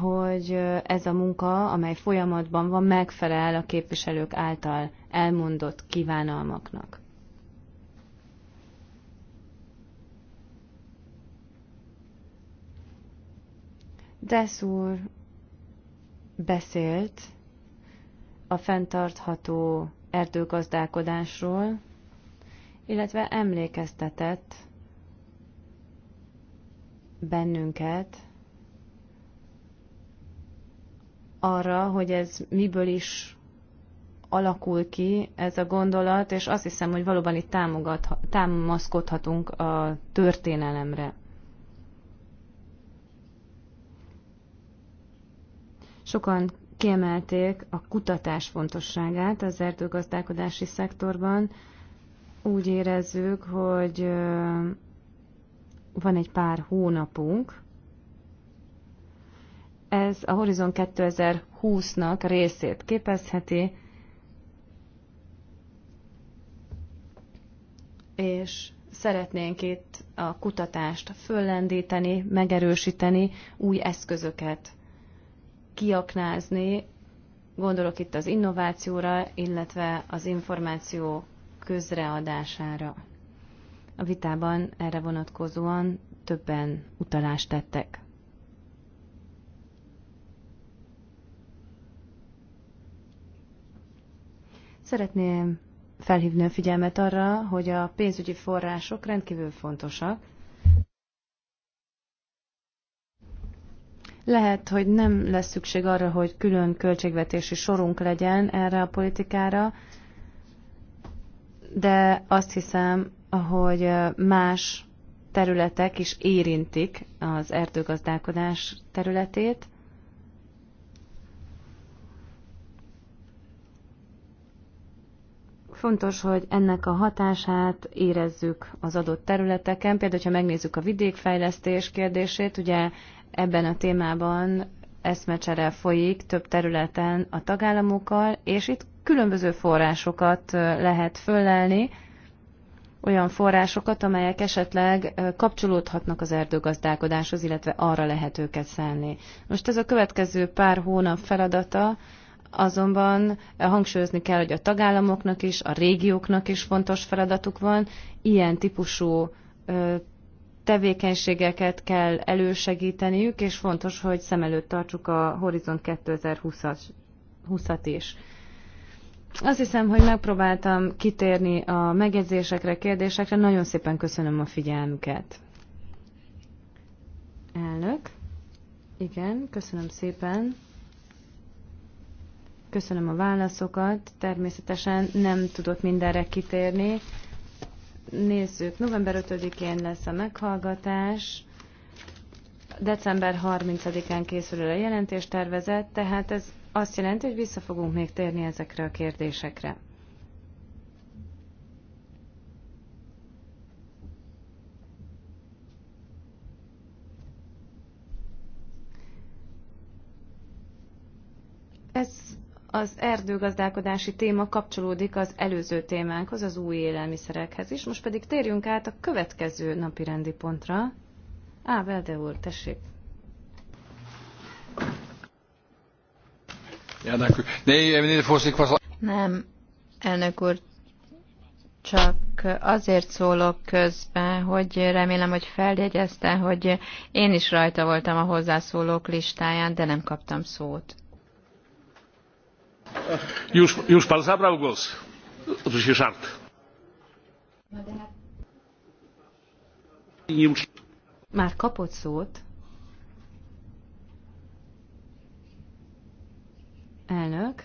hogy ez a munka, amely folyamatban van, megfelel a képviselők által elmondott kívánalmaknak. Deszúr beszélt a fenntartható erdőgazdálkodásról, illetve emlékeztetett bennünket arra, hogy ez miből is alakul ki ez a gondolat, és azt hiszem, hogy valóban itt támogat, támaszkodhatunk a történelemre. Sokan kiemelték a kutatás fontosságát az erdőgazdálkodási szektorban. Úgy érezzük, hogy van egy pár hónapunk. Ez a Horizon 2020-nak részét képezheti, és szeretnénk itt a kutatást föllendíteni, megerősíteni, új eszközöket kiaknázni. Gondolok itt az innovációra, illetve az információ közreadására. A vitában erre vonatkozóan többen utalást tettek. Szeretném felhívni a figyelmet arra, hogy a pénzügyi források rendkívül fontosak, Lehet, hogy nem lesz szükség arra, hogy külön költségvetési sorunk legyen erre a politikára, de azt hiszem, hogy más területek is érintik az erdőgazdálkodás területét. Fontos, hogy ennek a hatását érezzük az adott területeken. Például, ha megnézzük a vidékfejlesztés kérdését, ugye ebben a témában eszmecsere folyik több területen a tagállamokkal, és itt különböző forrásokat lehet föllelni, olyan forrásokat, amelyek esetleg kapcsolódhatnak az erdőgazdálkodáshoz, illetve arra lehet őket szállni. Most ez a következő pár hónap feladata, azonban hangsúlyozni kell, hogy a tagállamoknak is, a régióknak is fontos feladatuk van, ilyen típusú tevékenységeket kell elősegíteniük, és fontos, hogy szem előtt tartsuk a Horizont 2020-at is. Azt hiszem, hogy megpróbáltam kitérni a megjegyzésekre, kérdésekre. Nagyon szépen köszönöm a figyelmüket. Elnök. Igen, köszönöm szépen. Köszönöm a válaszokat. Természetesen nem tudott mindenre kitérni nézzük. November 5-én lesz a meghallgatás, december 30-án készül a jelentéstervezet, tehát ez azt jelenti, hogy vissza fogunk még térni ezekre a kérdésekre. Ez az erdőgazdálkodási téma kapcsolódik az előző témánkhoz, az új élelmiszerekhez is. Most pedig térjünk át a következő napi rendi pontra. Á, Velde úr, tessék. Eh, nem, elnök úr, csak azért szólok közben, hogy remélem, hogy feljegyezte, hogy én is rajta voltam a hozzászólók listáján, de nem kaptam szót. Już, pan zabrał głos. Oczywiście żart. Már kapott szót. Elnök.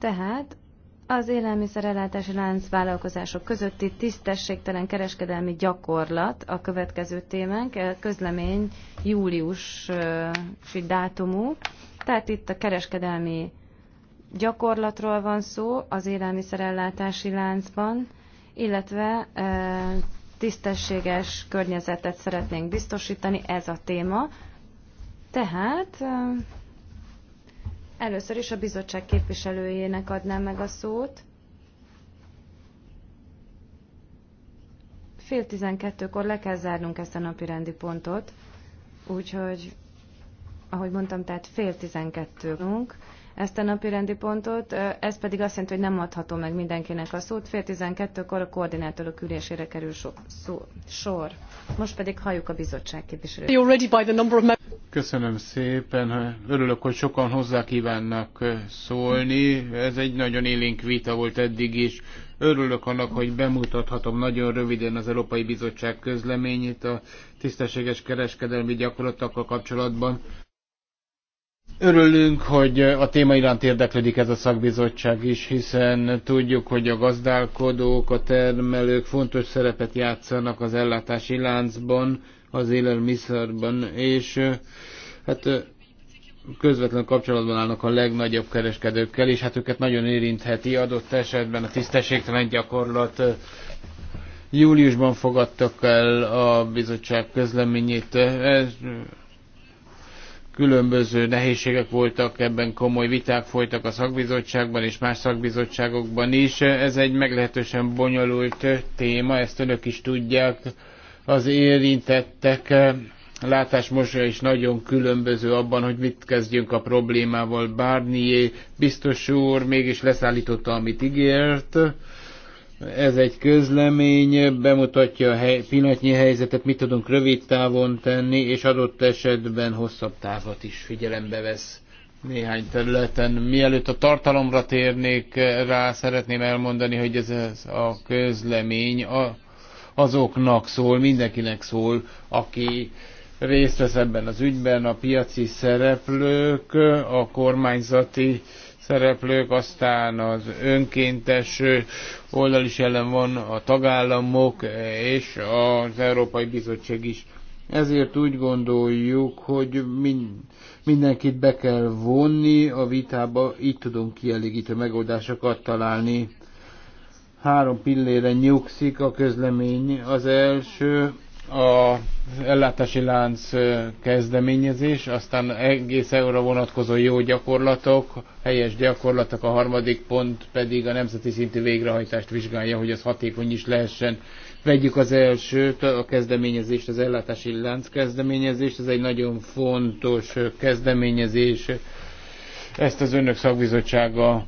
Tehát az élelmiszerellátási lánc vállalkozások közötti tisztességtelen kereskedelmi gyakorlat a következő témánk, eh, közlemény júliusi eh, dátumú. Tehát itt a kereskedelmi gyakorlatról van szó az élelmiszerellátási láncban, illetve eh, tisztességes környezetet szeretnénk biztosítani, ez a téma. Tehát Először is a bizottság képviselőjének adnám meg a szót. Fél tizenkettőkor le kell zárnunk ezt a napi rendi pontot, úgyhogy, ahogy mondtam, tehát fél tizenkettőnk ezt a napi rendi pontot, ez pedig azt jelenti, hogy nem adható meg mindenkinek a szót. Fél 12-kor a koordinátorok ülésére kerül so, szó, sor. Most pedig halljuk a bizottság képviselőt. Köszönöm szépen. Örülök, hogy sokan hozzá kívánnak szólni. Ez egy nagyon élénk vita volt eddig is. Örülök annak, hogy bemutathatom nagyon röviden az Európai Bizottság közleményét a tisztességes kereskedelmi gyakorlatokkal kapcsolatban. Örülünk, hogy a téma iránt érdeklődik ez a szakbizottság is, hiszen tudjuk, hogy a gazdálkodók, a termelők fontos szerepet játszanak az ellátási láncban, az élelmiszerben, és hát közvetlen kapcsolatban állnak a legnagyobb kereskedőkkel, és hát őket nagyon érintheti adott esetben a tisztességtelen gyakorlat. Júliusban fogadtak el a bizottság közleményét különböző nehézségek voltak, ebben komoly viták folytak a szakbizottságban és más szakbizottságokban is. Ez egy meglehetősen bonyolult téma, ezt önök is tudják. Az érintettek látásmosra is nagyon különböző abban, hogy mit kezdjünk a problémával. Barnier biztos úr mégis leszállította, amit ígért ez egy közlemény, bemutatja a hely, pillanatnyi helyzetet, mit tudunk rövid távon tenni, és adott esetben hosszabb távot is figyelembe vesz néhány területen. Mielőtt a tartalomra térnék rá, szeretném elmondani, hogy ez a közlemény azoknak szól, mindenkinek szól, aki részt vesz ebben az ügyben, a piaci szereplők, a kormányzati szereplők, aztán az önkéntes oldal is ellen van a tagállamok és az Európai Bizottság is. Ezért úgy gondoljuk, hogy mindenkit be kell vonni a vitába, így tudunk kielégítő megoldásokat találni. Három pillére nyugszik a közlemény. Az első a ellátási lánc kezdeményezés, aztán egész euróra vonatkozó jó gyakorlatok, helyes gyakorlatok, a harmadik pont pedig a nemzeti szintű végrehajtást vizsgálja, hogy az hatékony is lehessen. Vegyük az elsőt, a kezdeményezést, az ellátási lánc kezdeményezést, ez egy nagyon fontos kezdeményezés. Ezt az önök szakbizottsága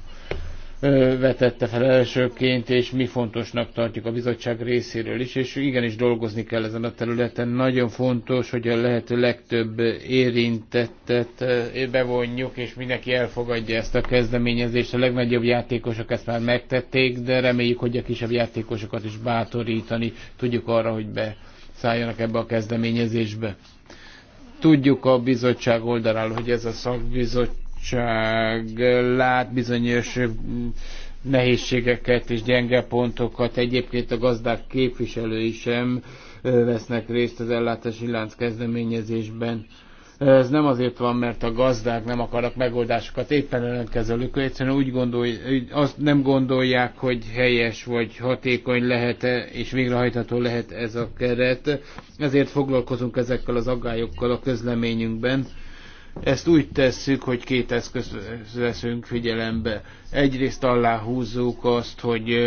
vetette fel elsőként, és mi fontosnak tartjuk a bizottság részéről is, és igenis dolgozni kell ezen a területen. Nagyon fontos, hogy a lehető legtöbb érintettet bevonjuk, és mindenki elfogadja ezt a kezdeményezést. A legnagyobb játékosok ezt már megtették, de reméljük, hogy a kisebb játékosokat is bátorítani tudjuk arra, hogy beszálljanak ebbe a kezdeményezésbe. Tudjuk a bizottság oldaláról, hogy ez a szakbizottság bizottság lát bizonyos nehézségeket és gyenge pontokat. Egyébként a gazdák képviselői sem vesznek részt az ellátási lánc kezdeményezésben. Ez nem azért van, mert a gazdák nem akarnak megoldásokat, éppen ellenkezőlük, egyszerűen úgy gondolj, azt nem gondolják, hogy helyes vagy hatékony lehet -e, és végrehajtható lehet ez a keret. Ezért foglalkozunk ezekkel az aggályokkal a közleményünkben ezt úgy tesszük, hogy két eszközt veszünk figyelembe. Egyrészt aláhúzzuk azt, hogy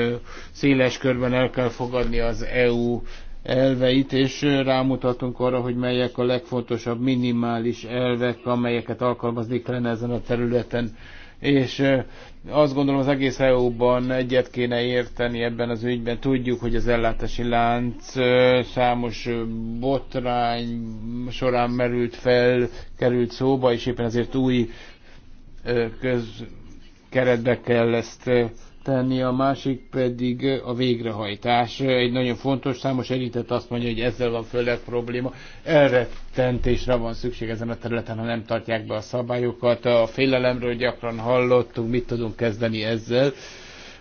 széles körben el kell fogadni az EU elveit, és rámutatunk arra, hogy melyek a legfontosabb minimális elvek, amelyeket alkalmazni kellene ezen a területen. És azt gondolom az egész EU-ban egyet kéne érteni ebben az ügyben. Tudjuk, hogy az ellátási lánc számos botrány során merült fel, került szóba, és éppen ezért új közkeretbe kell ezt tenni, a másik pedig a végrehajtás. Egy nagyon fontos számos elített azt mondja, hogy ezzel van főleg probléma. Elrettentésre van szükség ezen a területen, ha nem tartják be a szabályokat. A félelemről gyakran hallottunk, mit tudunk kezdeni ezzel,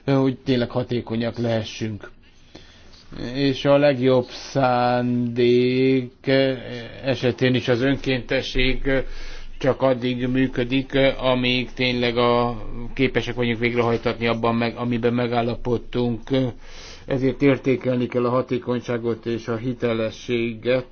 hogy tényleg hatékonyak lehessünk és a legjobb szándék esetén is az önkéntesség csak addig működik, amíg tényleg a, képesek vagyunk végrehajtatni abban, meg, amiben megállapodtunk. Ezért értékelni kell a hatékonyságot és a hitelességet,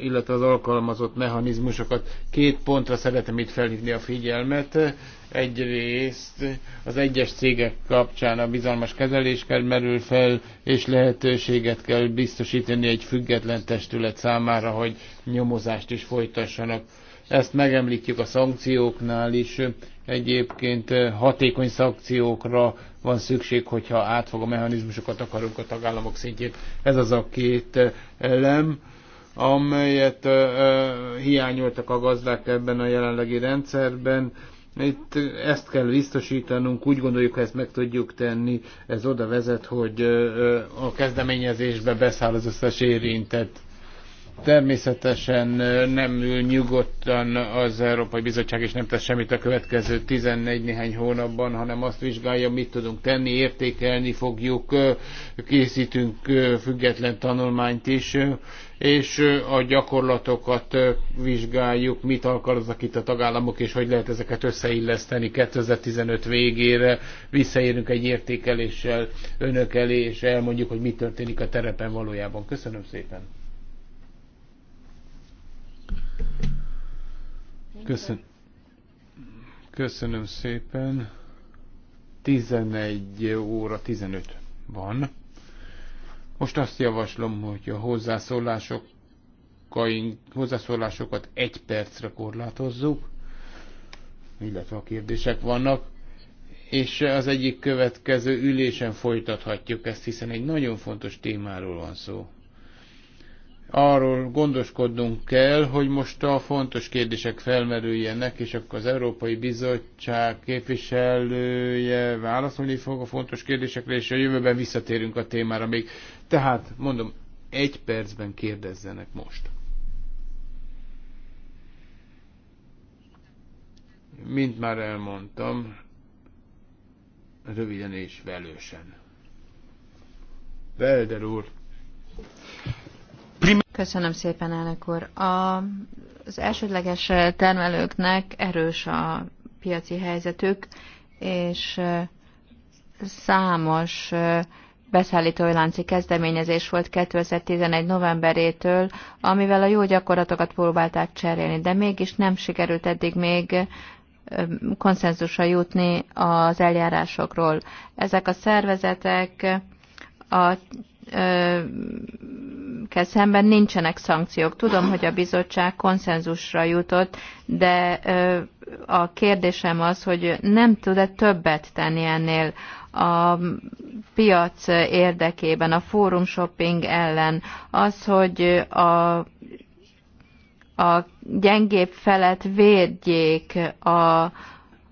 illetve az alkalmazott mechanizmusokat. Két pontra szeretem itt felhívni a figyelmet. Egyrészt az egyes cégek kapcsán a bizalmas kezelés kell merül fel, és lehetőséget kell biztosítani egy független testület számára, hogy nyomozást is folytassanak ezt megemlítjük a szankcióknál is. Egyébként eh, hatékony szankciókra van szükség, hogyha a mechanizmusokat akarunk a tagállamok szintjén. Ez az a két eh, elem amelyet eh, hiányoltak a gazdák ebben a jelenlegi rendszerben. Itt ezt kell biztosítanunk, úgy gondoljuk, hogy ezt meg tudjuk tenni, ez oda vezet, hogy a kezdeményezésbe beszáll az összes érintett. Természetesen nem ül nyugodtan az Európai Bizottság, és nem tesz semmit a következő 14 néhány hónapban, hanem azt vizsgálja, mit tudunk tenni, értékelni fogjuk, készítünk független tanulmányt is, és a gyakorlatokat vizsgáljuk, mit alkalmaznak itt a tagállamok, és hogy lehet ezeket összeilleszteni 2015 végére. Visszaérünk egy értékeléssel önök elé, és elmondjuk, hogy mi történik a terepen valójában. Köszönöm szépen! Köszön... Köszönöm szépen. 11 óra 15 van. Most azt javaslom, hogy a hozzászólásokat egy percre korlátozzuk, illetve a kérdések vannak, és az egyik következő ülésen folytathatjuk ezt, hiszen egy nagyon fontos témáról van szó arról gondoskodnunk kell, hogy most a fontos kérdések felmerüljenek, és akkor az Európai Bizottság képviselője válaszolni fog a fontos kérdésekre, és a jövőben visszatérünk a témára még. Tehát mondom, egy percben kérdezzenek most. Mint már elmondtam, röviden és velősen. Velder úr! Köszönöm szépen, elnök úr. A, az elsődleges eh, termelőknek erős a piaci helyzetük, és eh, számos eh, beszállítói lánci kezdeményezés volt 2011. novemberétől, amivel a jó gyakorlatokat próbálták cserélni, de mégis nem sikerült eddig még konszenzusra jutni az eljárásokról. Ezek a szervezetek a kell szemben nincsenek szankciók. Tudom, hogy a bizottság konszenzusra jutott, de a kérdésem az, hogy nem tud-e többet tenni ennél a piac érdekében, a fórum shopping ellen, az, hogy a, a gyengébb felet védjék a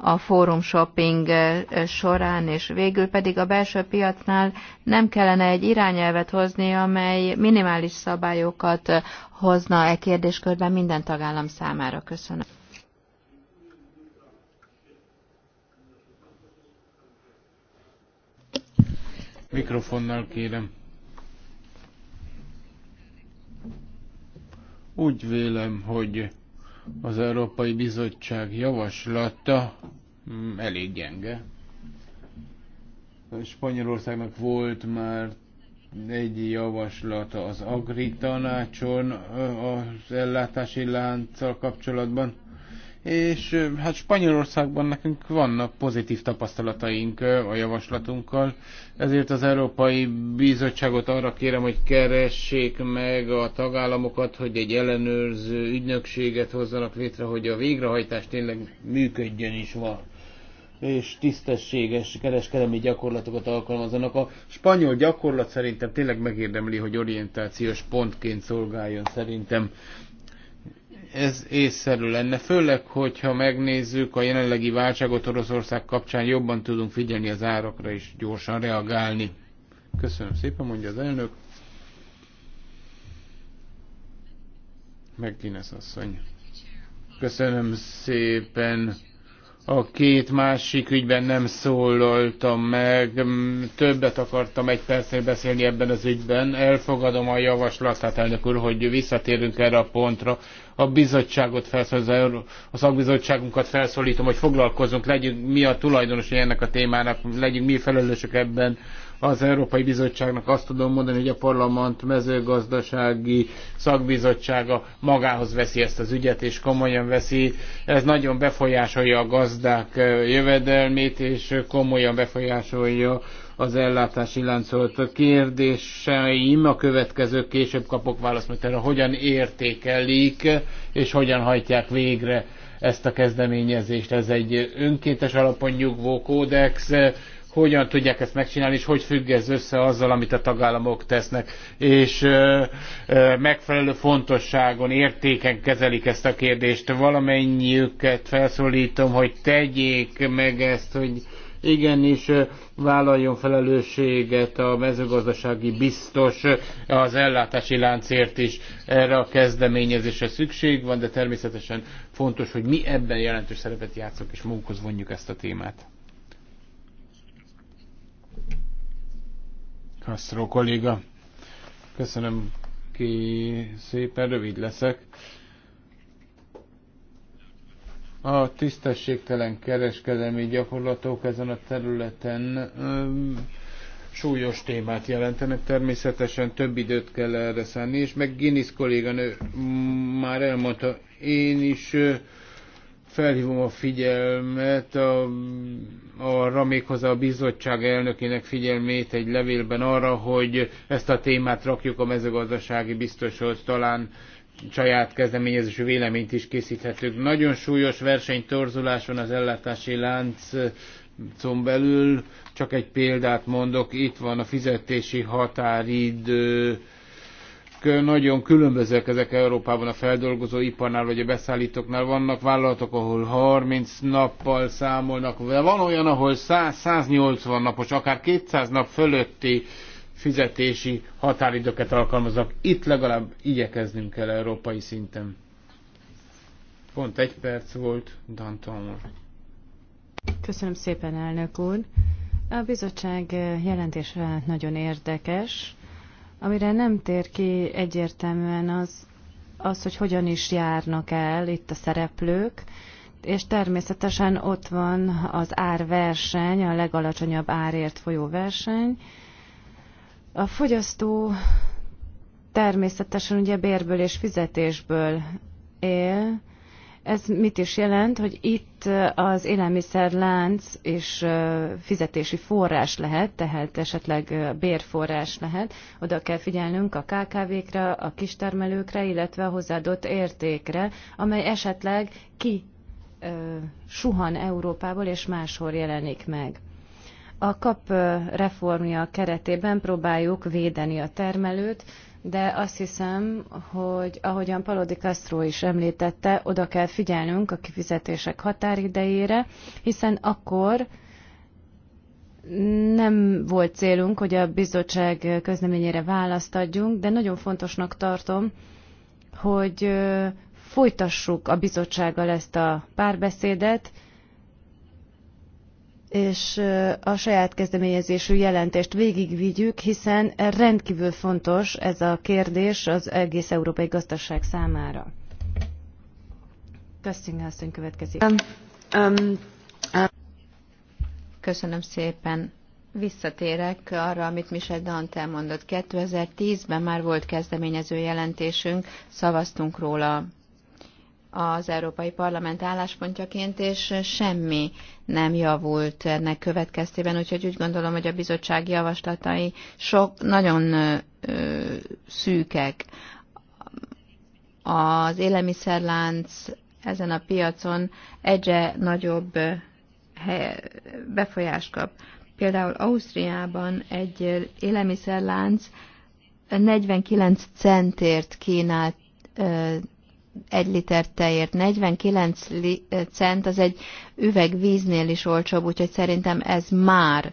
a fórum shopping eh, során, és végül pedig a belső piacnál nem kellene egy irányelvet hozni, amely minimális szabályokat eh, hozna e kérdéskörben minden tagállam számára. Köszönöm. Mikrofonnal kérem. Úgy vélem, hogy az Európai Bizottság javaslata mm, elég gyenge. Spanyolországnak volt már egy javaslata az Agri tanácson az ellátási lánccal kapcsolatban és hát Spanyolországban nekünk vannak pozitív tapasztalataink a javaslatunkkal, ezért az Európai Bizottságot arra kérem, hogy keressék meg a tagállamokat, hogy egy ellenőrző ügynökséget hozzanak létre, hogy a végrehajtás tényleg működjön is van és tisztességes kereskedelmi gyakorlatokat alkalmazanak. A spanyol gyakorlat szerintem tényleg megérdemli, hogy orientációs pontként szolgáljon szerintem ez észszerű lenne, főleg, hogyha megnézzük a jelenlegi válságot Oroszország kapcsán, jobban tudunk figyelni az árakra és gyorsan reagálni. Köszönöm szépen, mondja az elnök. Meg Guinness asszony. Köszönöm szépen. A két másik ügyben nem szólaltam meg, mm, többet akartam egy percnél beszélni ebben az ügyben. Elfogadom a javaslatát, elnök úr, hogy visszatérünk erre a pontra. A bizottságot felszólítom, a szakbizottságunkat felszólítom, hogy foglalkozunk, legyünk mi a tulajdonos ennek a témának, legyünk mi felelősök ebben az Európai Bizottságnak azt tudom mondani, hogy a Parlament mezőgazdasági szakbizottsága magához veszi ezt az ügyet, és komolyan veszi. Ez nagyon befolyásolja a gazdák eh, jövedelmét, és komolyan befolyásolja az ellátási láncolt kérdéseim. A következő később kapok választ, mert erre hogyan értékelik, és hogyan hajtják végre ezt a kezdeményezést. Ez egy önkéntes alapon nyugvó kódex, hogyan tudják ezt megcsinálni, és hogy függ ez össze azzal, amit a tagállamok tesznek, és ö, ö, megfelelő fontosságon, értéken kezelik ezt a kérdést. Valamennyiüket felszólítom, hogy tegyék meg ezt, hogy igenis vállaljon felelősséget a mezőgazdasági biztos az ellátási láncért is. Erre a kezdeményezésre szükség van, de természetesen fontos, hogy mi ebben jelentős szerepet játszunk, és munkhoz vonjuk ezt a témát. Castro kolléga. Köszönöm ki szépen, rövid leszek. A tisztességtelen kereskedelmi gyakorlatok ezen a területen öm, súlyos témát jelentenek. Természetesen több időt kell erre szánni, és meg Guinness kolléganő már elmondta, én is öm, felhívom a figyelmet a, arra méghozzá a bizottság elnökének figyelmét egy levélben arra, hogy ezt a témát rakjuk a mezőgazdasági biztoshoz, talán saját kezdeményezésű véleményt is készíthetünk. Nagyon súlyos versenytorzulás van az ellátási láncon belül, csak egy példát mondok, itt van a fizetési határidő, nagyon különbözőek ezek Európában a feldolgozó iparnál vagy a beszállítóknál. Vannak vállalatok, ahol 30 nappal számolnak, de van olyan, ahol 100-180 napos, akár 200 nap fölötti fizetési határidőket alkalmaznak. Itt legalább igyekeznünk kell európai szinten. Pont egy perc volt, Danton Köszönöm szépen, elnök úr. A bizottság jelentése nagyon érdekes Amire nem tér ki egyértelműen az, az, hogy hogyan is járnak el itt a szereplők, és természetesen ott van az árverseny, a legalacsonyabb árért folyó verseny. A fogyasztó természetesen ugye bérből és fizetésből él, ez mit is jelent, hogy itt eh, az élelmiszerlánc és eh, fizetési forrás lehet, tehát esetleg eh, bérforrás lehet. Oda kell figyelnünk a kkv kre a kistermelőkre, illetve a hozzáadott értékre, amely esetleg ki suhan Európából és máshol jelenik meg. A kap reformja keretében próbáljuk védeni a termelőt, de azt hiszem, hogy ahogyan Palodi Castro is említette, oda kell figyelnünk a kifizetések határidejére, hiszen akkor nem volt célunk, hogy a bizottság közleményére választ adjunk, de nagyon fontosnak tartom, hogy folytassuk a bizottsággal ezt a párbeszédet, és a saját kezdeményezésű jelentést végigvigyük, hiszen rendkívül fontos ez a kérdés az egész európai gazdaság számára. Köszönöm, asszony következik. Um, um, um. Köszönöm szépen. Visszatérek arra, amit Michel Dante mondott. 2010-ben már volt kezdeményező jelentésünk, szavaztunk róla az Európai Parlament álláspontjaként, és semmi nem javult ennek következtében, úgyhogy úgy gondolom, hogy a bizottság javaslatai sok, nagyon ö, szűkek. Az élelmiszerlánc ezen a piacon egyre nagyobb befolyást kap. Például Ausztriában egy élelmiszerlánc 49 centért kínált egy liter tejért. 49 cent az egy üveg víznél is olcsóbb, úgyhogy szerintem ez már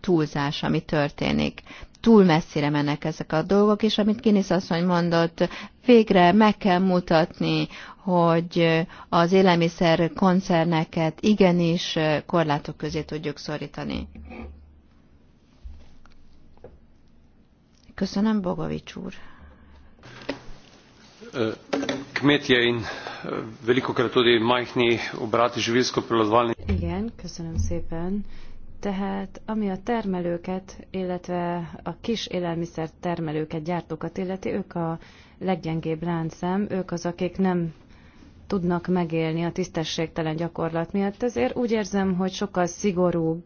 túlzás, ami történik. Túl messzire mennek ezek a dolgok, és amit Kinisz asszony mondott, végre meg kell mutatni, hogy az élelmiszer koncerneket igenis korlátok közé tudjuk szorítani. Köszönöm, Bogovics úr. Kmetje in eh, velikokrat tudi majhni obrati živilsko preladvalni. Igen, köszönöm szépen. Tehát ami a termelőket, illetve a kis élelmiszer termelőket, gyártókat illeti, ők a leggyengébb láncszem, ők az, akik nem tudnak megélni a tisztességtelen gyakorlat miatt. Ezért úgy érzem, hogy sokkal szigorúbb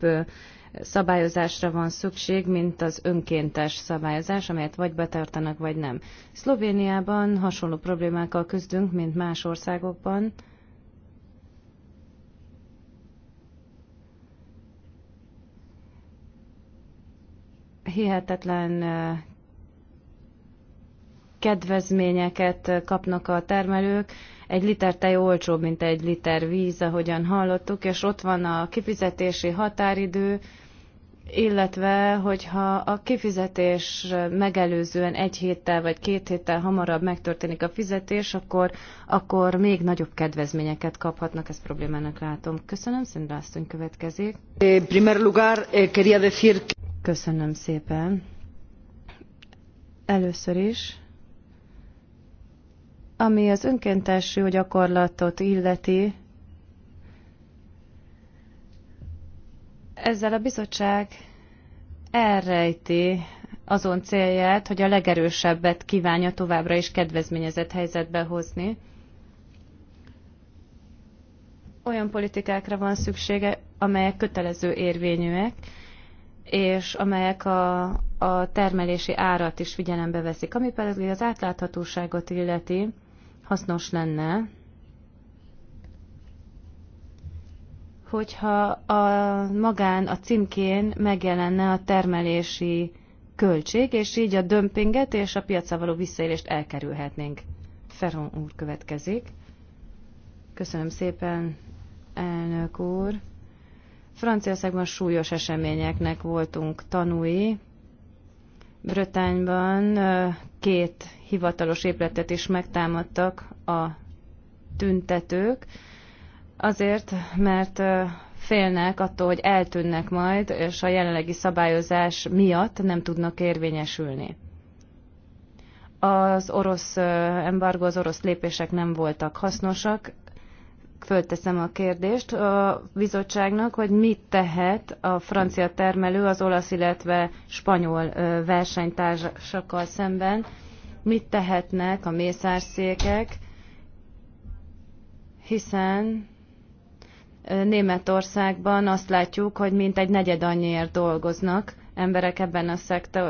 szabályozásra van szükség, mint az önkéntes szabályozás, amelyet vagy betartanak, vagy nem. Szlovéniában hasonló problémákkal küzdünk, mint más országokban. Hihetetlen kedvezményeket kapnak a termelők. Egy liter tej olcsóbb, mint egy liter víz, ahogyan hallottuk, és ott van a kifizetési határidő, illetve hogyha a kifizetés megelőzően egy héttel vagy két héttel hamarabb megtörténik a fizetés, akkor, akkor még nagyobb kedvezményeket kaphatnak, ezt problémának látom. Köszönöm, Szendra Asztony következik. Eh, primer lugar, eh, Köszönöm szépen. Először is, ami az önkéntesű gyakorlatot illeti, Ezzel a bizottság elrejti azon célját, hogy a legerősebbet kívánja továbbra is kedvezményezett helyzetbe hozni. Olyan politikákra van szüksége, amelyek kötelező érvényűek, és amelyek a, a termelési árat is figyelembe veszik. Ami pedig az átláthatóságot illeti, hasznos lenne, hogyha a magán a címkén megjelenne a termelési költség, és így a dömpinget és a piacra való visszaélést elkerülhetnénk. Ferron úr következik. Köszönöm szépen, elnök úr. Franciaországban súlyos eseményeknek voltunk tanúi. Brötányban két hivatalos épületet is megtámadtak a tüntetők. Azért, mert félnek attól, hogy eltűnnek majd, és a jelenlegi szabályozás miatt nem tudnak érvényesülni. Az orosz embargo, az orosz lépések nem voltak hasznosak. Fölteszem a kérdést a bizottságnak, hogy mit tehet a francia termelő az olasz, illetve spanyol versenytársakkal szemben, mit tehetnek a mészárszékek, hiszen Németországban azt látjuk, hogy mintegy negyed annyiért dolgoznak emberek ebben a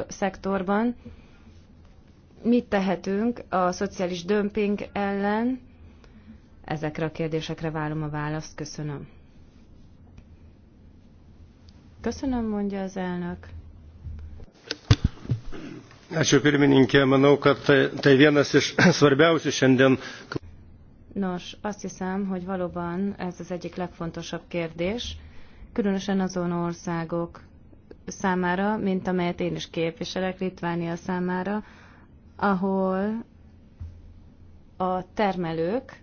szektorban. Mit tehetünk a szociális dömping ellen? Ezekre a kérdésekre várom a választ. Köszönöm. Köszönöm, mondja az elnök. Ačiū pirmininkė, manau, kad tai vienas iš svarbiausių šiandien. Nos, azt hiszem, hogy valóban ez az egyik legfontosabb kérdés, különösen azon országok számára, mint amelyet én is képviselek, Litvánia számára, ahol a termelők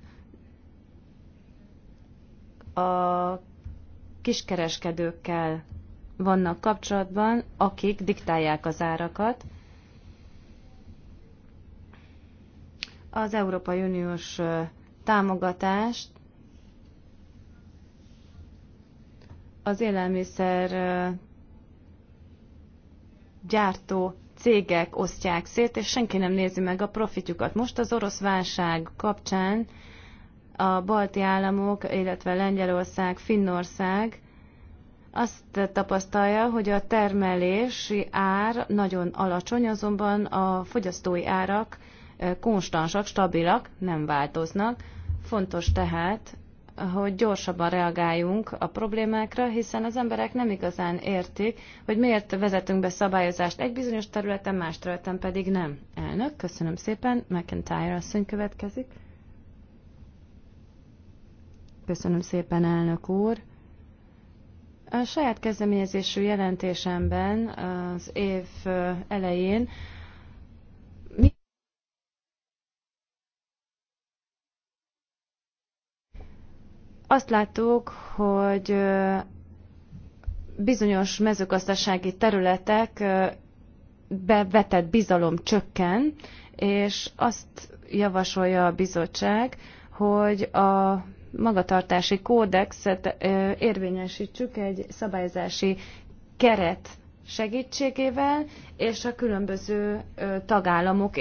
a kiskereskedőkkel vannak kapcsolatban, akik diktálják az árakat. Az Európai Uniós támogatást az élelmiszer gyártó cégek osztják szét, és senki nem nézi meg a profitjukat. Most az orosz válság kapcsán a balti államok, illetve Lengyelország, Finnország azt tapasztalja, hogy a termelési ár nagyon alacsony, azonban a fogyasztói árak konstansak, stabilak, nem változnak. Fontos tehát, hogy gyorsabban reagáljunk a problémákra, hiszen az emberek nem igazán értik, hogy miért vezetünk be szabályozást egy bizonyos területen, más területen pedig nem. Elnök, köszönöm szépen, McIntyre asszony következik. Köszönöm szépen, elnök úr. A saját kezdeményezésű jelentésemben az év elején Azt láttuk, hogy bizonyos mezőgazdasági területek bevetett bizalom csökken, és azt javasolja a bizottság, hogy a magatartási kódexet érvényesítsük egy szabályzási keret segítségével, és a különböző tagállamok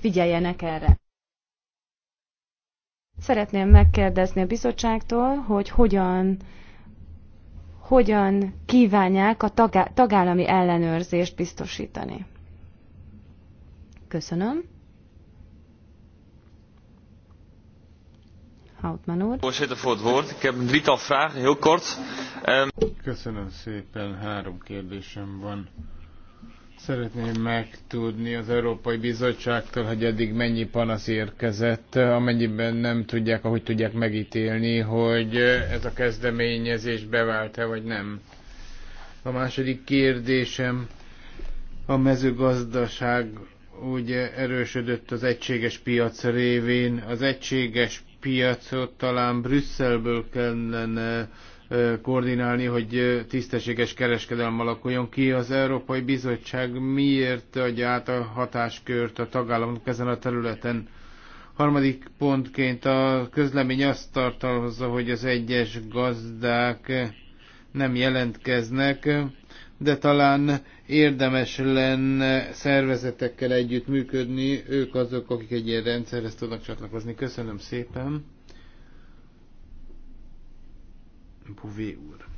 figyeljenek erre. Szeretném megkérdezni a bizottságtól, hogy hogyan, hogyan kívánják a tagá tagállami ellenőrzést biztosítani. Köszönöm. Houtman úr. Voorzitter, voor het woord. Ik heb een drietal vragen, heel kort. Ehm, Köszönöm szépen, három kérdésem van. Szeretném megtudni az Európai Bizottságtól, hogy eddig mennyi panasz érkezett, amennyiben nem tudják, ahogy tudják megítélni, hogy ez a kezdeményezés bevált-e vagy nem. A második kérdésem, a mezőgazdaság ugye erősödött az egységes piac révén. Az egységes piacot talán Brüsszelből kellene koordinálni, hogy tisztességes kereskedelem alakuljon ki. Az Európai Bizottság miért adja át a hatáskört a tagállamok ezen a területen? Harmadik pontként a közlemény azt tartalmazza, hogy az egyes gazdák nem jelentkeznek, de talán érdemes lenne szervezetekkel együtt működni, ők azok, akik egy ilyen rendszerhez tudnak csatlakozni. Köszönöm szépen! Bouvé úr.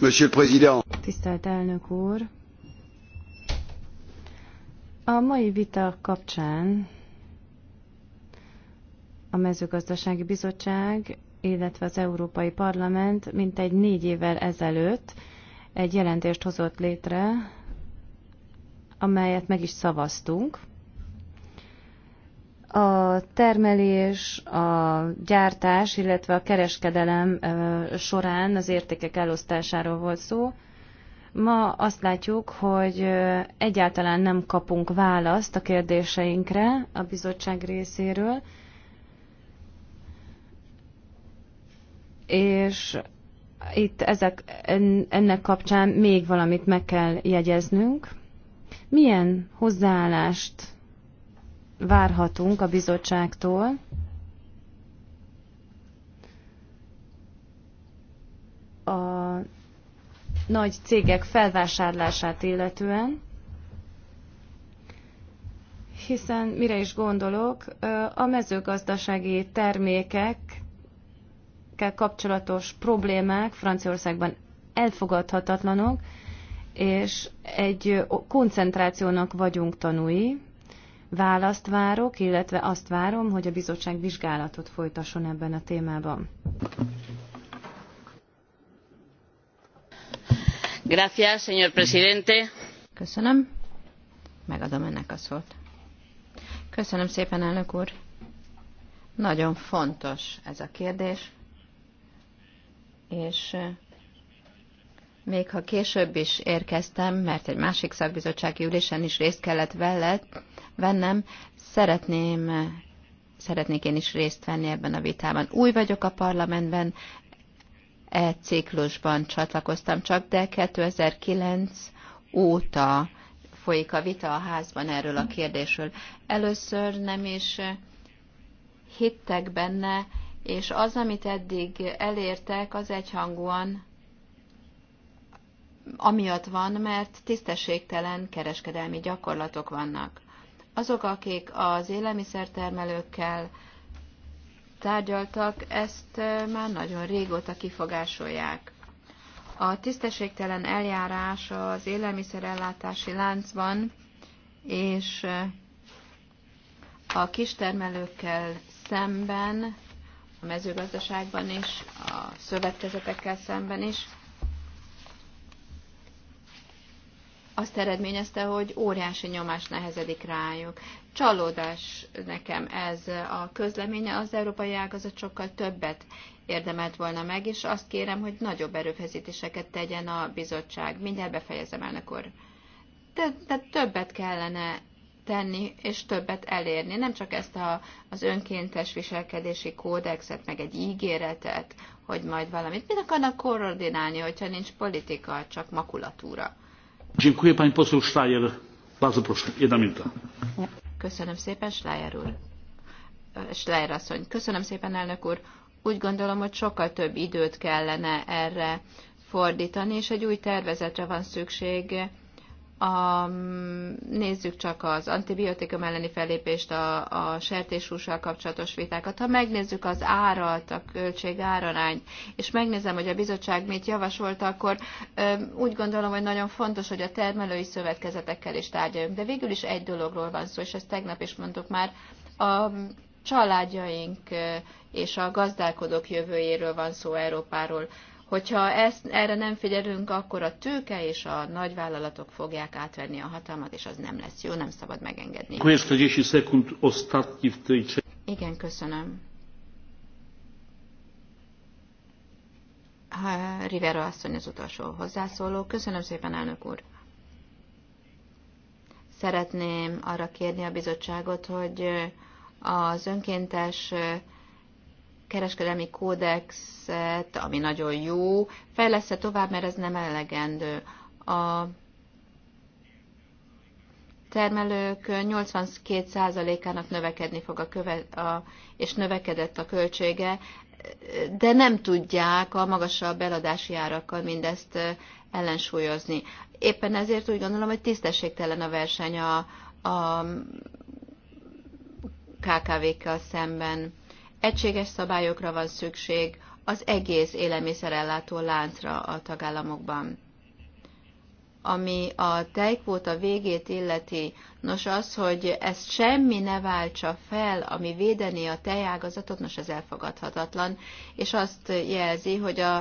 Monsieur le Président. Tisztelt elnök úr. A mai vita kapcsán a mezőgazdasági bizottság, illetve az Európai Parlament mintegy négy évvel ezelőtt egy jelentést hozott létre, amelyet meg is szavaztunk, a termelés, a gyártás, illetve a kereskedelem során az értékek elosztásáról volt szó. Ma azt látjuk, hogy egyáltalán nem kapunk választ a kérdéseinkre a bizottság részéről, és itt ezek, ennek kapcsán még valamit meg kell jegyeznünk. Milyen hozzáállást várhatunk a bizottságtól? A nagy cégek felvásárlását illetően, hiszen mire is gondolok, a mezőgazdasági termékekkel kapcsolatos problémák Franciaországban elfogadhatatlanok, és egy koncentrációnak vagyunk tanúi, Választ várok, illetve azt várom, hogy a bizottság vizsgálatot folytasson ebben a témában. Gracias, señor presidente. Köszönöm. Megadom ennek a szót. Köszönöm szépen, elnök úr. Nagyon fontos ez a kérdés, és még ha később is érkeztem, mert egy másik szakbizottsági ülésen is részt kellett vellet, vennem, szeretném, szeretnék én is részt venni ebben a vitában. Új vagyok a parlamentben, e ciklusban csatlakoztam csak, de 2009 óta folyik a vita a házban erről a kérdésről. Először nem is hittek benne, és az, amit eddig elértek, az egyhangúan amiatt van, mert tisztességtelen kereskedelmi gyakorlatok vannak. Azok, akik az élelmiszertermelőkkel tárgyaltak, ezt már nagyon régóta kifogásolják. A tisztességtelen eljárás az élelmiszerellátási láncban és a kistermelőkkel szemben, a mezőgazdaságban is, a szövetkezetekkel szemben is azt eredményezte, hogy óriási nyomás nehezedik rájuk. Csalódás nekem ez a közleménye, az európai ágazat sokkal többet érdemelt volna meg, és azt kérem, hogy nagyobb erőfeszítéseket tegyen a bizottság. Mindjárt befejezem, elnök úr. De, de többet kellene tenni, és többet elérni. Nem csak ezt a, az önkéntes viselkedési kódexet, meg egy ígéretet, hogy majd valamit. Mit akarnak koordinálni, hogyha nincs politika, csak makulatúra? Dziękuję pani poseł Schreier. Bardzo proszę, jedna minuta. Köszönöm szépen, Schreier úr. Schreier asszony. Köszönöm szépen, elnök úr. Úgy gondolom, hogy sokkal több időt kellene erre fordítani, és egy új tervezetre van szükség, a, mm, nézzük csak az antibiotikum elleni fellépést, a, a sertéshússal kapcsolatos vitákat. Ha megnézzük az árat, a költség árarányt, és megnézem, hogy a bizottság mit javasolt, akkor ö, úgy gondolom, hogy nagyon fontos, hogy a termelői szövetkezetekkel is tárgyaljunk. De végül is egy dologról van szó, és ezt tegnap is mondtuk már, a mm, családjaink és a gazdálkodók jövőjéről van szó Európáról. Hogyha ezt, erre nem figyelünk, akkor a tőke és a nagyvállalatok fogják átvenni a hatalmat, és az nem lesz jó, nem szabad megengedni. Igen, köszönöm. Rivera asszony az utolsó hozzászóló. Köszönöm szépen, elnök úr. Szeretném arra kérni a bizottságot, hogy az önkéntes kereskedelmi kódexet, ami nagyon jó, fejlesz tovább, mert ez nem elegendő. A termelők 82%-ának növekedni fog a, köve, a és növekedett a költsége, de nem tudják a magasabb eladási árakkal mindezt ellensúlyozni. Éppen ezért úgy gondolom, hogy tisztességtelen a verseny a, a KKV-kkel szemben. Egységes szabályokra van szükség az egész élelmiszerellátó láncra a tagállamokban. Ami a tejkvóta végét illeti, nos az, hogy ezt semmi ne váltsa fel, ami védeni a tejágazatot, nos ez elfogadhatatlan, és azt jelzi, hogy a,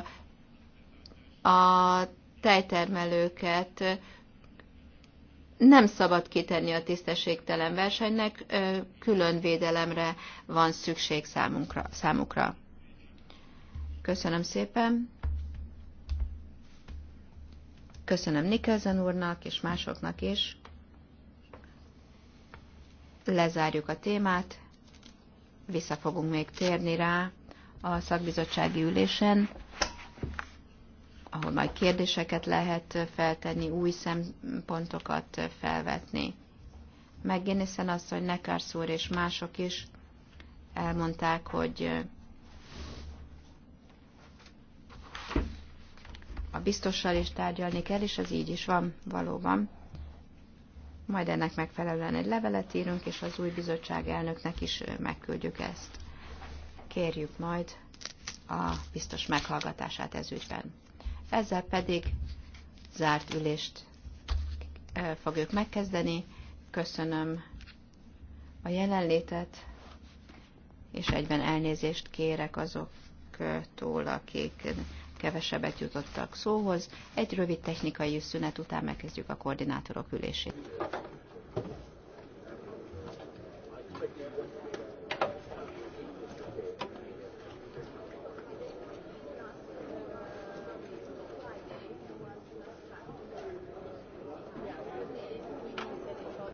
a tejtermelőket nem szabad kitenni a tisztességtelen versenynek, külön védelemre van szükség számunkra, számukra. Köszönöm szépen. Köszönöm Nikelzen úrnak és másoknak is. Lezárjuk a témát. Vissza fogunk még térni rá a szakbizottsági ülésen ahol majd kérdéseket lehet feltenni, új szempontokat felvetni. Megginiszen azt, hogy Nekársz úr és mások is elmondták, hogy a biztossal is tárgyalni kell, és ez így is van valóban. Majd ennek megfelelően egy levelet írunk, és az új bizottság elnöknek is megküldjük ezt. Kérjük majd a biztos meghallgatását ez ügyben. Ezzel pedig zárt ülést fogjuk megkezdeni. Köszönöm a jelenlétet, és egyben elnézést kérek azoktól, akik kevesebbet jutottak szóhoz. Egy rövid technikai szünet után megkezdjük a koordinátorok ülését.